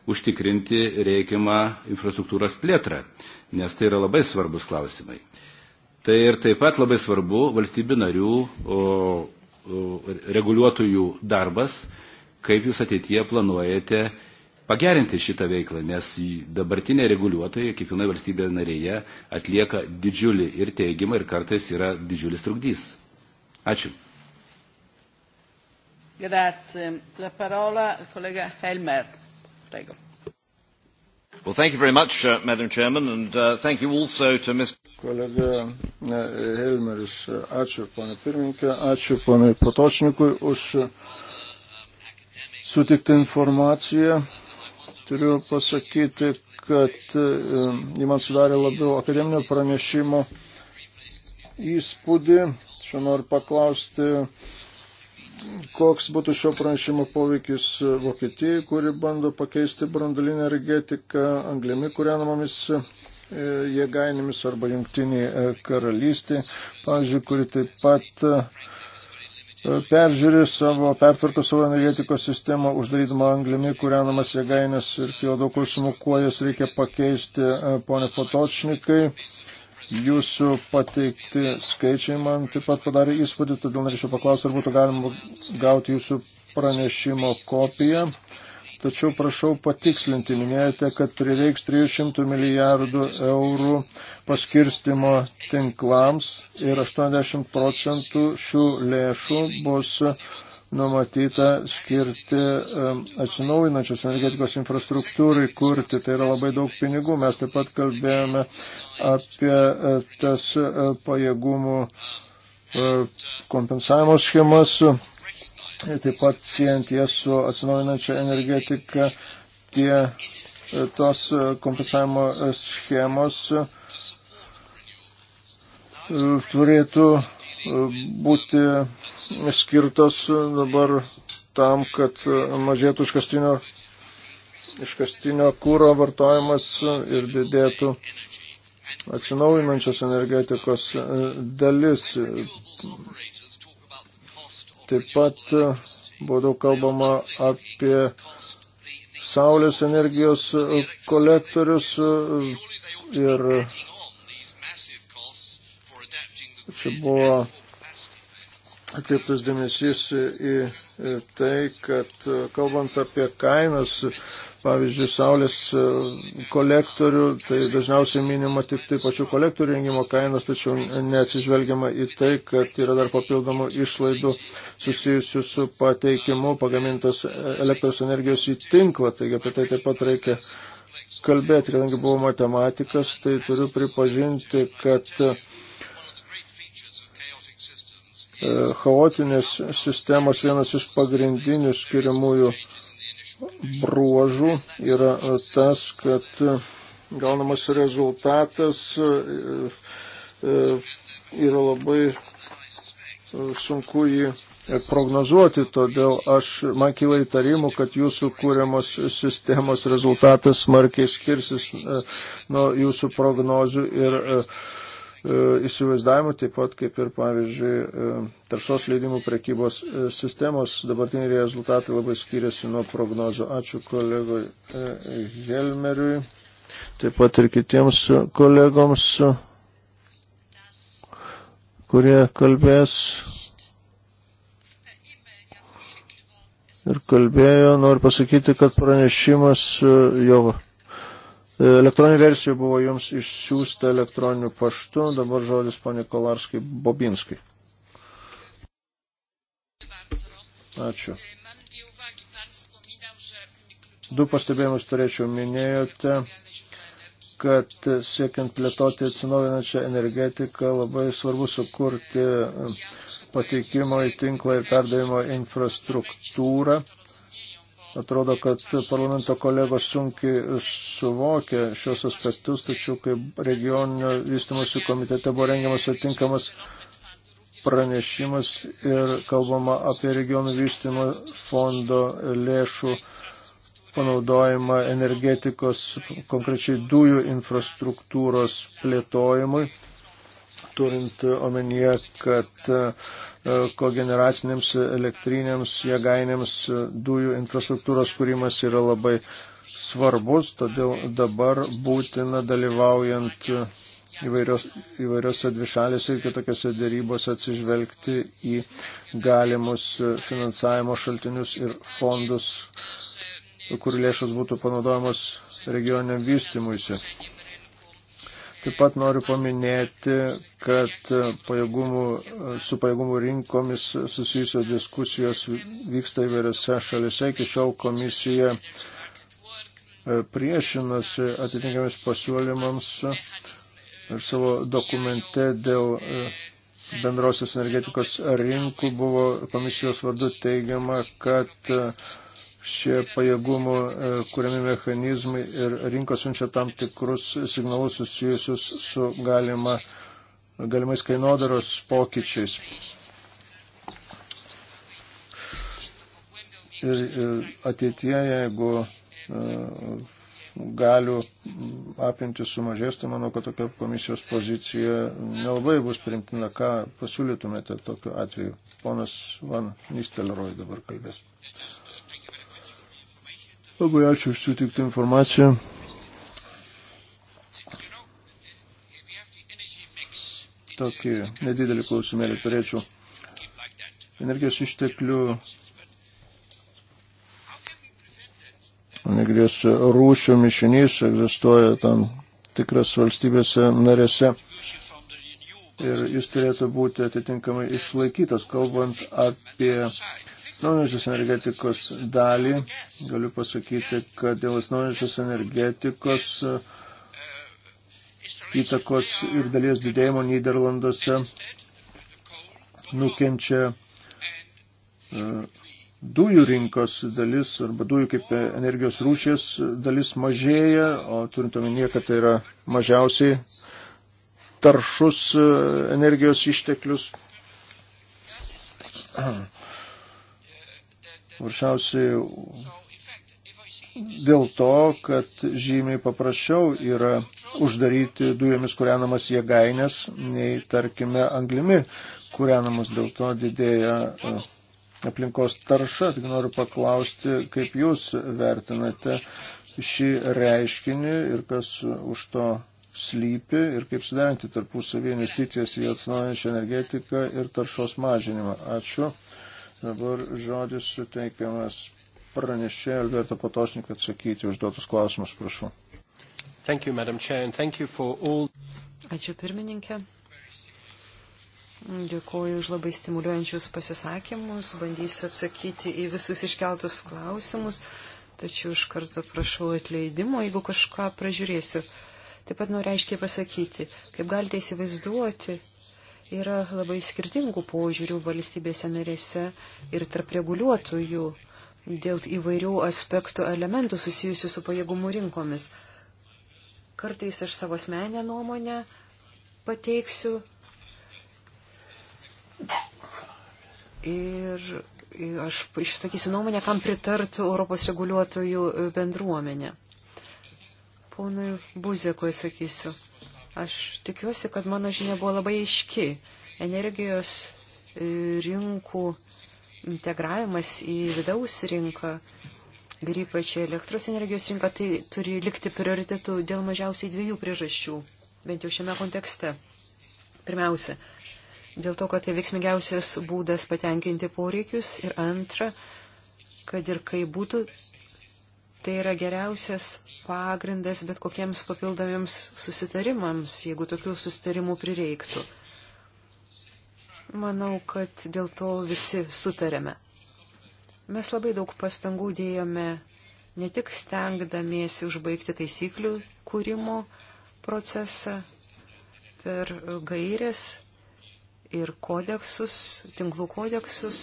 užtikrinti reikiamą infrastruktūros plėtrą, nes tai yra labai svarbus klausimai. Tai ir taip pat labai svarbu valstybių narių o, o, reguliuotojų darbas, kaip jūs ateityje planuojate pagerinti šitą veiklą, nes dabartinė reguliuotojai kiekvienoje valstybėje narėje atlieka didžiulį ir teigiamą ir kartais yra didžiulis trukdys. Ačiū. Grazie. La parola kolega Helmer. Prego. Well, thank you very much, uh, Madam Chairman, and uh, thank you also to Ms. Kolega uh, Helmeris, uh, ačiū ponė pirmininkė, ačiū ponai Patočnikui už sutiktą informaciją. Turiu pasakyti, kad jį man sudarė labiau akademinio pranešimo įspūdį. Šiandien noriu paklausti, koks būtų šio pranešimo poveikis Vokietijai, kuri bando pakeisti brandalinę energetiką anglimi kūrenamomis e, jėgainėmis arba jungtiniai karalystė, pavyzdžiui, kuri taip pat peržiūri savo, pertvarko savo energetikos sistemą, uždarydama anglimi, kūrenamas jėgainės ir kilo daug klausimų, kuo jas reikia pakeisti, e, ponė Potočnikai. Jūsų pateikti skaičiai man taip pat padarė įspūdį, todėl norėčiau paklausti, ar būtų galima gauti jūsų pranešimo kopiją. Tačiau prašau patikslinti, minėjote, kad prireiks 300 milijardų eurų paskirstimo tinklams ir 80 procentų šių lėšų bus numatyta skirti atsinaujinančios energetikos infrastruktūrai kurti. Tai yra labai daug pinigų. Mes taip pat kalbėjome apie e, tas e, pajėgumų e, kompensavimo schemas taip pat siejant jas su atsinaujinančia energetika, tie e, tos e, kompensavimo e, schemos turėtų būti skirtos dabar tam, kad mažėtų iškastinio, iškastinio kūro vartojimas ir didėtų atsinaujinančios energetikos dalis Taip pat e, buvo daug kalbama apie saulės energijos e, kolektorius e, ir čia buvo atkreiptas dėmesys į tai, kad kalbant apie kainas, pavyzdžiui, saulės e, kolektorių, tai dažniausiai minima tik tai pačių kolektorių rengimo kainas, tačiau neatsižvelgiama į tai, kad yra dar papildomų išlaidų susijusių su pateikimu pagamintos elektros energijos į tinklą, taigi apie tai taip pat reikia kalbėti, kadangi buvau matematikas, tai turiu pripažinti, kad e, chaotinės sistemos vienas iš pagrindinių skiriamųjų bruožų yra tas, kad gaunamas rezultatas e, e, yra labai sunku jį prognozuoti, todėl aš, man kyla įtarimų, kad jūsų kūriamos sistemos rezultatas smarkiai skirsis e, nuo jūsų prognozių ir uh, E, įsivaizdavimu, taip pat kaip ir, pavyzdžiui, e, taršos leidimų prekybos e, sistemos dabartiniai rezultatai labai skiriasi nuo prognozių. Ačiū kolegui Helmeriui, taip pat ir kitiems kolegoms, kurie kalbės ir kalbėjo. Noriu pasakyti, kad pranešimas jo Elektroninė versija buvo jums išsiųsta elektroniniu paštu, dabar žodis ponė Kolarskai Bobinskai. Ačiū. Du pastebėjimus turėčiau minėjote, kad siekiant plėtoti atsinaujinančią energetiką labai svarbu sukurti pateikimo į tinklą ir perdavimo infrastruktūrą Atrodo, kad parlamento kolegos sunkiai suvokia šios aspektus, tačiau kai regioninio vystimosi komitete buvo rengiamas atinkamas pranešimas ir kalbama apie regionų vystimo fondo lėšų panaudojimą energetikos, konkrečiai dujų infrastruktūros plėtojimui, turint omenyje, kad E, kogeneracinėms elektrinėms, jėgainėms e, dujų infrastruktūros kūrimas yra labai svarbus, todėl dabar būtina dalyvaujant e, įvairios, įvairiose dvišalėse ir kitokiose dėrybose atsižvelgti į galimus finansavimo šaltinius ir fondus, kur lėšos būtų panaudojamos regioniniam vystimuisi. Taip pat noriu paminėti, kad pajėgumų, su pajėgumų rinkomis susijusios diskusijos vyksta įvairiose šalise. Iki šiol komisija e, priešinasi atitinkamiems pasiūlymams ir savo dokumente dėl e, bendrosios energetikos rinkų buvo komisijos vardu teigiama, kad e, šie pajėgumų e, kuriami mechanizmai ir rinkos siunčia tam tikrus signalus susijusius su galima, galimais kainodaros pokyčiais. Ir e, ateitie, jeigu e, galių apimtis sumažės, tai manau, kad tokia komisijos pozicija nelabai bus primtina. Ką pasiūlytumėte tokiu atveju? Ponas Van Nistelroj dabar kalbės. Labai ačiū už sutiktą informaciją. Tokį nedidelį klausimėlį turėčiau. Energijos išteklių, energijos rūšių mišinys egzistuoja tam tikras valstybėse narėse ir jis turėtų būti atitinkamai išlaikytas, kalbant apie atsinaujančios energetikos dalį, galiu pasakyti, kad dėl atsinaujančios energetikos e, įtakos ir dalies didėjimo Niderlanduose nukenčia e, dujų rinkos dalis arba dujų kaip energijos rūšės dalis mažėja, o turint omenyje, kad tai yra mažiausiai taršus e, energijos išteklius. Varšiausiai dėl to, kad žymiai paprasčiau yra uždaryti dujomis kūrenamas jėgainės, nei, tarkime, anglimi kūrenamus, dėl to didėja e, aplinkos tarša. Tik noriu paklausti, kaip Jūs vertinate šį reiškinį ir kas už to slypi ir kaip suderinti tarpusavį investicijas į atsinaujinančią energetiką ir taršos mažinimą. Ačiū. Dabar žodis suteikiamas pranešė Alberto Potošnik atsakyti užduotus klausimus, prašau. Thank you, Madam Chair, and thank you for all. Ačiū pirmininkė. Dėkuoju už labai stimuliuojančius pasisakymus. Bandysiu atsakyti į visus iškeltus klausimus, tačiau iš karto prašau atleidimo, jeigu kažką pražiūrėsiu. Taip pat noriu aiškiai pasakyti, kaip galite įsivaizduoti, yra labai skirtingų požiūrių valstybėse narėse ir tarp reguliuotojų dėl įvairių aspektų elementų susijusių su pajėgumų rinkomis. Kartais aš savo asmenę nuomonę pateiksiu ir aš išsakysiu nuomonę, kam pritartų Europos reguliuotojų bendruomenė. Ponui Buzekui sakysiu. Aš tikiuosi, kad mano žinia buvo labai aiški. Energijos rinkų integravimas į vidaus rinką ir ypač elektros energijos rinką tai turi likti prioritetų dėl mažiausiai dviejų priežasčių, bent jau šiame kontekste. Pirmiausia, dėl to, kad tai veiksmingiausias būdas patenkinti poreikius ir antra, kad ir kaip būtų, tai yra geriausias pagrindas bet kokiems papildomiams susitarimams, jeigu tokių susitarimų prireiktų. Manau, kad dėl to visi sutarėme. Mes labai daug pastangų dėjome ne tik stengdamiesi užbaigti taisyklių kūrimo procesą per gairės ir kodeksus, tinklų kodeksus,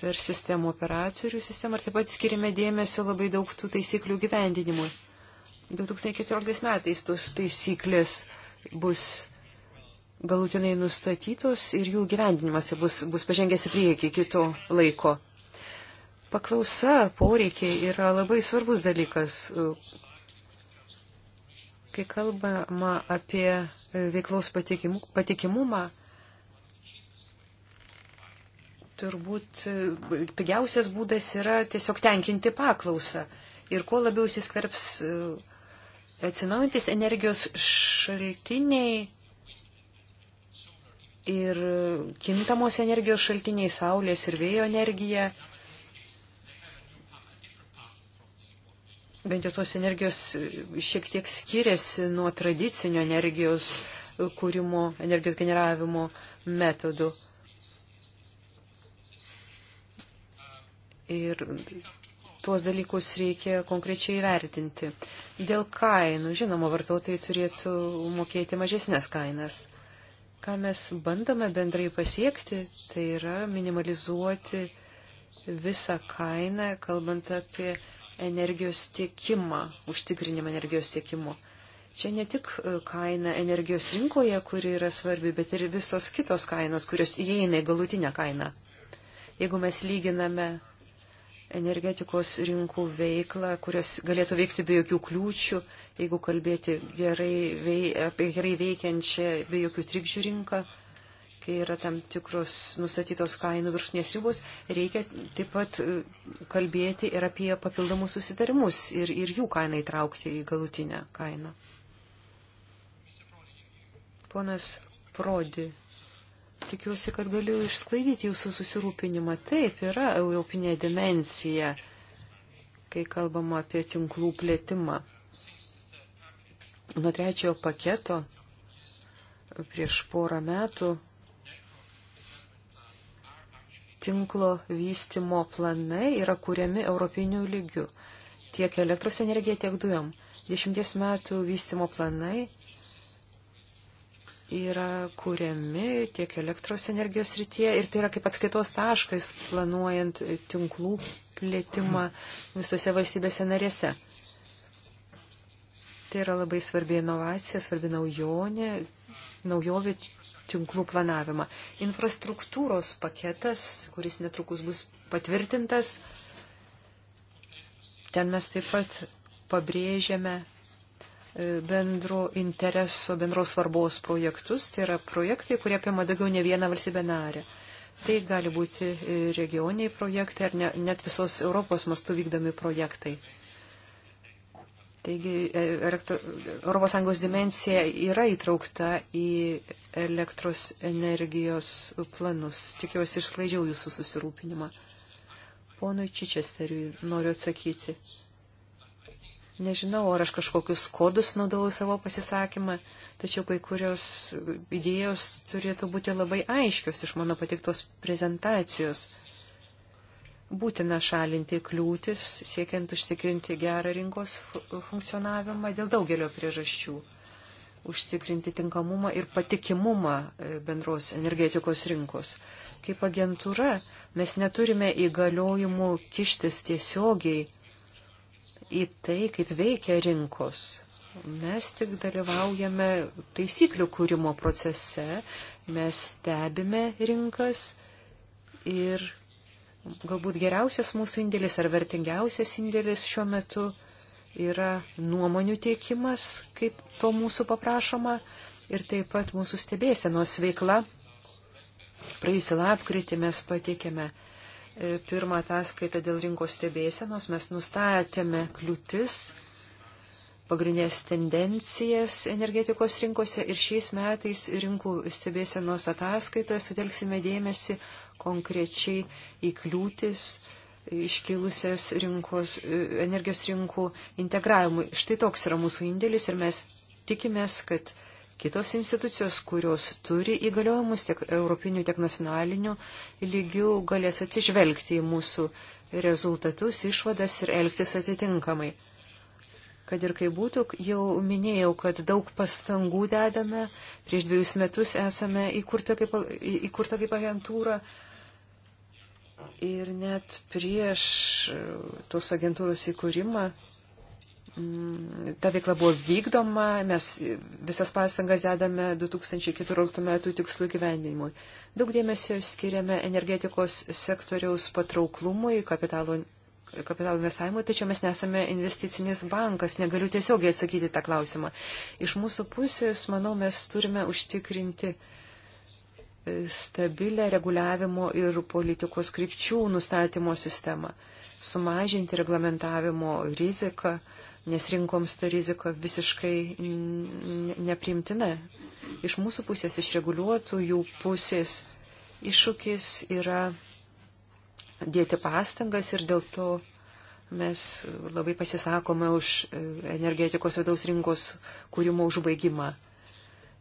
per sistemų operatorių sistemą ir taip pat skiriame dėmesio labai daug tų taisyklių gyvendinimui. 2014 metais tos taisyklės bus galutinai nustatytos ir jų gyvendinimas tai bus, bus pažengęs į priekį kito laiko. Paklausa, poreikiai yra labai svarbus dalykas. Kai kalbama apie veiklaus patikimumą, turbūt e, pigiausias būdas yra tiesiog tenkinti paklausą. Ir kuo labiau įsiskverbs e, atsinaujantis energijos šaltiniai ir kintamos energijos šaltiniai, saulės ir vėjo energija, bent jau tos energijos e, šiek tiek skiriasi nuo tradicinio energijos kūrimo, energijos generavimo metodų. ir tuos dalykus reikia konkrečiai įvertinti. Dėl kainų, žinoma, vartotojai turėtų mokėti mažesnės kainas. Ką mes bandome bendrai pasiekti, tai yra minimalizuoti visą kainą, kalbant apie energijos tiekimą, užtikrinimą energijos tiekimo. Čia ne tik e, kaina energijos rinkoje, kuri yra svarbi, bet ir visos kitos kainos, kurios įeina į galutinę kainą. Jeigu mes lyginame energetikos rinkų veiklą, kurios galėtų veikti be jokių kliūčių, jeigu kalbėti gerai, vei, apie gerai veikiančią be jokių trikdžių rinką, kai yra tam tikros nustatytos kainų viršnės ribos, reikia taip pat e, kalbėti ir apie papildomus susitarimus ir, ir jų kainą įtraukti į galutinę kainą. Ponas Prodi, Tikiuosi, kad galiu išsklaidyti jūsų susirūpinimą. Taip, yra europinė dimensija, kai kalbama apie tinklų plėtimą. Nuo trečiojo paketo prieš porą metų tinklo vystimo planai yra kuriami europinių lygių tiek elektros energija, tiek dujom. Dešimties metų vystimo planai yra kuriami tiek elektros energijos rytyje ir tai yra kaip atskaitos taškas planuojant tinklų plėtimą visose valstybėse narėse. Tai yra labai svarbi inovacija, svarbi naujonė, naujovė tinklų planavimą. Infrastruktūros paketas, kuris netrukus bus patvirtintas, ten mes taip pat pabrėžiame E, bendro intereso, bendros svarbos projektus, tai yra projektai, kurie apima daugiau ne vieną valstybę narę. Tai gali būti e, regioniai projektai ar ne, net visos Europos mastu vykdomi projektai. Taigi ES dimensija yra įtraukta į elektros energijos planus. Tikiuosi išsklaidžiau jūsų susirūpinimą. Ponui Čičesteriui noriu atsakyti. Nežinau, ar aš kažkokius kodus naudojau savo pasisakymą, tačiau kai kurios idėjos turėtų būti labai aiškios iš mano patiktos prezentacijos. Būtina šalinti kliūtis, siekiant užtikrinti gerą rinkos funkcionavimą dėl daugelio priežasčių. Užtikrinti tinkamumą ir patikimumą e, bendros energetikos rinkos. Kaip agentūra mes neturime įgaliojimų kištis tiesiogiai į tai, kaip veikia rinkos. Mes tik dalyvaujame taisyklių kūrimo procese, mes stebime rinkas ir galbūt geriausias mūsų indėlis ar vertingiausias indėlis šiuo metu yra nuomonių teikimas, kaip to mūsų paprašoma, ir taip pat mūsų stebėsenos veikla. Praėjusią lapkritį mes pateikėme E, pirmą ataskaitą dėl rinkos stebėsenos mes nustatėme kliūtis, pagrindinės tendencijas energetikos rinkose ir šiais metais rinkų stebėsenos ataskaitoje sutelksime dėmesį konkrečiai į kliūtis iškilusias rinkos, e, energijos rinkų integravimui. Štai toks yra mūsų indėlis ir mes tikimės, kad kitos institucijos, kurios turi įgaliojimus tiek europinių, tiek nacionalinių lygių, galės atsižvelgti į mūsų rezultatus, išvadas ir elgtis atitinkamai. Kad ir kaip būtų, jau minėjau, kad daug pastangų dedame. Prieš dviejus metus esame įkurta kaip, įkurta kaip agentūra. Ir net prieš tos agentūros įkūrimą ta veikla buvo vykdoma, mes visas pastangas dedame 2014 metų tikslų gyvendinimui. Daug dėmesio skiriame energetikos sektoriaus patrauklumui, kapitalo, kapitalo investavimui, tačiau mes nesame investicinis bankas, negaliu tiesiogiai atsakyti tą klausimą. Iš mūsų pusės, manau, mes turime užtikrinti e, stabilę reguliavimo ir politikos krypčių nustatymo sistemą, sumažinti reglamentavimo riziką nes rinkoms ta rizika visiškai neprimtina. Iš mūsų pusės, iš reguliuotojų pusės iššūkis yra dėti pastangas ir dėl to mes labai pasisakome už e, energetikos vidaus rinkos kūrimo užbaigimą.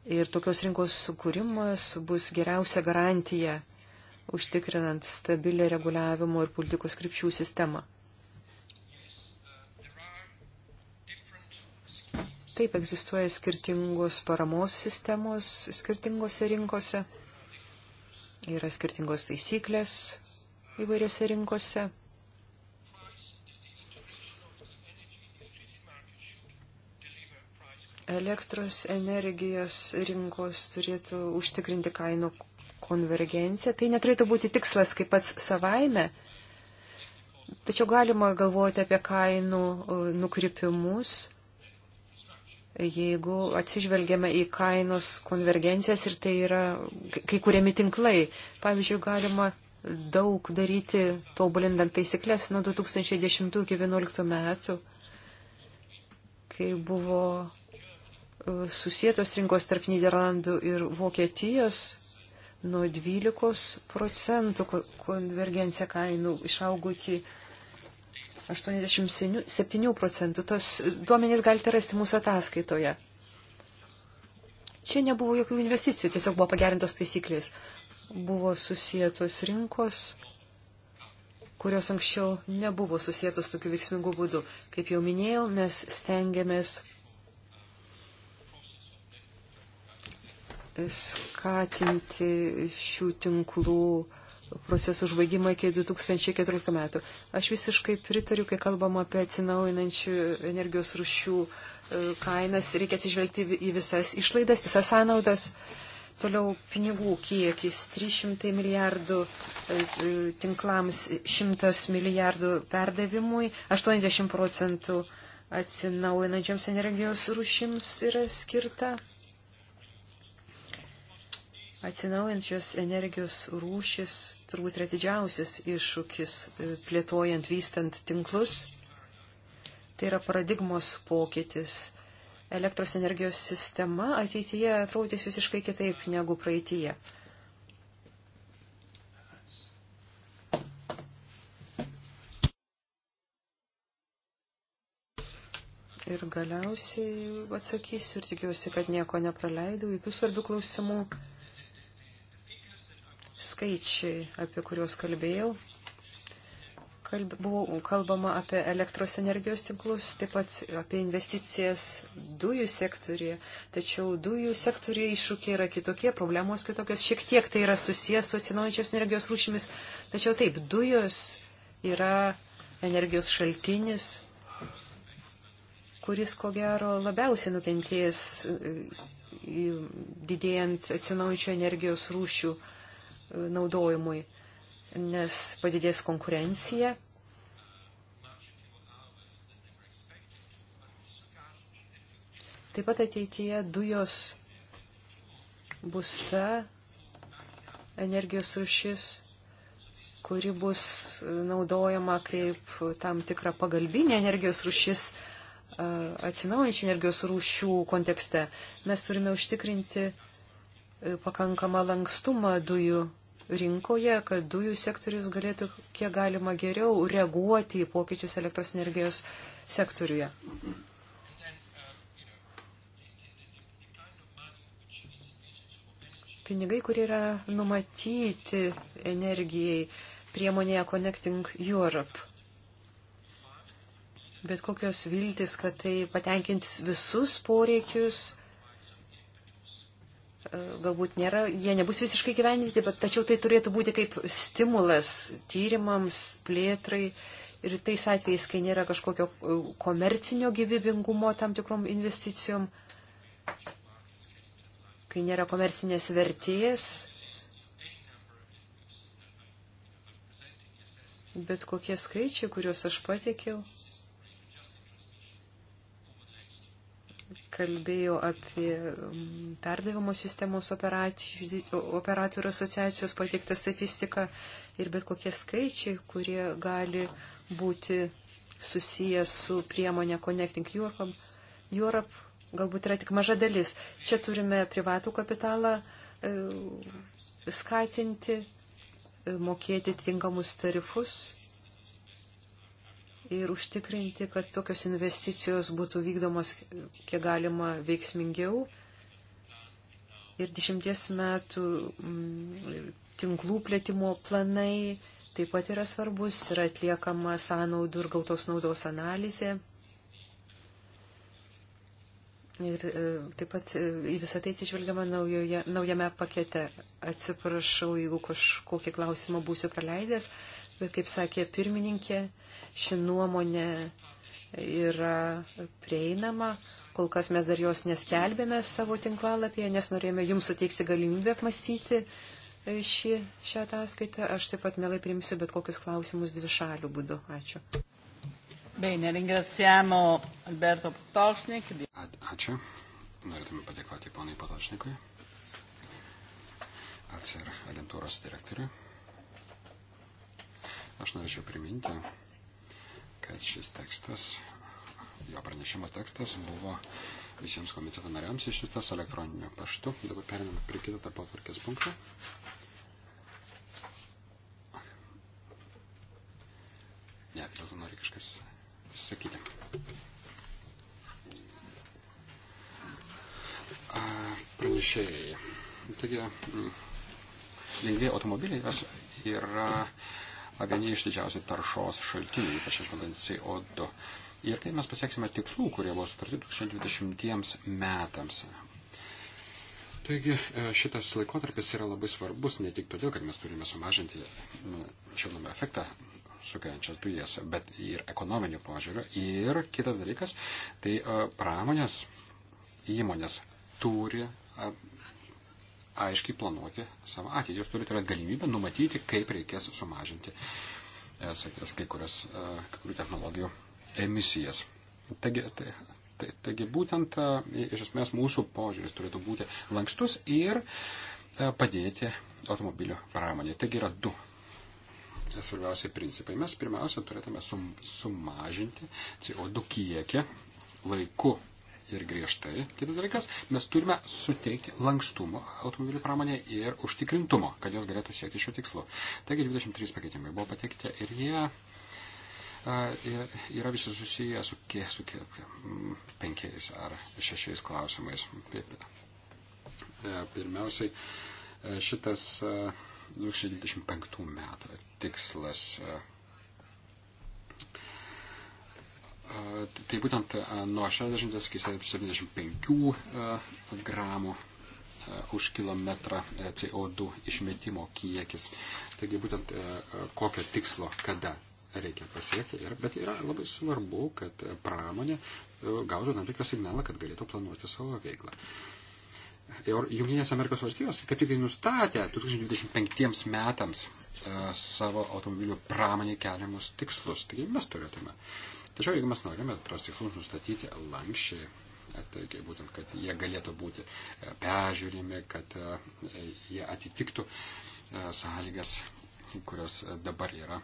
Ir tokios rinkos sukūrimas bus geriausia garantija užtikrinant stabilę reguliavimo ir politikos krypčių sistemą. Taip egzistuoja skirtingos paramos sistemos skirtingose rinkose, yra skirtingos taisyklės įvairiose rinkose. Elektros energijos rinkos turėtų užtikrinti kainų konvergenciją. Tai neturėtų būti tikslas kaip pats savaime, tačiau galima galvoti apie kainų e, nukrypimus jeigu atsižvelgiame į kainos konvergencijas ir tai yra kai kuriami tinklai. Pavyzdžiui, galima daug daryti, tobulindant taisyklės nuo 2010 iki 2011 metų, kai buvo e, susijėtos rinkos tarp Niderlandų ir Vokietijos nuo 12 procentų konvergencija kainų išaugo iki 87 procentų. Tos duomenys galite rasti mūsų ataskaitoje. Čia nebuvo jokių investicijų, tiesiog buvo pagerintos taisyklės. Buvo susijėtos rinkos, kurios anksčiau nebuvo susijėtos tokiu veiksmingu būdu. Kaip jau minėjau, mes stengiamės skatinti šių tinklų proceso užbaigimą iki 2014 metų. Aš visiškai pritariu, kai kalbam apie atsinaujinančių energijos rušių e, kainas, reikia atsižvelgti į visas išlaidas, visas sąnaudas. Toliau pinigų kiekis 300 milijardų e, e, tinklams, 100 milijardų perdavimui, 80 procentų atsinaujinančiams energijos rušims yra skirta. Atsinaujančios energijos rūšis turbūt yra didžiausias iššūkis e, plėtojant, vystant tinklus. Tai yra paradigmos pokytis. Elektros energijos sistema ateityje atrodys visiškai kitaip negu praeitie. Ir galiausiai atsakysiu ir tikiuosi, kad nieko nepraleidau, jokių svarbių klausimų skaičiai, apie kuriuos kalbėjau. Kalb, buvo kalbama apie elektros energijos tinklus, taip pat apie investicijas dujų sektorėje. Tačiau dujų sektorėje iššūkiai yra kitokie, problemos kitokios. Šiek tiek tai yra susijęs su atsinaujančios energijos rūšimis. Tačiau taip, dujos yra energijos šaltinis, kuris ko gero labiausiai nukentėjęs e, didėjant atsinaujančio energijos rūšių naudojimui, nes padidės konkurencija. Taip pat ateityje dujos bus ta energijos rušis, kuri bus naudojama kaip tam tikra pagalbinė energijos rušis atsinaujančių energijos rūšių kontekste. Mes turime užtikrinti e, pakankamą lankstumą dujų rinkoje, kad dujų sektorius galėtų kiek galima geriau reaguoti į pokyčius elektros energijos sektoriuje. Pinigai, kurie yra numatyti energijai priemonėje Connecting Europe. Bet kokios viltis, kad tai patenkins visus poreikius E, galbūt nėra, jie nebus visiškai gyvendyti, bet tačiau tai turėtų būti kaip stimulas tyrimams, plėtrai ir tais atvejais, kai nėra kažkokio e, komercinio gyvybingumo tam tikrom investicijom, kai nėra komercinės vertės, bet kokie skaičiai, kuriuos aš pateikiau, kalbėjo apie mm, perdavimo sistemos operatorių asociacijos pateiktą statistiką ir bet kokie skaičiai, kurie gali būti susiję su priemonė Connecting Europe, Europe galbūt yra tik maža dalis. Čia turime privatų kapitalą e, skatinti, e, mokėti tinkamus tarifus ir užtikrinti, kad tokios investicijos būtų vykdomos kiek galima veiksmingiau. Ir dešimties metų mm, tinklų plėtimo planai taip pat yra svarbus, yra atliekama sąnaudų ir gautos naudos analizė. Ir e, taip pat e, į visą tai atsižvelgiama naujoje, naujame pakete. Atsiprašau, jeigu kažkokį klausimą būsiu praleidęs, bet kaip sakė pirmininkė, ši nuomonė yra prieinama. Kol kas mes dar jos neskelbėme savo tinklalapyje, nes norėjome jums suteikti galimybę apmastyti e, šį, šią ataskaitą. Aš taip pat mielai primsiu bet kokius klausimus dvi šalių būdu. Ačiū. Bene, ringraziamo Alberto Potošnik. Ačiū. Norėtume padėkoti ponai Potošnikui. ACR agentūros direktoriui. Aš norėčiau priminti, kad šis tekstas, jo pranešimo tekstas buvo visiems komiteto nariams išsiustas elektroniniu paštu. Dabar periname prie kito tarp atvarkės punktų. Ne, vis dėlto nori kažkas sakyti. Pranešėjai. Taigi, mm, lengvėjai automobiliai yra vieni iš didžiausių taršos šaltinių, ypač išmetant CO2. Ir kai mes pasieksime tikslų, kurie buvo sutarti 2020 metams. Taigi e, šitas laikotarpis yra labai svarbus ne tik todėl, kad mes turime sumažinti šiltnamio efektą sukeliančias dujas, bet ir ekonominių požiūrių. Ir kitas dalykas, tai e, pramonės įmonės turi e, aiškiai planuoti savo ateitį. Jūs turite galimybę numatyti, kaip reikės sumažinti e, sakės, kai, kurias, e, kai kurių technologijų emisijas. Taigi, tai, tai, taigi būtent e, iš esmės mūsų požiūris turėtų būti lankstus ir padėti automobilių pramonė. Taigi yra du svarbiausiai principai. Mes pirmiausia turėtume sum, sumažinti CO2 kiekį laiku ir griežtai. Kitas dalykas, mes turime suteikti lankstumo automobilių pramonė ir užtikrintumo, kad jos galėtų siekti šio tikslo. Taigi 23 pakeitimai buvo pateikti ir jie yra visi susiję su, kie, su kie, penkiais ar šešiais klausimais. E, pirmiausiai, e, šitas 2025 metų tikslas tai būtent e, nuo 60 iki 75 e, gramų e, už kilometrą CO2 išmetimo kiekis. Taigi būtent kokio tikslo kada reikia pasiekti. Ir, bet yra labai svarbu, kad pramonė gautų tam tikrą signalą, kad galėtų planuoti savo veiklą. Ir Junktinės Amerikos valstijos kaip tik tai nustatė 2025 metams savo automobilių pramonė keliamus tikslus. Taigi mes turėtume uh, Tačiau jeigu mes norime tos tikslus nustatyti lankščiai, e, taigi būtent, kad jie galėtų būti e, peržiūrimi, kad e, jie atitiktų sąlygas, kurios dabar yra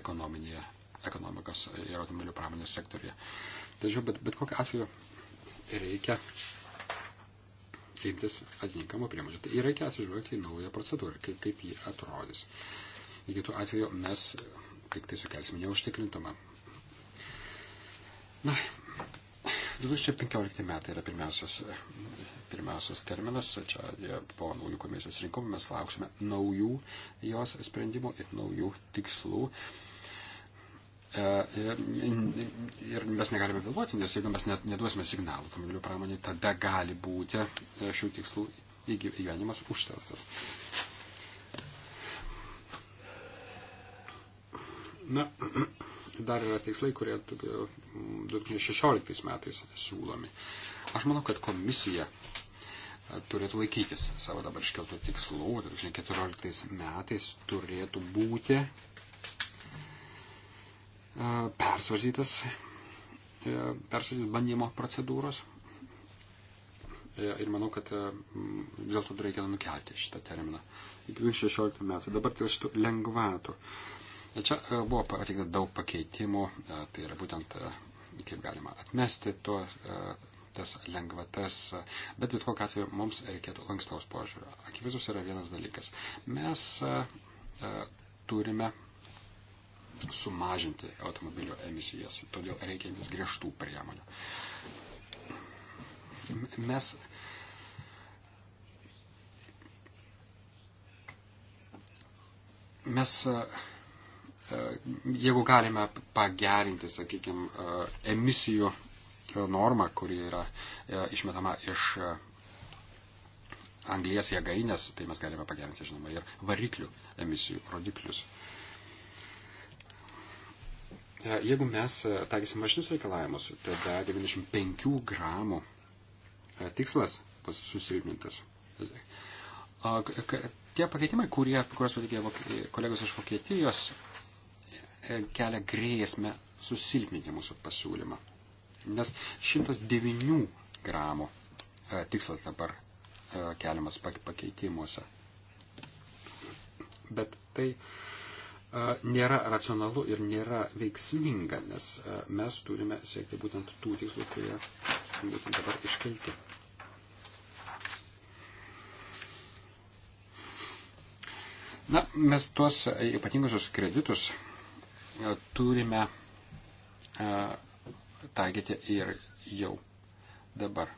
ekonominėje, ekonomikos ir automobilių pramonės sektorija. Tačiau bet, bet kokiu atveju reikia imtis atitinkamų priemonių. Tai reikia atsižvelgti į naują procedūrą, kaip, kaip ji atrodys. Kitu atveju mes tik tai sukelsime neužtikrintumą. Na, 2015 metai yra pirmiausias, pirmiausias terminas, čia po naujų komisijos rinkimų mes lauksime naujų jos sprendimų ir naujų tikslų. E, ir, ir mes negalime vėluoti, nes jeigu mes net neduosime signalų automobilių pramonė, tada gali būti e, šių tikslų įgyvenimas užtelsas. Na, dar yra tikslai, kurie 2016 metais siūlomi. Aš manau, kad komisija e, turėtų laikytis savo dabar iškeltų tikslų. 2014 metais turėtų būti e, persvarstytas, e, persvarstytas bandymo procedūros. Ir manau, kad vis dėlto reikėtų nukelti šitą terminą iki 2016 metų. Dabar dėl šitų lengvatų. Uh, Čia e, buvo pateikta daug pakeitimų, e, tai yra būtent e, kaip galima atmesti to, tas lengvatas, bet bet kokiu atveju mums reikėtų lankstaus požiūrio. Akivaizdus yra vienas dalykas. Mes turime sumažinti automobilio emisijas, todėl reikia vis griežtų priemonių. Mes mes E, jeigu galime pagerinti, sakykime, emisijų normą, kuri yra e, išmetama iš e, anglies jėgainės, tai mes galime pagerinti, žinoma, ir variklių emisijų rodiklius. Jeigu mes taikysime mažinius reikalavimus, tada 95 gramų tikslas tas susilpnintas. Tie pakeitimai, kurie, kuriuos patikė kolegos iš Vokietijos, E, kelia grėsmę susilpninti mūsų pasiūlymą. Nes 109 gramų e, tikslas dabar e, keliamas pakeitimuose. Bet tai nėra racionalu ir nėra veiksminga, nes mes turime siekti būtent tų tikslų, kurie būtent dabar iškelti. Na, mes tuos ypatingusius kreditus turime e, taikyti ir jau dabar.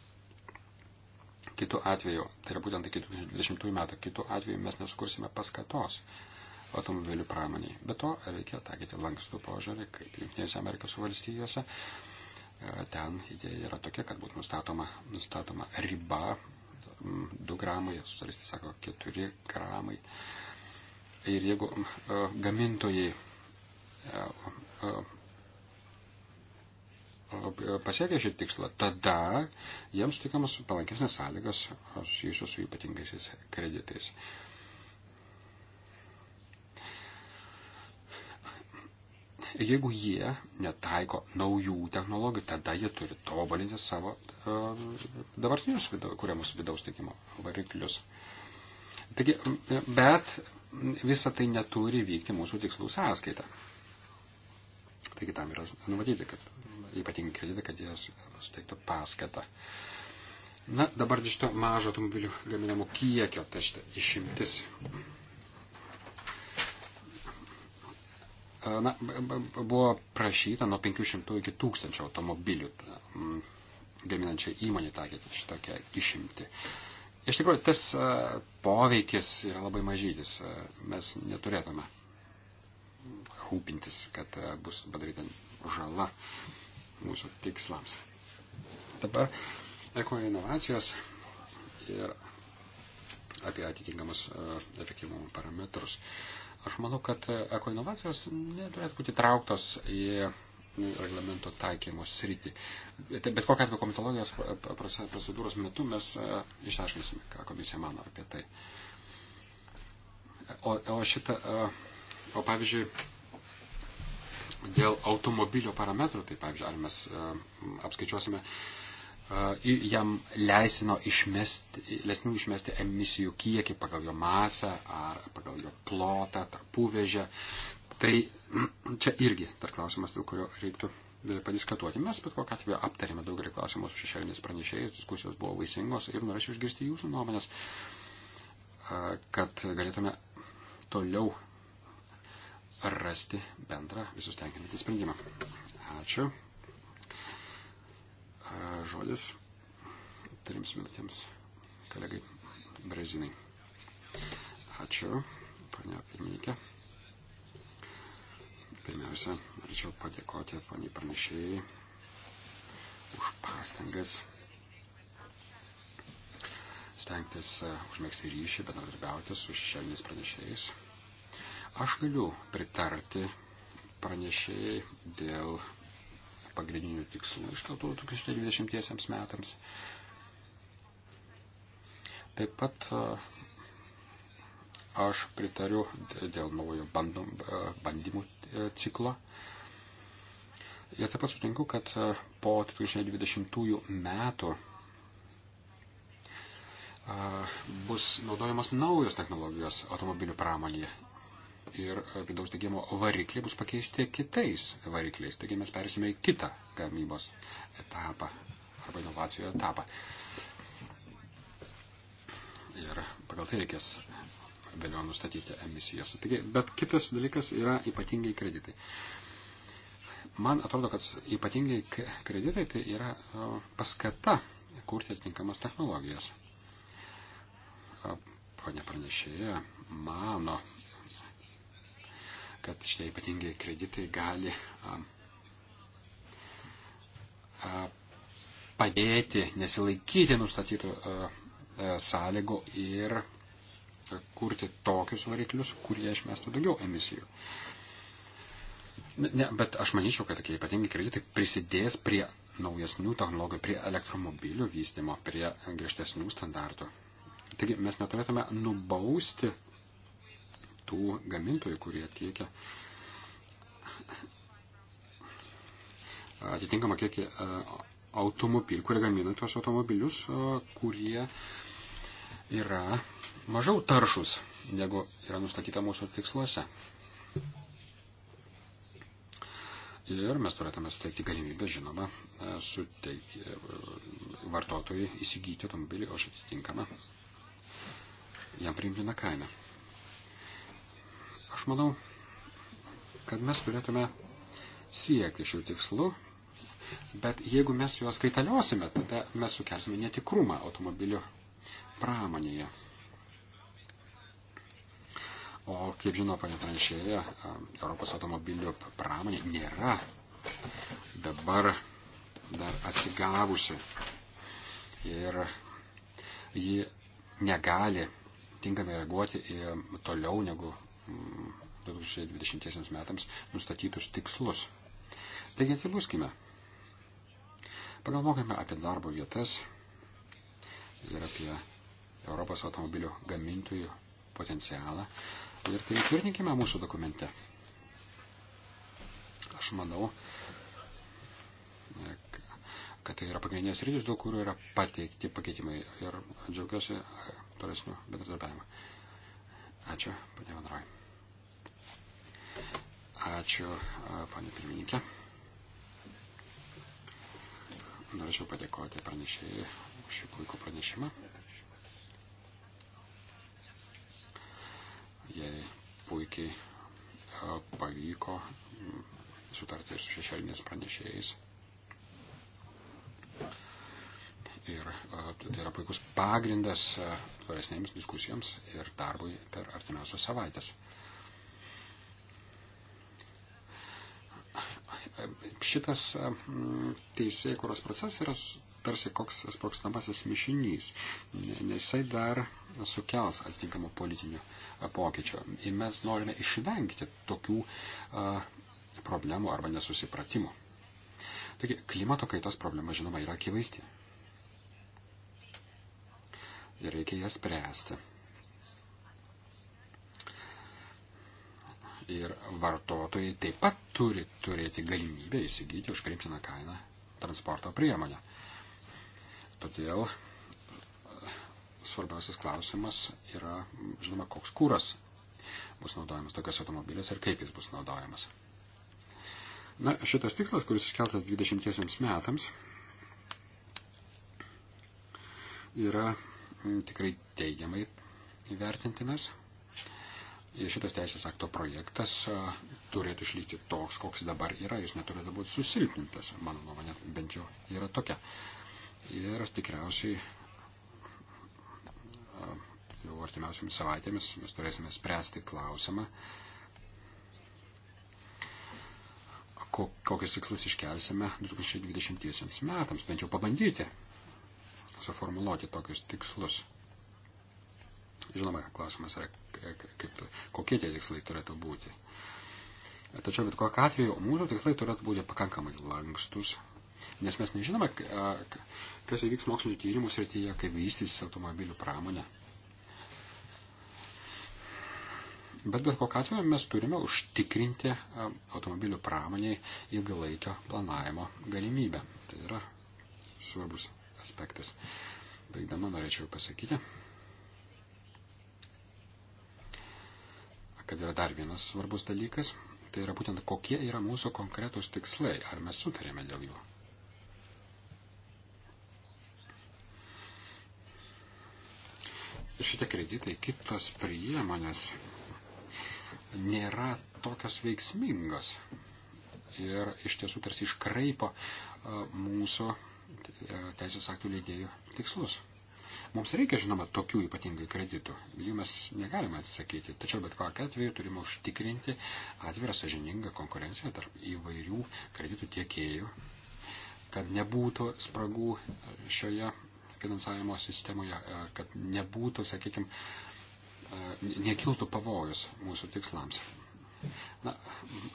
Kitu atveju, tai yra būtent iki 2020 metų, kitu atveju mes nesukursime paskatos automobilių pramoniai. Be to reikia taikyti lankstų požiūrį, kaip Junktinėse Amerikos valstijose. E, ten idėja yra tokia, kad būtų nustatoma, nustatoma riba 2 gramai, socialistai sako 4 gramai. Ir jeigu e, gamintojai pasiekia šį tikslą, tada jiems sutikiamas palankesnės sąlygas susijusios su ypatingaisiais kreditais. Jeigu jie netaiko naujų technologijų, tada jie turi tobulinti savo uh, dabartinius vidau, kuriamus vidaus tiekimo variklius. Taigi, bet visa tai neturi vykti mūsų tikslų sąskaitą. Uh, Taigi tam yra numatyti, kad ypatingi kreditai, kad jas suteiktų paskatą. Na, dabar iš to mažo automobilių gaminamo kiekio, tai šitą išimtis. Na, buvo prašyta nuo 500 iki 1000 automobilių gaminančiai įmonė taikyti šitokią išimtį. Iš tikrųjų, tas poveikis yra labai mažytis. Mes neturėtume rūpintis, kad e, bus padaryta žala mūsų tikslams. Dabar ekoinovacijos ir apie atitinkamus e, efektyvumo parametrus. Aš manau, kad e, ekoinovacijos neturėtų būti trauktos į reglamento taikymo sritį. Tai bet kokia atveju komitologijos procedūros metu mes išaiškinsime, ką komisija mano apie tai. O, o šitą, o pavyzdžiui, dėl automobilio parametrų, tai pavyzdžiui, ar mes e, apskaičiuosime e, jam leisino išmesti, leisinu išmesti emisijų kiekį pagal jo masę ar pagal jo plotą, tarpuvežę. Tai čia irgi dar klausimas, dėl kurio reiktų e, padiskutuoti. Mes bet kokią atveju aptarėme daugelį klausimų su šešėliniais pranešėjais, diskusijos buvo vaisingos ir norėčiau išgirsti jūsų nuomonės, kad galėtume toliau rasti bendrą visus tenkinantį sprendimą. Ačiū. Žodis trims minutėms kolegai Brezinai. Ačiū, ponia pirmininkė. Pirmiausia, norėčiau padėkoti poniai pranešėjai už pastangas stengtis užmėgsti ryšį, bendradarbiauti su šešėliniais pranešėjais. Aš galiu pritarti pranešėjai dėl pagrindinių tikslų iškeltų 2020 metams. Taip pat e, aš pritariu dėl naujo bandom, e, bandymų e, ciklo. Ir taip pat sutinku, kad po 2020 metų bus naudojamos naujos technologijos automobilių pramonėje ir vidaus degimo varikliai bus pakeisti kitais varikliais. Taigi mes persime į kitą gamybos etapą arba inovacijų etapą. Ir pagal tai reikės vėliau nustatyti emisijas. Taigi, bet kitas dalykas yra ypatingai kreditai. Man atrodo, kad ypatingai kreditai tai yra paskata kurti atitinkamas technologijas. Pane pranešėja mano, kad šitie ypatingai kreditai gali a, a, padėti nesilaikyti nustatytų a, a, sąlygų ir kurti tokius variklius, kurie išmestų daugiau emisijų. Ne, bet aš manyčiau, kad tokie ypatingi kreditai prisidės prie naujesnių technologijų, prie elektromobilių vystimo, prie griežtesnių standartų. Taigi mes neturėtume nubausti tų gamintojų, kurie tiekia atitinkamą kiekį automobilių, kurie gamina tuos automobilius, kurie yra mažiau taršus, negu yra nustatyta mūsų tiksluose. Ir mes turėtume suteikti galimybę, žinoma, suteikti vartotojui įsigyti automobilį už atitinkamą jam priimtiną kainą. Aš manau, kad mes turėtume siekti šių tikslų, bet jeigu mes juos kaitaliosime, tada mes sukelsime netikrumą automobilių pramonėje. O kaip žino, panė pranešėja, Europos automobilių pramonė nėra dabar dar atsigavusi. Ir ji negali tinkamai reaguoti į toliau negu 2020 metams nustatytus tikslus. Taigi atsibuskime. Pagalvokime apie darbo vietas ir apie Europos automobilių gamintojų potencialą. Ir tai tvirtinkime mūsų dokumente. Aš manau, kad tai yra pagrindinės rytis, dėl kurių yra pateikti pakeitimai. Ir džiaugiuosi tolesnių bendradarbiavimą. Ačiū, panė Vandroj. Ačiū, panė pirmininkė. Norėčiau padėkoti pranešėjai už šį puikų pranešimą. Jei puikiai pavyko sutarti ir su šešėlinės pranešėjais. Ir tai yra puikus pagrindas tolesnėms diskusijoms ir darbui per artimiausias savaitės. šitas mm, teisėkuros procesas yra tarsi koks sprokstamasis mišinys, nes jisai dar sukels atitinkamų politinių pokyčių. Ir mes norime išvengti tokių a, problemų arba nesusipratimų. Taigi, klimato kaitos problema, žinoma, yra akivaizdi. Ir reikia ją spręsti. ir vartotojai taip pat turi turėti galimybę įsigyti už priimtiną kainą transporto priemonę. Todėl e, svarbiausias klausimas yra, žinoma, koks kūras bus naudojamas tokias automobilės ir kaip jis bus naudojamas. Na, šitas tikslas, kuris iškeltas 20 metams, yra tikrai teigiamai įvertintinas, šitas teisės akto projektas turėtų išlikti toks, koks dabar yra, jis neturėtų būti susilpnintas, mano nuomonė bent jau yra tokia. Ir tikriausiai jau artimiausiamis savaitėmis mes turėsime spręsti klausimą, kokius tikslus iškelsime 2020 metams, bent jau pabandyti suformuluoti tokius tikslus. Žinoma, klausimas yra, kaip, kokie tie tikslai turėtų būti. Tačiau bet kokiu atveju mūsų tikslai turėtų būti pakankamai lankstus, nes mes nežinome, kas įvyks mokslinio tyrimų srityje, kaip vystysis automobilių pramonė. Bet bet kokiu atveju mes turime užtikrinti automobilių pramoniai ilgalaikio planavimo galimybę. Tai yra svarbus aspektas. Baigdama norėčiau pasakyti, kad yra dar vienas svarbus dalykas. Tai yra būtent kokie yra mūsų konkretūs tikslai, ar mes sutarėme dėl jų. Šitie kreditai, kitos priemonės nėra tokios veiksmingos ir iš tiesų tarsi iškraipo mūsų teisės aktų leidėjų tikslus. Mums reikia, žinoma, tokių ypatingai kreditų. Jų mes negalime atsisakyti. Tačiau bet kokiu atveju turime užtikrinti atvirą sažiningą konkurenciją tarp įvairių kreditų tiekėjų, kad nebūtų spragų šioje finansavimo sistemoje, kad nebūtų, sakykime, nekiltų pavojus mūsų tikslams. Na,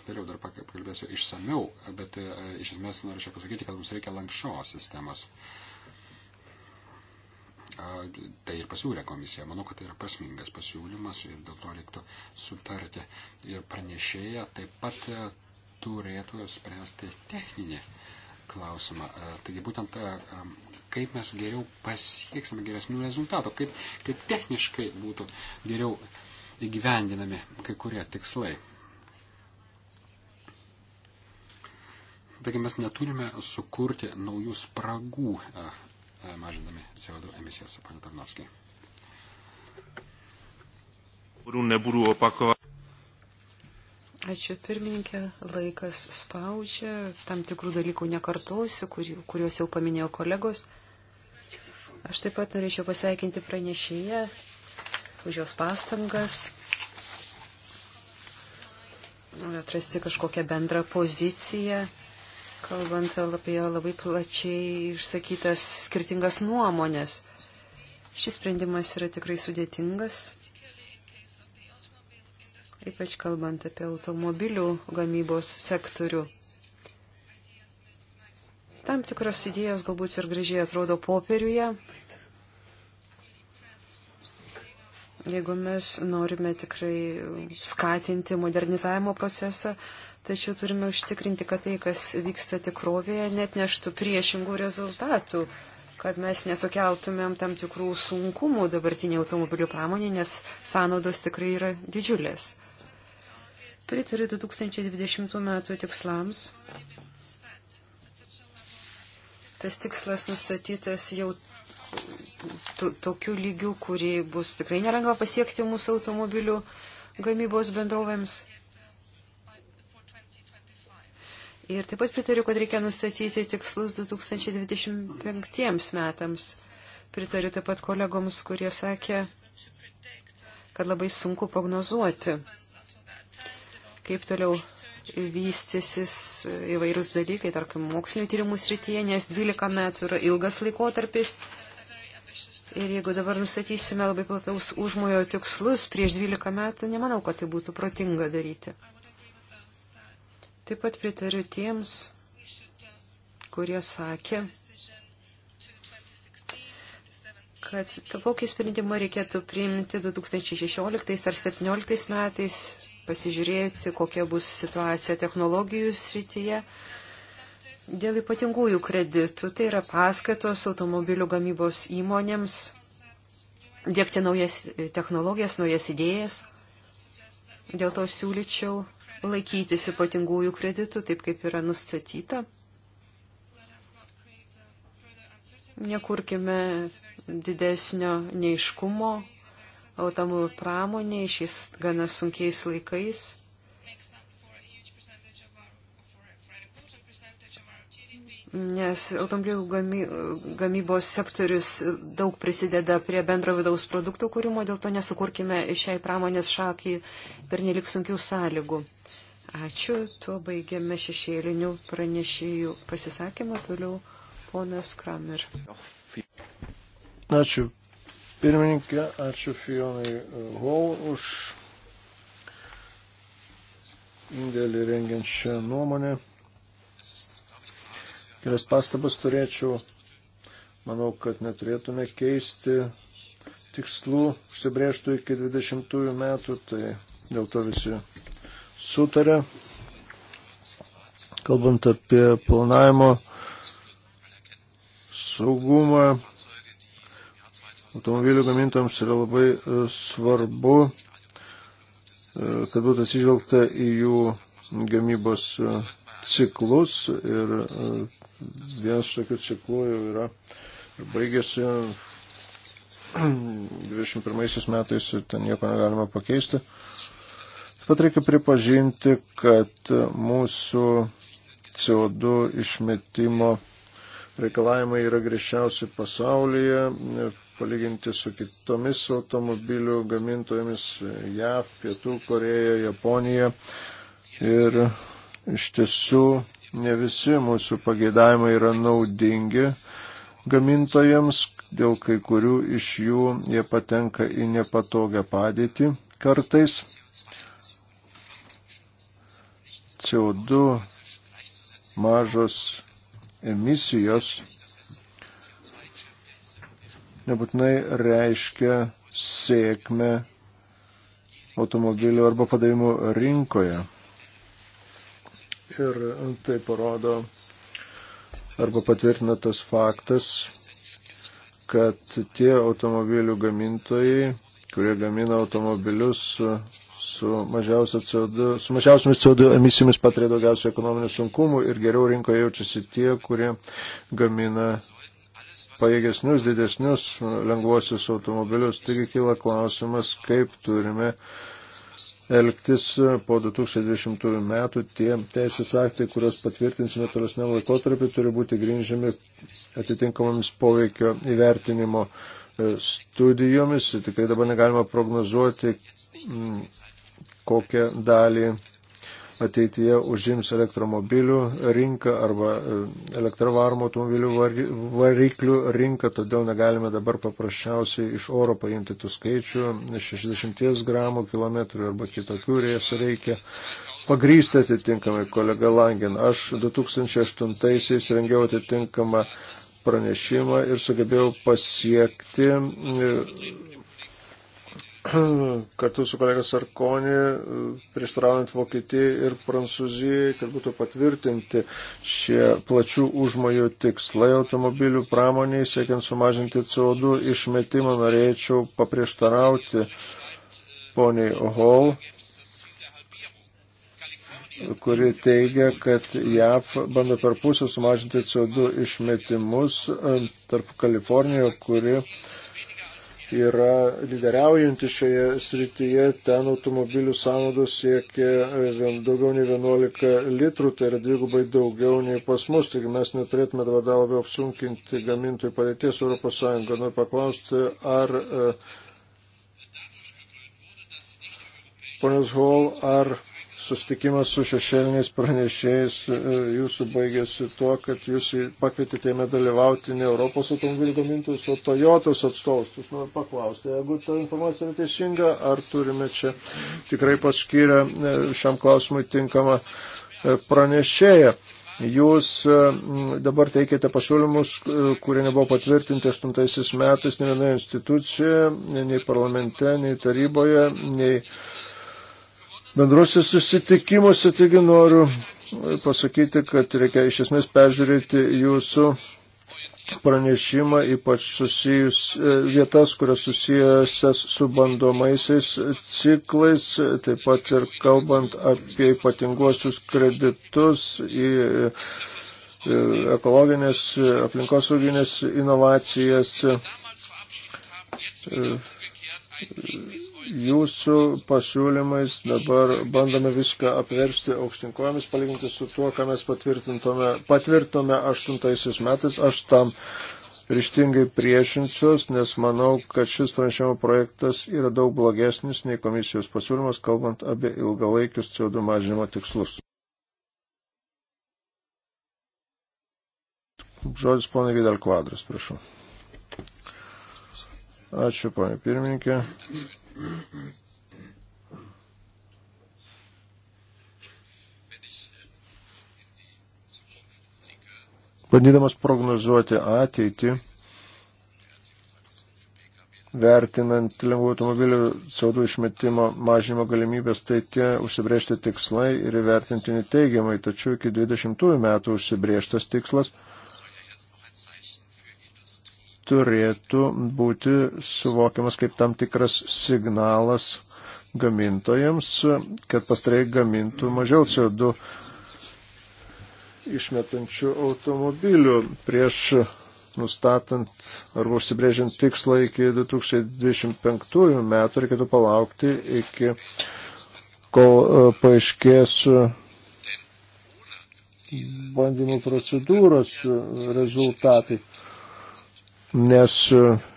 vėliau dar pakalbėsiu išsameu, bet e, iš esmės norėčiau pasakyti, kad mums reikia lankščios sistemos. Uh, Tai ir pasiūlė komisija. Manau, kad tai yra prasmingas pasiūlymas ir dėl to reiktų sutarti. Ir pranešėja taip pat e, turėtų spręsti techninį klausimą. E, taigi būtent e, kaip mes geriau pasieksime geresnių rezultatų, kaip, kaip techniškai būtų geriau įgyvendinami kai kurie tikslai. Taigi mes neturime sukurti naujų spragų mažindami CO2 emisijas, panė Tarnovskiai. Nebūrų opakova. Ačiū pirmininkė, laikas spaudžia, tam tikrų dalykų nekartosiu, kur, kuriuos jau paminėjo kolegos. Aš taip pat norėčiau pasveikinti pranešėją už jos pastangas atrasti kažkokią bendrą poziciją kalbant apie labai plačiai išsakytas skirtingas nuomonės. Šis sprendimas yra tikrai sudėtingas, ypač kalbant apie automobilių gamybos sektorių. Tam tikros idėjos galbūt ir gražiai atrodo popieriuje. Jeigu mes norime tikrai skatinti modernizavimo procesą, Tačiau turime užtikrinti, kad tai, kas vyksta tikrovėje, net neštų priešingų rezultatų, kad mes nesukeltumėm tam tikrų sunkumų dabartinė automobilių pramonė, nes sąnaudos tikrai yra didžiulės. Pritariu 2020 metų tikslams. Tas tikslas nustatytas jau tokiu lygiu, kurį bus tikrai nelengva pasiekti mūsų automobilių gamybos bendrovėms. Ir taip pat pritariu, kad reikia nustatyti tikslus 2025 metams. Pritariu taip pat kolegoms, kurie sakė, kad labai sunku prognozuoti, kaip toliau vystysis įvairūs dalykai, tarkim, mokslinio tyrimų srityje, nes 12 metų yra ilgas laikotarpis. Ir jeigu dabar nustatysime labai plataus užmojo tikslus prieš 12 metų, nemanau, kad tai būtų protinga daryti. Taip pat pritariu tiems, kurie sakė, kad tokį sprendimą reikėtų priimti 2016 ar 2017 metais, pasižiūrėti, kokia bus situacija technologijų srityje. Dėl ypatingųjų kreditų, tai yra paskatos automobilių gamybos įmonėms dėkti naujas technologijas, naujas idėjas. Dėl to siūlyčiau laikytis ypatingųjų kreditų, taip kaip yra nustatyta. Nekurkime didesnio neiškumo automobilių pramoniai šiais gana sunkiais laikais. Nes automobilių gamy, gamybos sektorius daug prisideda prie bendro vidaus produktų kūrimo, dėl to nesukurkime šiai pramonės šakiai per nelik sunkių sąlygų. Ačiū, tuo baigiame šešėlinių pranešėjų pasisakymą toliau ponas Kramer. Ačiū pirmininkė, ačiū Fionai e, Hall už indėlį rengiant šią nuomonę. Kelias pastabas turėčiau. Manau, kad neturėtume keisti tikslų užsibrėžtų iki 20 metų, tai dėl to visi sutarė. Kalbant apie planavimo saugumą, automobilių gamintams yra labai e, svarbu, e, kad būtų atsižvelgta į jų gamybos e, ciklus ir vienas tokių ciklų jau yra ir baigėsi 21 metais ir ten nieko negalima pakeisti. Bet reikia pripažinti, kad mūsų CO2 išmetimo reikalavimai yra griežčiausi pasaulyje, palyginti su kitomis automobilių gamintojomis JAV, Pietų Koreja, Japonija. Ir iš tiesų ne visi mūsų pageidavimai yra naudingi gamintojams, dėl kai kurių iš jų jie patenka į nepatogią padėtį kartais. CO2 mažos emisijos nebūtinai reiškia sėkmę automobilių arba padavimų rinkoje. Ir tai parodo arba patvirtina tas faktas, kad tie automobilių gamintojai, kurie gamina automobilius su, CO2, su mažiausiamis CO2 emisijomis patiria daugiausiai ekonominių sunkumų ir geriau rinkoje jaučiasi tie, kurie gamina pajėgesnius, didesnius lengvuosius automobilius. Taigi kyla klausimas, kaip turime elgtis po 2020 metų. Tie teisės aktai, kuriuos patvirtinsime tolesniam laikotarpiu, turi būti grindžiami atitinkamomis poveikio įvertinimo e, studijomis. Tikrai dabar negalima prognozuoti, kokią dalį ateityje užims elektromobilių rinka arba e, elektravarmo automobilių variklių rinka, todėl negalime dabar paprasčiausiai iš oro paimti tų skaičių 60 gramų kilometrų arba kitokių rėsų reikia. Pagrysti atitinkamai kolega Langin. Aš 2008-aisiais rengiau atitinkamą pranešimą ir sugebėjau pasiekti e, kartu su kolega Sarkonė, e, prieštaraujant Vokietijai ir Prancūzijai, kad būtų patvirtinti šie plačių užmojų tikslai automobilių pramoniai, siekiant sumažinti CO2 išmetimą, norėčiau paprieštarauti poniai Hall, kuri teigia, kad JAV bando per pusę sumažinti CO2 išmetimus e, tarp Kalifornijoje, kuri yra lyderiaujanti šioje srityje, ten automobilių sąnaudos siekia e, daugiau nei 11 litrų, tai yra dvigubai daugiau nei pas mus, taigi mes neturėtume dabar dar labiau apsunkinti gamintojų padėties ES. Noriu paklausti, ar e, ponios Hall, ar sustikimas su šešėliniais pranešėjais e, jūsų baigėsi tuo, kad jūs pakvietėte jame dalyvauti ne Europos automobilių gamintojus, o Toyotos atstovus. Jūs noriu paklausti, jeigu ta informacija yra teisinga, ar turime čia tikrai paskyrę e, šiam klausimui tinkamą e, pranešėją. Jūs dabar teikiate pasiūlymus, kurie nebuvo patvirtinti 8 metais ne vienoje institucijoje, nei parlamente, nei taryboje, nei bendruose susitikimuose, taigi noriu pasakyti, kad reikia iš esmės peržiūrėti jūsų pranešimą, ypač susijus, e, vietas, kurios susijęs su bandomaisiais ciklais, taip pat ir kalbant apie ypatinguosius kreditus į e, ekologinės, e, aplinkosauginės inovacijas jūsų pasiūlymais dabar bandome viską apversti aukštinkojomis, palyginti su tuo, ką mes patvirtinome aštuntaisiais metais. Aš tam ryštingai priešinsiuos, nes manau, kad šis pranešimo projektas yra daug blogesnis nei komisijos pasiūlymas, kalbant apie ilgalaikius CO2 mažinimo tikslus. Žodis ponai Vidal Kvadras, prašau. Ačiū, ponė pirmininkė. Bandydamas prognozuoti ateitį, vertinant lengvų automobilių CO2 išmetimo mažinimo galimybės, tai tie užsibriežti tikslai ir įvertintini teigiamai, tačiau iki 20 metų užsibriežtas tikslas turėtų būti suvokiamas kaip tam tikras signalas gamintojams, kad pastarai gamintų mažiau CO2 išmetančių automobilių prieš nustatant arba užsibrėžiant tikslą iki 2025 metų reikėtų palaukti iki kol e, paaiškės e, bandymų procedūros e, rezultatai nes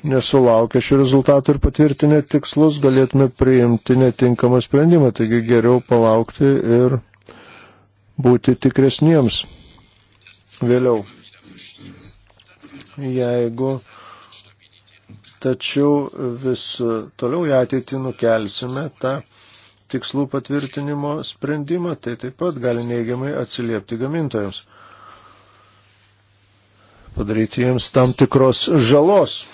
nesulaukę šių rezultatų ir patvirtinę tikslus galėtume priimti netinkamą sprendimą, taigi geriau palaukti ir būti tikresniems vėliau. Jeigu tačiau vis toliau į ateitį nukelsime tą tikslų patvirtinimo sprendimą, tai taip pat gali neigiamai atsiliepti gamintojams padaryti jiems tam tikros žalos.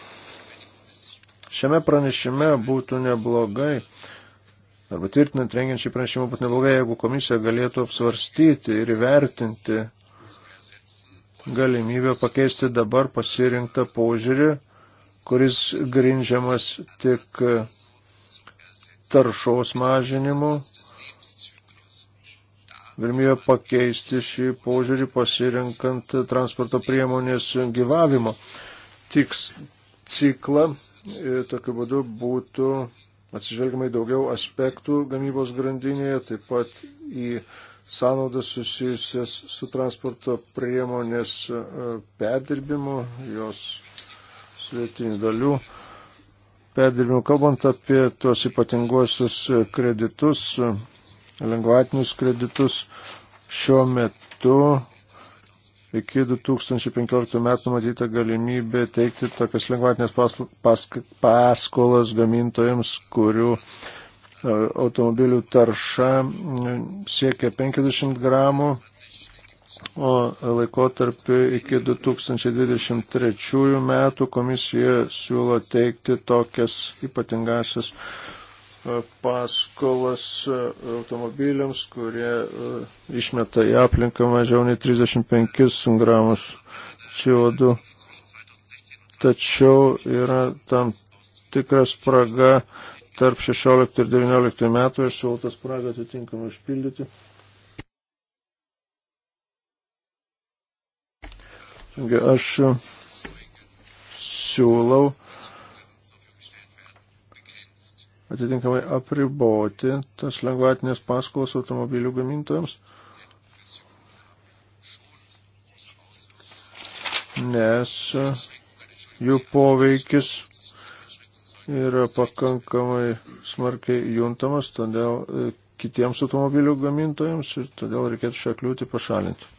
Šiame pranešime būtų neblogai, arba tvirtinant rengiančią pranešimą būtų neblogai, jeigu komisija galėtų apsvarstyti ir įvertinti galimybę pakeisti dabar pasirinktą požiūrį, kuris grindžiamas tik taršos mažinimu galimybę pakeisti šį požiūrį pasirinkant transporto priemonės gyvavimo tiks ciklą. E, tokiu būdu būtų atsižvelgiamai daugiau aspektų gamybos grandinėje, taip pat į sąnaudas susijusias su transporto priemonės e, perdirbimu, jos sudėtinių dalių perdirbimu. Kalbant apie tuos ypatinguosius kreditus, lengvatinius kreditus šiuo metu iki 2015 metų matyta galimybė teikti tokias lengvatinės paskolas gamintojams, kurių e, automobilių tarša siekia 50 gramų, o laikotarpiu iki 2023 metų komisija siūlo teikti tokias ypatingasias E, paskolas e, automobiliams, kurie e, išmeta į aplinką mažiau nei 35 gramus CO2. Tačiau yra tam tikras praga tarp 16 ir 19 metų ir siūlau tą spragą atitinkamai užpildyti. Aš siūlau atitinkamai apriboti tas lengvatinės paskolas automobilių gamintojams, nes jų poveikis yra pakankamai smarkiai juntamas, todėl e, kitiems automobilių gamintojams ir todėl reikėtų šią kliūtį pašalinti.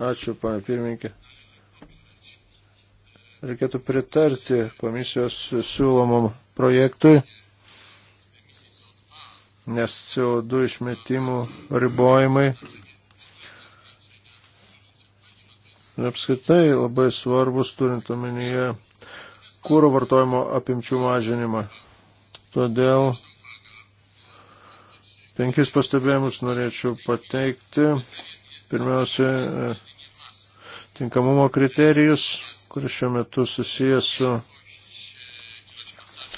Ačiū, pane pirmininkė. Reikėtų pritarti komisijos siūlomam projektui, nes CO2 išmetimų ribojimai apskritai labai svarbus turint omenyje kūro vartojimo apimčių mažinimą. Todėl penkis pastebėjimus norėčiau pateikti. Pirmiausia, tinkamumo kriterijus, kuris šiuo metu susijęs su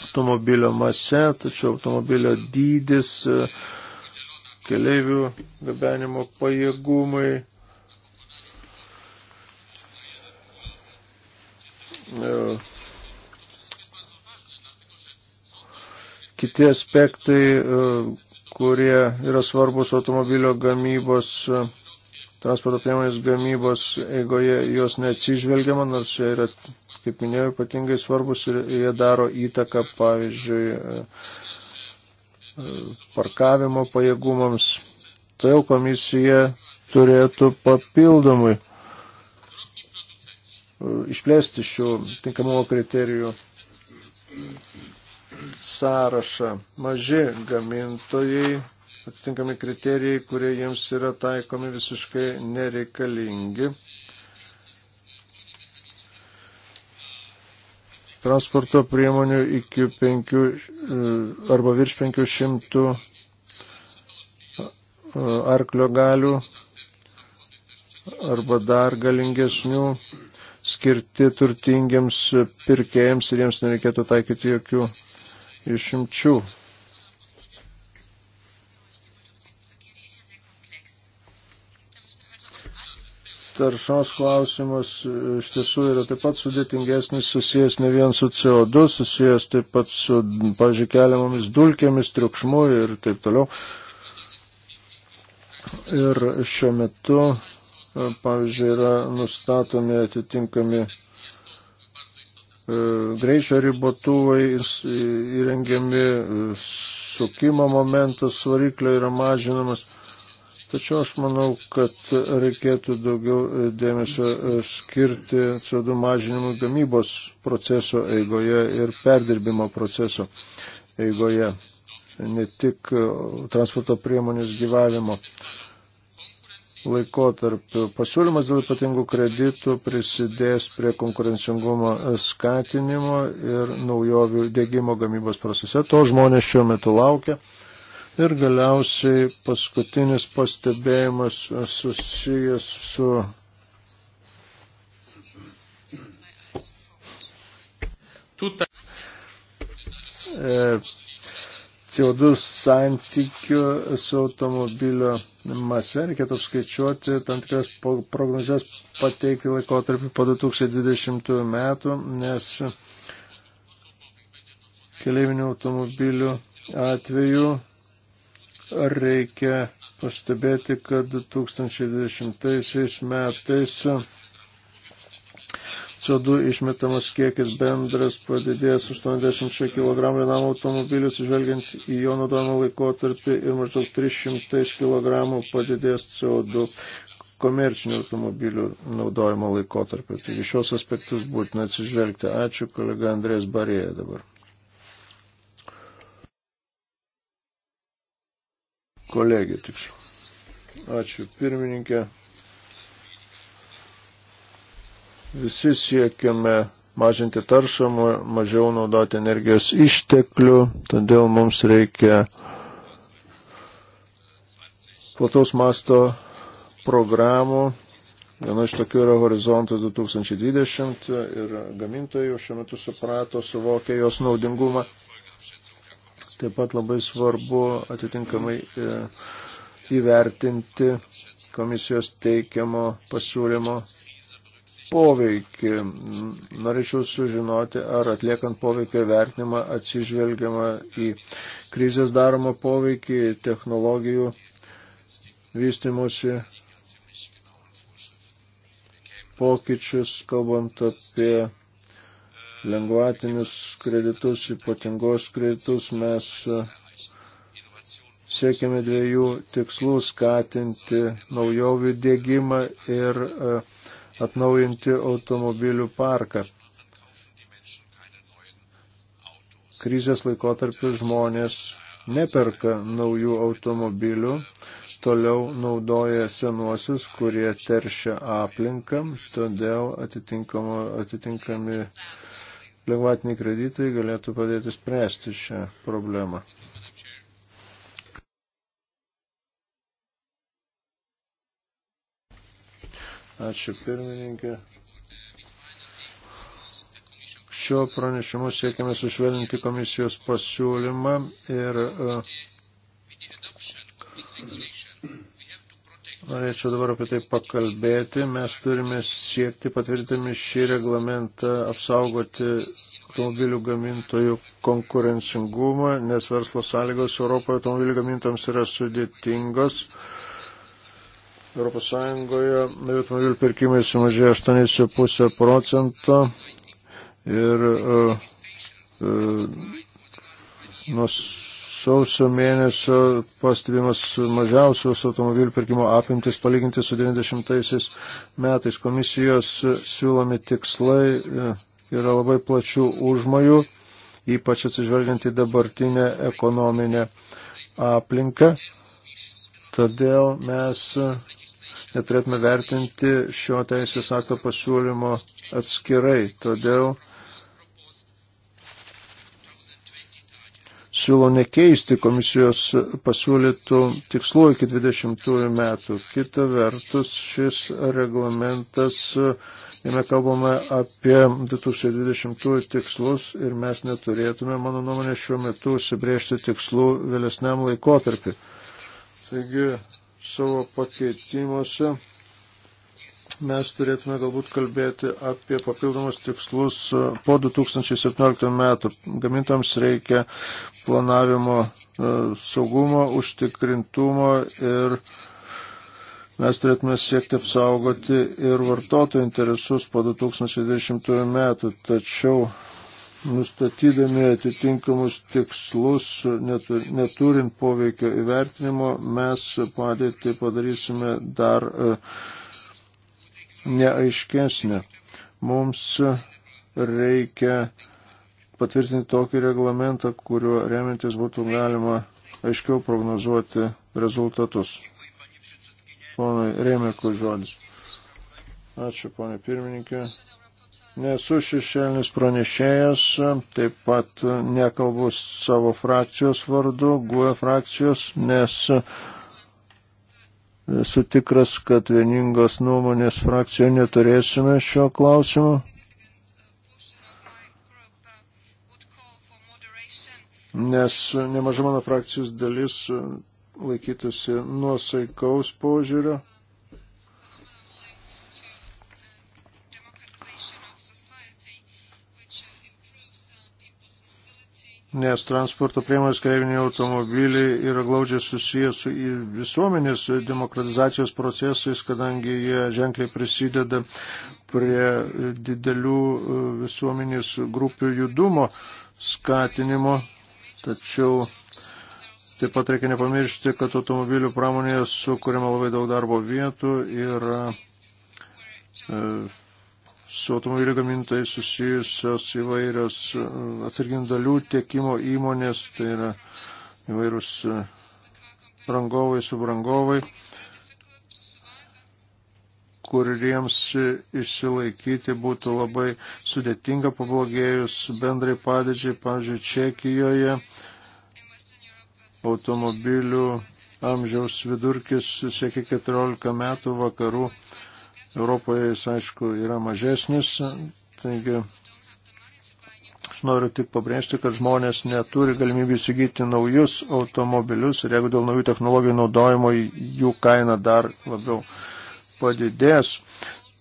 automobilio mase, tačiau automobilio dydis, keliaivių gabenimo pajėgumai. E, kiti aspektai, e, kurie yra svarbus automobilio gamybos e, transporto priemonės gamybos eigoje jos neatsižvelgiama, nors jie yra, kaip minėjau, ypatingai svarbus ir jie daro įtaką, pavyzdžiui, parkavimo pajėgumams. Todėl komisija turėtų papildomai e, išplėsti šių tinkamumo kriterijų sąrašą. Maži gamintojai atitinkami kriterijai, kurie jiems yra taikomi visiškai nereikalingi. Transporto priemonių iki 5 e, arba virš 500 e, arklio galių arba dar galingesnių skirti turtingiems pirkėjams ir jiems nereikėtų taikyti jokių išimčių. taršos klausimas e, iš tiesų yra taip pat sudėtingesnis, susijęs ne vien su CO2, susijęs taip pat su, pažiūrėjau, keliamomis dulkėmis, triukšmu ir taip toliau. Ir šiuo metu, e, pavyzdžiui, yra nustatomi atitinkami e, greičio ribotuvai, įrengiami sukimo momentas, variklio yra mažinamas. Tačiau aš manau, kad reikėtų daugiau e, dėmesio e, skirti CO2 mažinimui gamybos proceso eigoje ir perdirbimo proceso eigoje, ne tik e, transporto priemonės gyvavimo laikotarpiu. Pasiūlymas dėl ypatingų kreditų prisidės prie konkurencingumo skatinimo ir naujovių dėgymo gamybos procese. To žmonės šiuo metu laukia. Ir galiausiai paskutinis pastebėjimas susijęs su. E, CO2 santykių su automobilio mase reikėtų apskaičiuoti tam tikras prognozes pateikti laikotarpį po 2020 metų, nes keleivinių automobilių atveju Reikia pastebėti, kad 2020 metais CO2 išmetamas kiekis bendras padidėjęs 80 kg vienam automobiliu, sužvelgiant į jo naudojimo laikotarpį ir maždaug 300 kg padidėjęs CO2 komercinių automobilių naudojimo laikotarpį. Taigi šios aspektus būtina atsižvelgti. Ačiū kolega Andrės Barėje dabar. kolegė, tiksliau. Ačiū pirmininkė. Visi siekiame mažinti taršą, mažiau naudoti energijos išteklių, todėl mums reikia plataus masto programų. Viena iš tokių yra Horizontas 2020 ir gamintojai jau šiuo metu suprato, suvokė jos naudingumą. Taip pat labai svarbu atitinkamai e, įvertinti komisijos teikiamo pasiūlymo poveikį. Norėčiau sužinoti, ar atliekant poveikio vertinimą atsižvelgiama į krizės daromą poveikį, technologijų vystimusi pokyčius, kalbant apie lengvatinius kreditus, ypatingos kreditus. Mes e, siekiame dviejų tikslų - skatinti naujovių dėgymą ir e, atnaujinti automobilių parką. Krizės laikotarpiu žmonės neperka naujų automobilių, toliau naudoja senuosius, kurie teršia aplinką, todėl atitinkami lengvatiniai kreditai galėtų padėti spręsti šią problemą. Ačiū pirmininkė. Šio pranešimu siekiame sušvelninti komisijos pasiūlymą ir uh, Norėčiau dabar apie tai pakalbėti. Mes turime siekti, patvirtami šį reglamentą, apsaugoti automobilių gamintojų konkurencingumą, nes verslo sąlygos Europoje automobilių gamintojams yra sudėtingos. Europos Sąjungoje automobilių pirkimai sumažėjo 8,5 procento ir uh, e, uh, e, nors sausio mėnesio pastebimas mažiausios automobilių pirkimo apimtis palyginti su 90 metais. Komisijos siūlomi tikslai e, yra labai plačių užmojų, ypač atsižvelgiant į dabartinę ekonominę aplinką. Todėl mes neturėtume vertinti šio teisės akto pasiūlymo atskirai. Todėl siūlo nekeisti komisijos pasiūlytų tikslų iki 20 metų. Kita vertus, šis reglamentas, jame kalbame apie 2020 tikslus ir mes neturėtume, mano nuomonė, šiuo metu užsibriežti tikslų vėlesniam laikotarpiu. Taigi, savo pakeitimuose mes turėtume galbūt kalbėti apie papildomus tikslus e, po 2017 metų. Gamintams reikia planavimo e, saugumo, užtikrintumo ir mes turėtume siekti apsaugoti ir vartotojų interesus po 2020 metų. Tačiau nustatydami atitinkamus tikslus, neturint poveikio įvertinimo, mes padėti padarysime dar uh, neaiškesnė. Mums reikia patvirtinti tokį reglamentą, kuriuo remiantis būtų galima aiškiau prognozuoti rezultatus. Ponai Remekų žodis. Ačiū, ponė pirmininkė. Nesu šešėlinis pranešėjas, taip pat nekalbu savo frakcijos vardu, GUE frakcijos, nes uh, sutikras, kad vieningos nuomonės frakcijoje neturėsime šio klausimu. Nes nemaža mano frakcijos dalis laikytųsi nuosaikaus požiūrio. nes transporto priemonės kreiviniai automobiliai yra glaudžiai susijęs su visuomenės demokratizacijos procesais, kadangi jie ženkliai prisideda prie didelių e, visuomenės grupių judumo skatinimo. Tačiau taip pat reikia nepamiršti, kad automobilių pramonėje sukūrėme labai daug darbo vietų ir e, su automobilių gamintojai susijusios įvairios uh, atsarginių dalių tiekimo įmonės, tai yra įvairūs uh, rangovai, subrangovai, kuriems uh, išsilaikyti būtų labai sudėtinga pablogėjus bendrai padėčiai, pavyzdžiui, Čekijoje automobilių amžiaus vidurkis siekia 14 metų vakarų Europoje jis, aišku, yra mažesnis. Taigi, aš noriu tik pabrėžti, kad žmonės neturi galimybę įsigyti naujus automobilius ir jeigu dėl naujų technologijų naudojimo jų kaina dar labiau padidės,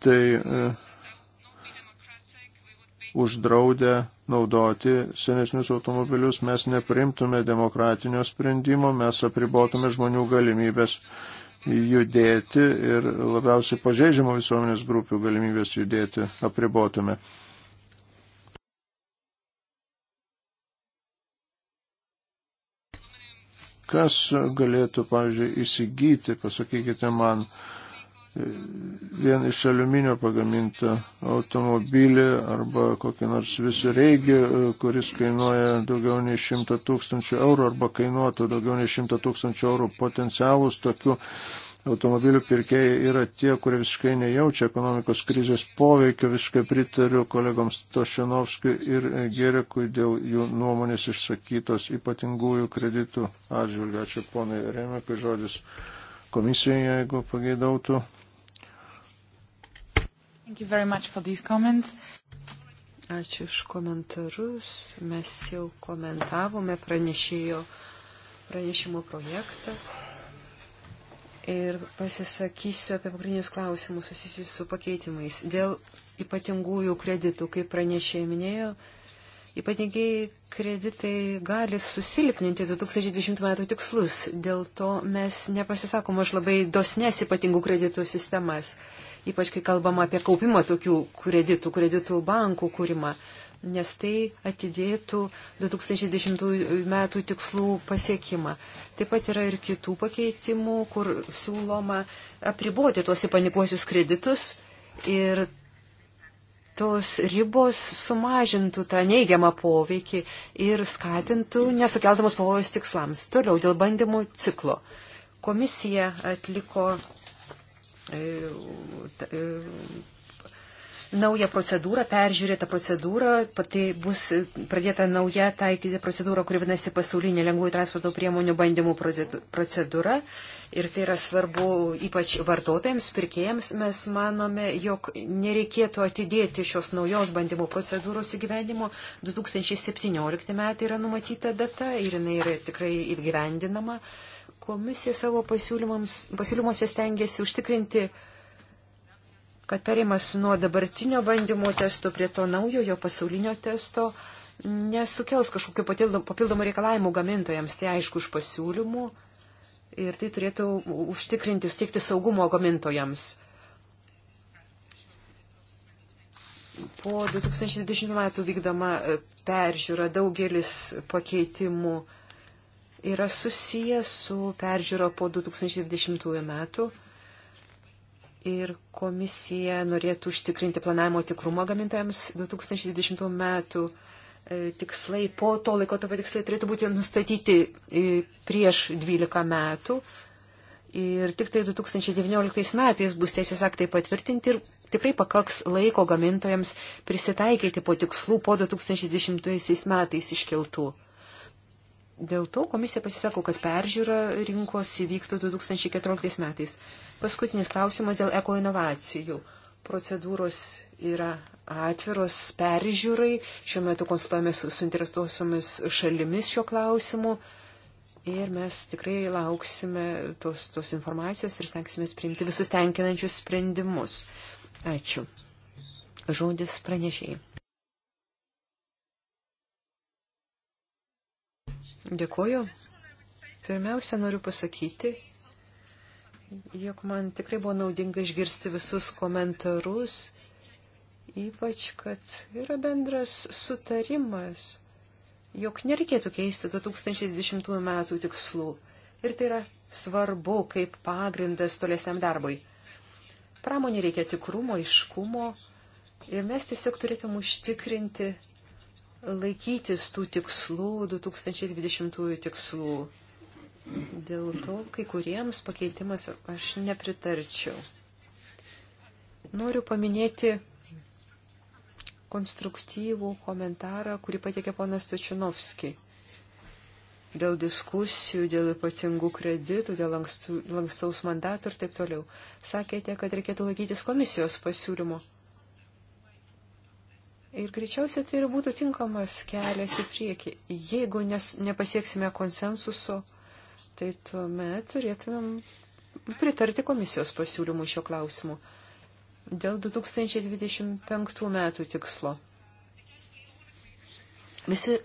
tai e, uždraudę naudoti senesnius automobilius mes neprimtume demokratinio sprendimo, mes apribotume žmonių galimybės judėti ir labiausiai pažeidžiamų visuomenės grupių galimybės judėti apribotume. Kas galėtų, pavyzdžiui, įsigyti, pasakykite man, vien iš aliuminio pagamintą automobilį arba kokį nors visureigį, e, kuris kainuoja daugiau nei 100 tūkstančių eurų arba kainuotų daugiau nei 100 tūkstančių eurų potencialus tokių automobilių pirkėjai yra tie, kurie visiškai nejaučia ekonomikos krizės poveikio, visiškai pritariu kolegoms Tošinovskiu ir Gerikui dėl jų nuomonės išsakytos ypatingųjų kreditų atžvilgiu. Ačiū ponai Remekui, žodis komisijai, jeigu pageidautų. Ačiū iš komentarus. Mes jau komentavome pranešėjo, pranešimo projektą. Ir pasisakysiu apie pagrindinius klausimus susijusius su pakeitimais. Dėl ypatingųjų kreditų, kaip pranešėjai minėjo, ypatingiai kreditai gali susilpninti 2020 metų tikslus. Dėl to mes nepasisakom už labai dosnes ypatingų kreditų sistemas ypač kai kalbama apie kaupimą tokių kreditų, kreditų bankų kūrimą, nes tai atidėtų 2010 metų tikslų pasiekimą. Taip pat yra ir kitų pakeitimų, kur siūloma apriboti tuos įpanikuosius kreditus ir tos ribos sumažintų tą neigiamą poveikį ir skatintų nesukeldamas pavojus tikslams. Toliau dėl bandymų ciklo. Komisija atliko E, e, naują procedūrą, peržiūrėtą procedūrą, tai bus pradėta nauja taikyti procedūra, kuri vadinasi pasaulinė lengvųjų transporto priemonių bandymų procedūra. Ir tai yra svarbu ypač vartotojams, pirkėjams. Mes manome, jog nereikėtų atidėti šios naujos bandymų procedūros įgyvendimo. 2017 metai yra numatyta data ir jinai yra tikrai įgyvendinama. Komisija savo pasiūlymuose stengiasi užtikrinti, kad perimas nuo dabartinio bandymo testo prie to naujojo pasaulinio testo nesukels kažkokio papildomų reikalavimų gamintojams, tai aišku, iš pasiūlymų ir tai turėtų užtikrinti, suteikti saugumo gamintojams. Po 2020 metų vykdoma e, peržiūra daugelis pakeitimų yra susijęs su peržiūro po 2020 metų ir komisija norėtų užtikrinti planavimo tikrumą gamintojams 2020 metų e, tikslai, po to laiko to patikslai turėtų būti nustatyti e, prieš 12 metų ir tik tai 2019 metais bus teisės aktai patvirtinti ir tikrai pakaks laiko gamintojams prisitaikyti po tikslų po 2020 metais iškiltų. Dėl to komisija pasisako, kad peržiūra rinkos įvyktų 2014 metais. Paskutinis klausimas dėl ekoinovacijų. Procedūros yra atviros peržiūrai. Šiuo metu konsultuojame su suinteresuosiomis šalimis šiuo klausimu. Ir mes tikrai lauksime tos, tos informacijos ir stengsime priimti visus tenkinančius sprendimus. Ačiū. Žodis pranešėjai. Dėkuoju. Pirmiausia, noriu pasakyti, jog man tikrai buvo naudinga išgirsti visus komentarus, ypač, kad yra bendras sutarimas, jog nereikėtų keisti 2010 metų tikslų. Ir tai yra svarbu kaip pagrindas tolesniam darbui. Pramonė reikia tikrumo, iškumo ir mes tiesiog turėtum užtikrinti laikytis tų tikslų, 2020 tikslų. Dėl to kai kuriems pakeitimas aš nepritarčiau. Noriu paminėti konstruktyvų komentarą, kurį patikė ponas Točinovski. Dėl diskusijų, dėl ypatingų kreditų, dėl lankstų, lankstaus mandato ir taip toliau. Sakėte, kad reikėtų laikytis komisijos pasiūlymo. Ir greičiausiai tai ir būtų tinkamas kelias į priekį. Jeigu nes, nepasieksime konsensuso, tai tuomet turėtumėm pritarti komisijos pasiūlymų šio klausimu dėl 2025 metų tikslo. Visi e,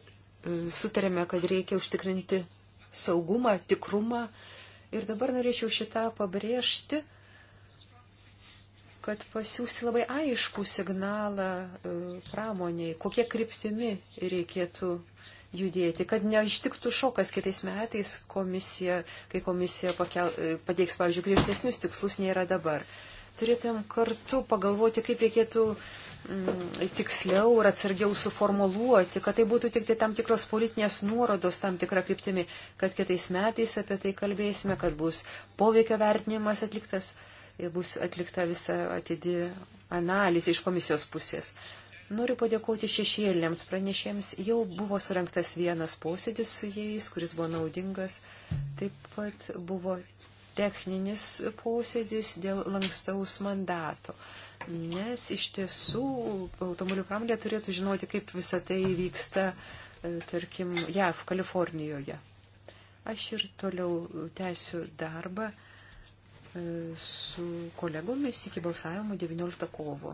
sutarėme, kad reikia užtikrinti saugumą, tikrumą. Ir dabar norėčiau šitą pabrėžti kad pasiūsti labai aiškų signalą e, pramoniai, kokie kryptimi reikėtų judėti, kad neištiktų šokas kitais metais komisija, kai komisija pakel, e, pateiks, pavyzdžiui, griežtesnius tikslus nei yra dabar. Turėtum kartu pagalvoti, kaip reikėtų mm, tiksliau ir atsargiau suformuluoti, kad tai būtų tik tai tam tikros politinės nuorodos tam tikrą kryptimį, kad kitais metais apie tai kalbėsime, kad bus poveikio vertinimas atliktas. Uh, bus atlikta visa atidi analizė iš komisijos pusės. Noriu padėkoti šešėlėms pranešėms. Jau buvo surinktas vienas posėdis su jais, kuris buvo naudingas. Taip pat buvo techninis posėdis dėl lankstaus mandato. Nes iš tiesų automobilių pramonė turėtų žinoti, kaip visa tai vyksta, e, tarkim, JAV, Kalifornijoje. Aš ir toliau tęsiu darbą E, su kolegomis iki balsavimo 19 kovo.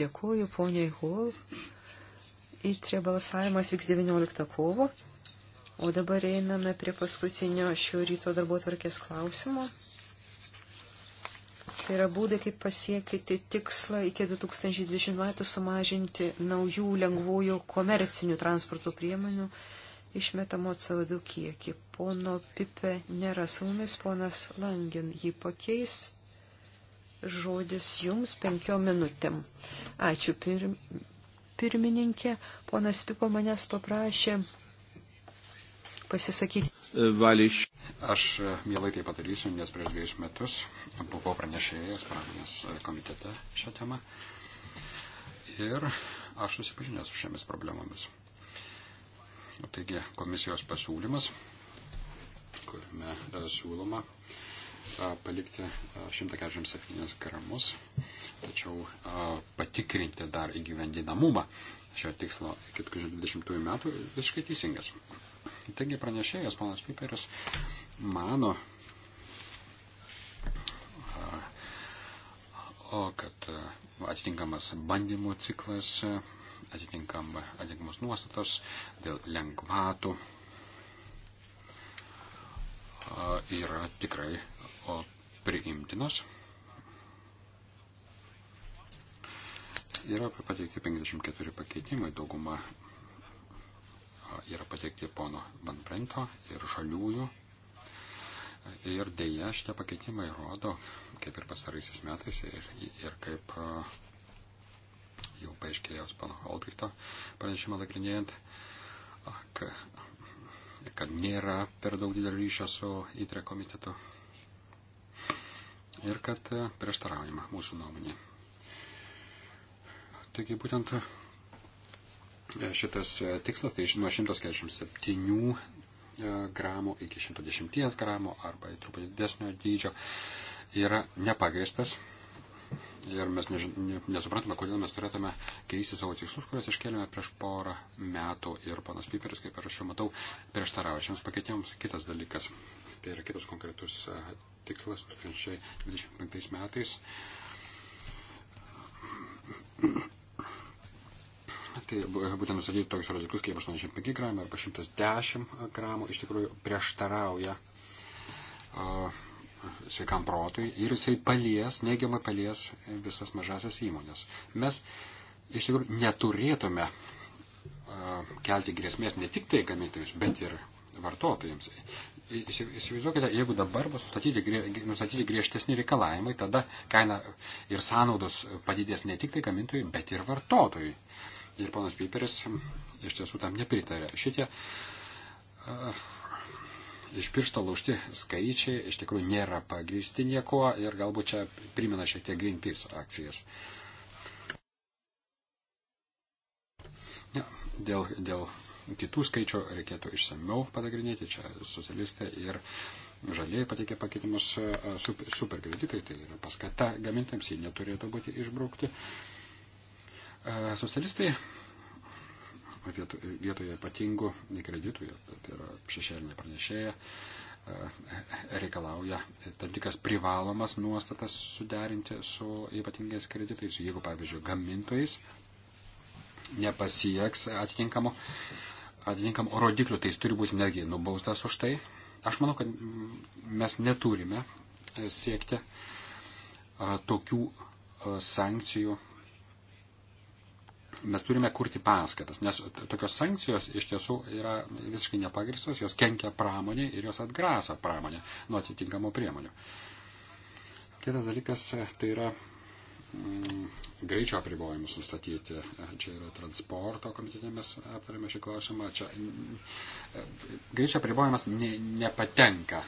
Dėkuoju poniai Hall. Įtrė balsavimas vyks 19 kovo. O dabar einame prie paskutinio šio ryto darbo tvarkės klausimo. Tai yra būdai, kaip pasiekti tikslą iki 2020 metų sumažinti naujų lengvųjų komercinių transporto priemonių išmetamo CO2 kiekį. Pono Pipe nėra su mumis, ponas Langin jį pakeis. Žodis jums penkio minutėm. Ačiū pirm, pirmininkė. Ponas Pipo manęs paprašė pasisakyti. E, Vališ. Aš e, mielai tai padarysiu, nes prieš dviejus metus buvau pranešėjęs pramonės e, komitete šią temą. Ir aš susipažinęs su šiomis problemomis. Taigi komisijos pasiūlymas, kuriame e, siūloma e, palikti 147 e, gramus, tačiau patikrinti dar įgyvendinamumą šio tikslo iki 2020 metų visiškai teisingas. Taigi pranešėjas, panas Piperis, mano, kad atitinkamas bandymų ciklas atitinkam, atitinkamos nuostatos dėl lengvatų yra tikrai priimtinos. Yra pateikti 54 pakeitimai, dauguma yra pateikti pono Van Brento ir žaliųjų. Ir dėja šitie pakeitimai rodo, kaip ir pastaraisiais metais, ir, ir kaip jau paaiškėjo pano Albrikto pranešimą nagrinėjant, kad nėra per daug didelio ryšio su įtre komitetu ir kad e, prieštaraujama mūsų nuomonė. Taigi būtent e, šitas e, tikslas, tai nuo 147 gramų iki 110 gramų arba truputį didesnio dydžio yra nepagristas Ir mes nesuprantame, kodėl mes turėtume keisti savo tikslus, kuriuos iškėlėme prieš porą metų. Ir panas Piperis, kaip ir aš jau matau, prieštaravo šiems pakeitimams. Kitas dalykas, tai yra kitas konkretus e, tikslas 2025 metais. Tai būtent nustatyti tokius rodiklius kaip 85 gramai arba 110 gramų iš tikrųjų prieštarauja. Uh, sveikam protui ir jisai palies, neigiamai palies visas mažasias įmonės. Mes iš tikrųjų neturėtume kelti grėsmės ne tik tai gamintojus, bet ir vartotojams. Įsivaizduokite, jeigu dabar bus nustatyti, nustatyti griežtesni reikalavimai, tada kaina ir sąnaudos padidės ne tik tai gamintojui, bet ir vartotojui. Ir ponas Piperis iš tiesų tam nepritarė. Šitie uh, iš piršto laužti skaičiai iš tikrųjų nėra pagristi nieko ir galbūt čia primena šiek tiek Greenpeace akcijas. Ja, dėl, dėl kitų skaičių reikėtų išsamiau panagrinėti. Čia socialistai ir žalieji pateikė pakeitimus e, super, superkreditai, tai yra paskata gamintams, jie neturėtų būti išbraukti. E, socialistai vietoje ypatingų kreditų, tai yra šešėlinė pranešėja, e, reikalauja tam tikras privalomas nuostatas suderinti su ypatingais kreditais. Jeigu, pavyzdžiui, gamintojais nepasieks atitinkamo, atitinkamo rodiklių, tai jis turi būti netgi nubaustas už tai. Aš manau, kad mes neturime siekti tokių sankcijų mes turime kurti paskatas, nes tokios sankcijos iš tiesų yra visiškai nepagristos, jos kenkia pramonė ir jos atgraso pramonę nuo atitinkamo priemonių. Kitas dalykas e, tai yra mm, greičio apribojimus nustatyti. E, čia yra transporto komitete mes aptarėme šį klausimą. Čia e, greičio apribojimas ne, nepatenka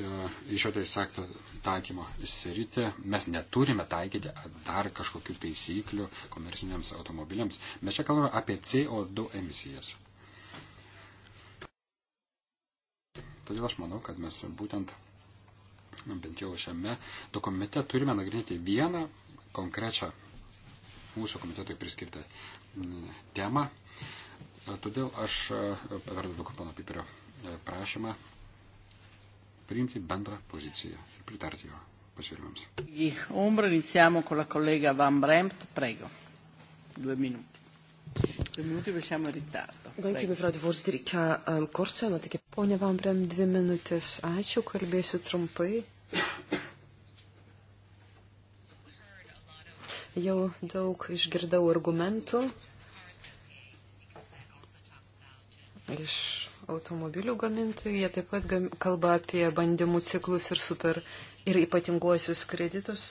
E, iš šio teisakto taikymo sritį mes neturime taikyti dar kažkokių taisyklių komerciniams automobiliams. Mes čia kalbame apie CO2 emisijas. Todėl aš manau, kad mes būtent bent jau šiame dokumente turime nagrinėti vieną konkrečią mūsų komitetui priskirtą temą. Todėl aš e, perduodu pono Piperio e, prašymą priimti bendrą poziciją ir pritarti jo pasiūlymams. Umbra, iniziamo con la collega Van Bremt, prego. Due minuti. Due minuti, siamo in ritardo. Dank u, mevrouw de voorzitter. Ik ga um, kort zijn, want ik heb... Pone Van Bremt, dvi minutės. Ačiū, kalbėsiu trumpai. Jau daug išgirdau argumentų iš automobilių gamintojų, jie taip pat gam, kalba apie bandymų ciklus ir, super, ir ypatinguosius kreditus,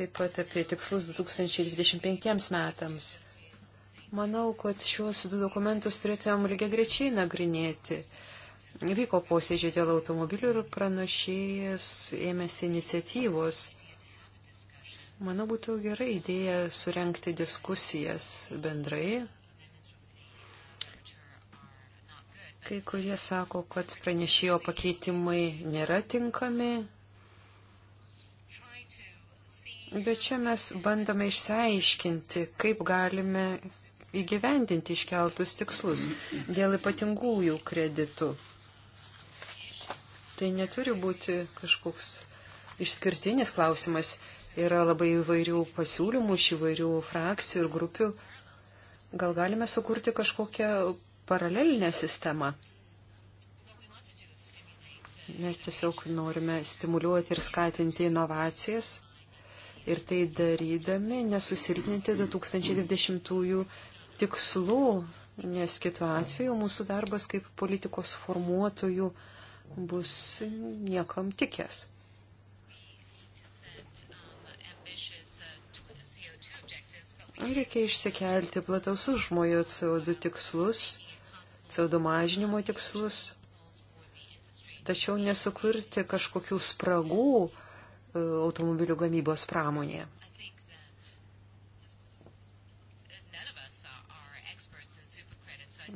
taip pat apie tikslus 2025 metams. Manau, kad šiuos du dokumentus turėtumėm lygiai grečiai nagrinėti. Vyko posėdžiai dėl automobilių ir pranašėjas ėmėsi iniciatyvos. Manau, būtų gera idėja surenkti diskusijas bendrai Kai kurie sako, kad pranešėjo pakeitimai nėra tinkami, bet čia mes bandome išsiaiškinti, kaip galime įgyvendinti iškeltus tikslus dėl ypatingųjų kreditų. Tai neturi būti kažkoks išskirtinis klausimas. Yra labai įvairių pasiūlymų iš įvairių frakcijų ir grupių. Gal galime sukurti kažkokią paralelinę sistemą. Mes tiesiog norime stimuliuoti ir skatinti inovacijas ir tai darydami nesusilpninti 2020 tikslų, nes kitu atveju mūsų darbas kaip politikos formuotojų bus niekam tikęs. Reikia išsikelti plataus užmojo CO2 tikslus CO2 mažinimo tikslus, tačiau nesukurti kažkokių spragų e, automobilių gamybos pramonėje.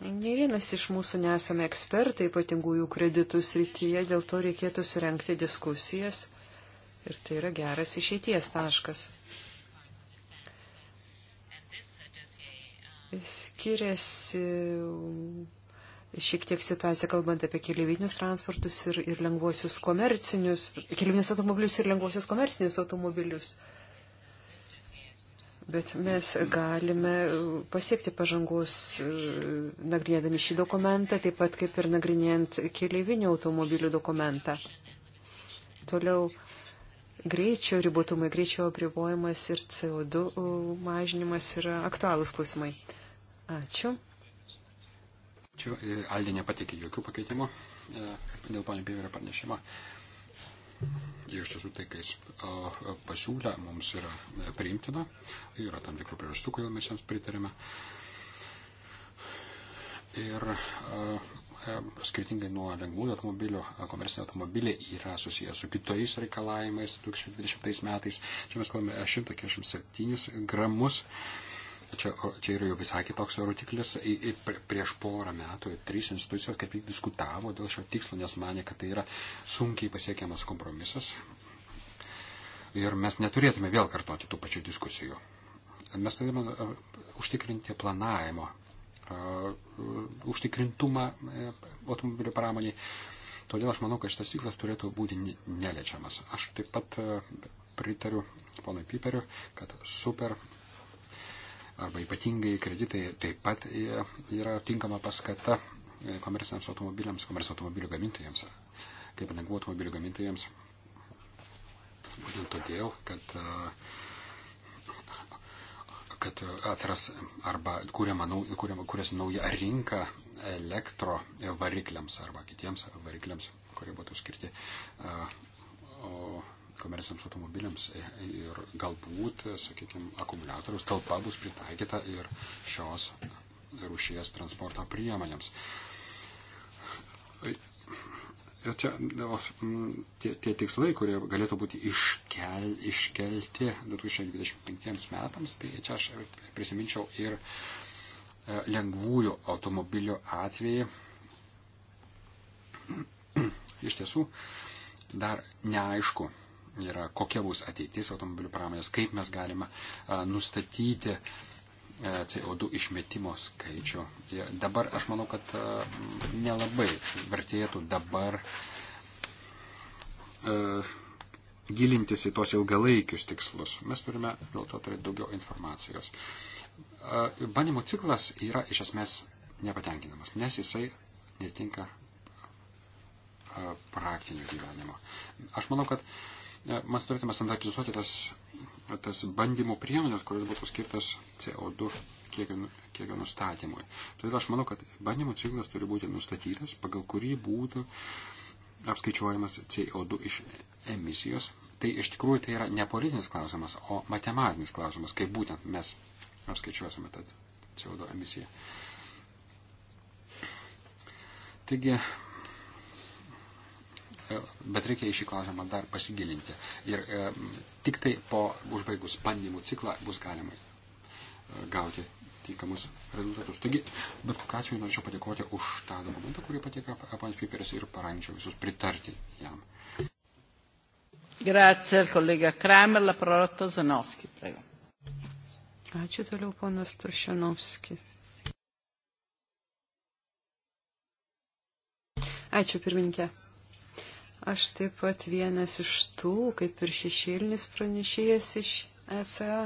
Ne vienas iš mūsų nesame ekspertai ypatingųjų kreditų srityje, dėl to reikėtų surenkti diskusijas ir tai yra geras išeities taškas. Skiriasi šiek tiek situaciją, kalbant apie keliaivinius transportus ir, ir lengvuosius komercinius, keliaivinius automobilius ir lengvuosius komercinius automobilius. Bet mes galime pasiekti pažangos e, nagrinėdami šį dokumentą, taip pat kaip ir nagrinėjant keliaivinių automobilių dokumentą. Toliau greičio ribotumai, greičio apribojimas ir CO2 e, mažinimas yra aktualūs klausimai. Ačiū. Čia Aldė nepatikė jokių pakeitimų e, dėl ponio Piverio pranešimo. Ir iš tiesų tai, kai jis pasiūlė, mums yra e, priimtina. Yra tam tikrų priežastų, kodėl mes jiems pritarėme. Ir e, skirtingai nuo lengvųjų automobilių, komerciniai automobiliai yra susijęs su kitais reikalavimais 2020 metais. Čia mes kalbame 147 gramus Čia, čia yra jau visai kitoks rodiklis. Prieš porą metų trys institucijos kaip tik diskutavo dėl šio tikslo, nes mane, kad tai yra sunkiai pasiekiamas kompromisas. Ir mes neturėtume vėl kartoti tų pačių diskusijų. Mes turime e, užtikrinti planavimo, e, užtikrintumą e, automobilių pramoniai. Todėl aš manau, kad šitas tikslas turėtų būti neliečiamas. Aš taip pat pritariu ponui Piperiu, kad super arba ypatingai kreditai taip pat yra tinkama paskata e, komerciniams automobiliams, komercinio automobilių gamintojams, kaip lengvų automobilių gamintojams. Būtent todėl, kad, e, kad atsiras arba kuriama, kuriama, kuriasi nauja rinka elektro varikliams arba kitiems varikliams, kurie būtų skirti e, o, komerciniams automobiliams e, ir galbūt, e, sakykime, akumuliatoriaus talpa bus pritaikyta ir šios rūšies transporto priemonėms. E, čia, no, tie, tie tikslai, kurie galėtų būti iškel, iškelti 2025 metams, tai čia aš prisiminčiau ir lengvųjų automobilių atvejį. Iš tiesų, dar neaišku, yra, kokia bus ateitis automobilių pramonės, kaip mes galime nustatyti CO2 išmetimo skaičių. Ir dabar aš manau, kad nelabai vertėtų dabar gilintis į tos ilgalaikius tikslus. Mes turime dėl to turėti daugiau informacijos. Bandymo ciklas yra iš esmės nepatenkinamas, nes jisai netinka praktinio gyvenimo. Aš manau, kad uh, mes turėtume standartizuoti tas, tas bandymų priemonės, kuris būtų skirtas CO2 kiekio, kiekio nustatymui. Todėl aš manau, kad bandymų ciklas turi būti nustatytas, pagal kurį būtų apskaičiuojamas CO2 iš emisijos. Tai iš tikrųjų tai yra ne politinis klausimas, o matematinis klausimas, kaip būtent mes apskaičiuosime tą CO2 emisiją. Taigi, bet reikia į šį klausimą dar pasigilinti. Ir e, tik tai po užbaigus bandymų ciklą bus galima e, gauti tinkamus rezultatus. Taigi, bet kokiu atveju norėčiau padėkoti už tą dokumentą, kurį pateikė pan Fiperis ir parančiau visus pritarti jam. Grazie, kolega Kramer, la parola Tozanovski, prego. Ačiū toliau, ponas Tošinovski. Ačiū, pirmininkė. Aš taip pat vienas iš tų, kaip ir šešėlinis pranešėjas iš ECA,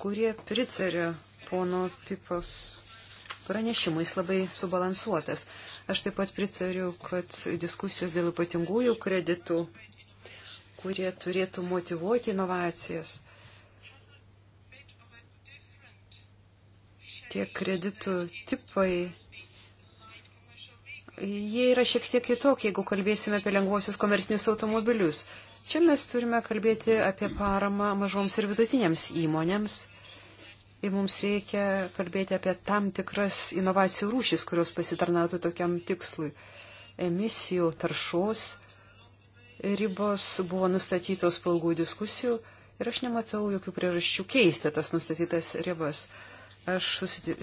kurie pritarė pono Pipos pranešimui. Jis labai subalansuotas. Aš taip pat pritariu, kad diskusijos dėl ypatingųjų kreditų, kurie turėtų motivuoti inovacijas, tie kreditų tipai jie yra šiek tiek kitokie, jeigu kalbėsime apie lengvuosius komercinius automobilius. Čia mes turime kalbėti apie paramą mažoms ir vidutinėms įmonėms. Ir mums reikia kalbėti apie tam tikras inovacijų rūšis, kurios pasitarnautų tokiam tikslui. Emisijų taršos ribos buvo nustatytos po ilgų diskusijų ir aš nematau jokių priežasčių keisti tas nustatytas ribas. Aš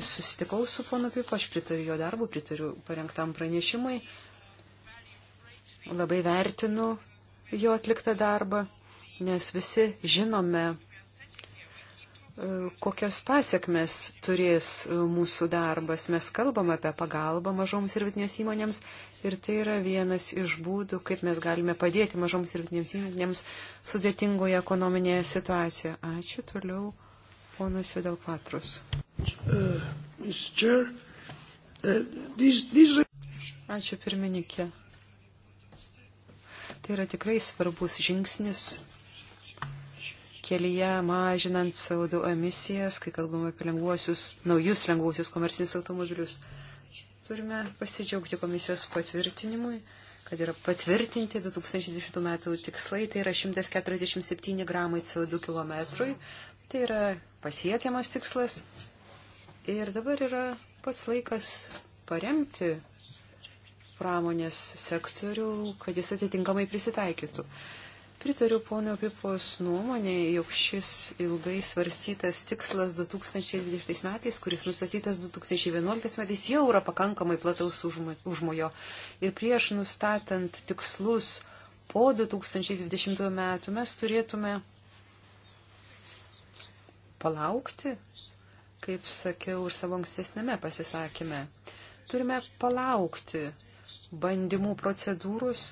susitikau su ponu Pipu, aš pritariu jo darbu, pritariu parengtam pranešimui. Labai vertinu jo atliktą darbą, nes visi žinome, e, kokias pasiekmes turės e, mūsų darbas. Mes kalbam apie pagalbą mažoms ir vidinės įmonėms ir tai yra vienas iš būdų, kaip mes galime padėti mažoms ir vidinėms įmonėms sudėtingoje ekonominėje situacijoje. Ačiū toliau ponas Vidal Patrus. Uh, uh, Ačiū pirmininkė. Tai yra tikrai svarbus žingsnis kelyje mažinant CO2 emisijas, kai kalbame apie lengvuosius, naujus lengvuosius komercinius automobilius. Turime pasidžiaugti komisijos patvirtinimui, kad yra patvirtinti 2020 metų tikslai, tai yra 147 gramai CO2 kilometrui. Tai yra pasiekiamas tikslas. Ir dabar yra pats laikas paremti pramonės sektorių, kad jis atitinkamai prisitaikytų. Pritariu ponio Pipos nuomonė, jog šis ilgai svarstytas tikslas 2020 metais, kuris nustatytas 2011 metais, jau yra pakankamai plataus užmojo. Ir prieš nustatant tikslus po 2020 metų mes turėtume palaukti, kaip sakiau ir savo ankstesnėme pasisakime. Turime palaukti bandymų procedūros.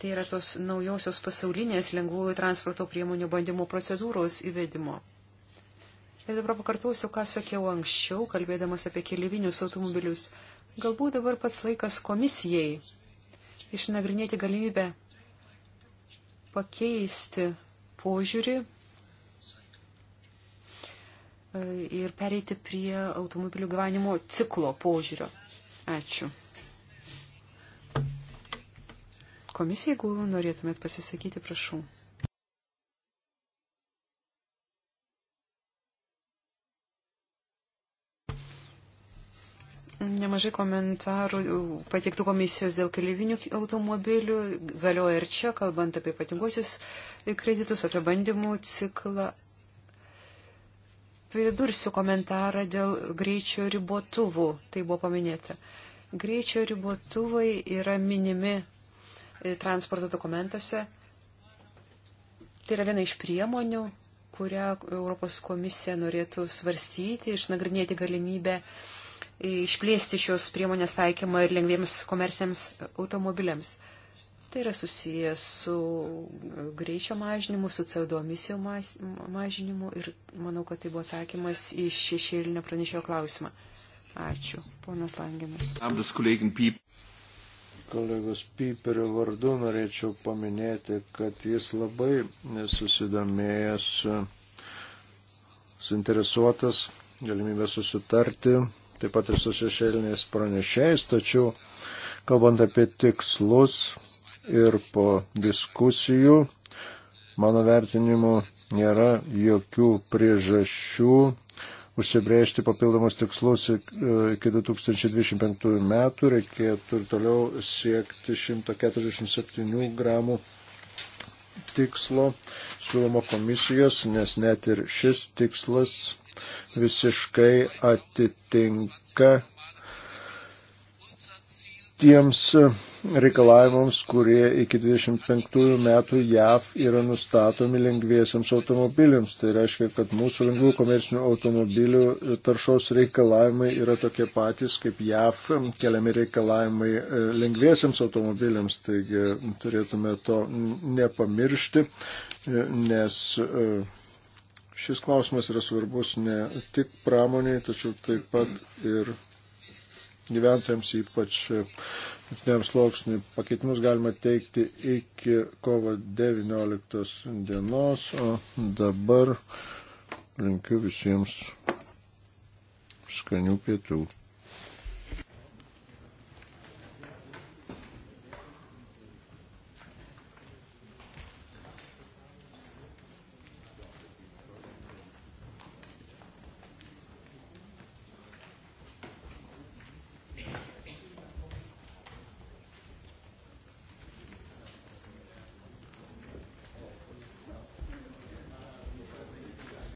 Tai yra tos naujosios pasaulinės lengvųjų transporto priemonių bandymų procedūros įvedimo. Ir dabar pakartosiu, ką sakiau anksčiau, kalbėdamas apie keliavinius automobilius. Galbūt dabar pats laikas komisijai išnagrinėti galimybę pakeisti požiūrį E, ir pereiti prie automobilių gyvenimo ciklo požiūrio. Ačiū. Komisija, jeigu norėtumėt pasisakyti, prašau. Nemažai komentarų pateiktų komisijos dėl keliavinių automobilių, galioja ir čia, kalbant apie patingosius kreditus, apie bandymų ciklą, pridursiu komentarą dėl greičio ribotuvų, tai buvo paminėta. Greičio ribotuvai yra minimi e, transporto dokumentuose. Tai yra viena iš priemonių, kurią Europos komisija norėtų svarstyti, išnagrinėti galimybę e, išplėsti šios priemonės taikymą ir lengviems komersiams automobiliams. Tai yra susijęs su e, greičio mažinimu, su CO2 emisijų mažinimu ir manau, kad tai buvo atsakymas į šešėlinio pranešėjo klausimą. Ačiū, ponas Langinas. Kolegos Piperio vardu norėčiau paminėti, kad jis labai susidomėjęs, suinteresuotas galimybę susitarti, taip pat ir su šešėliniais pranešėjais, tačiau kalbant apie tikslus, ir po diskusijų. Mano vertinimu nėra jokių priežasčių užsibrėžti papildomus tikslus e, iki 2025 metų. Reikėtų ir toliau siekti 147 gramų tikslo siūlomo komisijos, nes net ir šis tikslas visiškai atitinka tiems reikalavimams, kurie iki 25 metų JAV yra nustatomi lengviesiams automobiliams. Tai reiškia, kad mūsų lengvų komercinių automobilių taršos reikalavimai yra tokie patys, kaip JAV keliami reikalavimai e, lengviesiams automobiliams. Taigi turėtume to nepamiršti, e, nes e, šis klausimas yra svarbus ne tik pramoniai, tačiau taip pat ir gyventojams, ypač Vidiniam sluoksniui pakeitimus galima teikti iki kovo 19 dienos, o dabar linkiu visiems skanių pietų.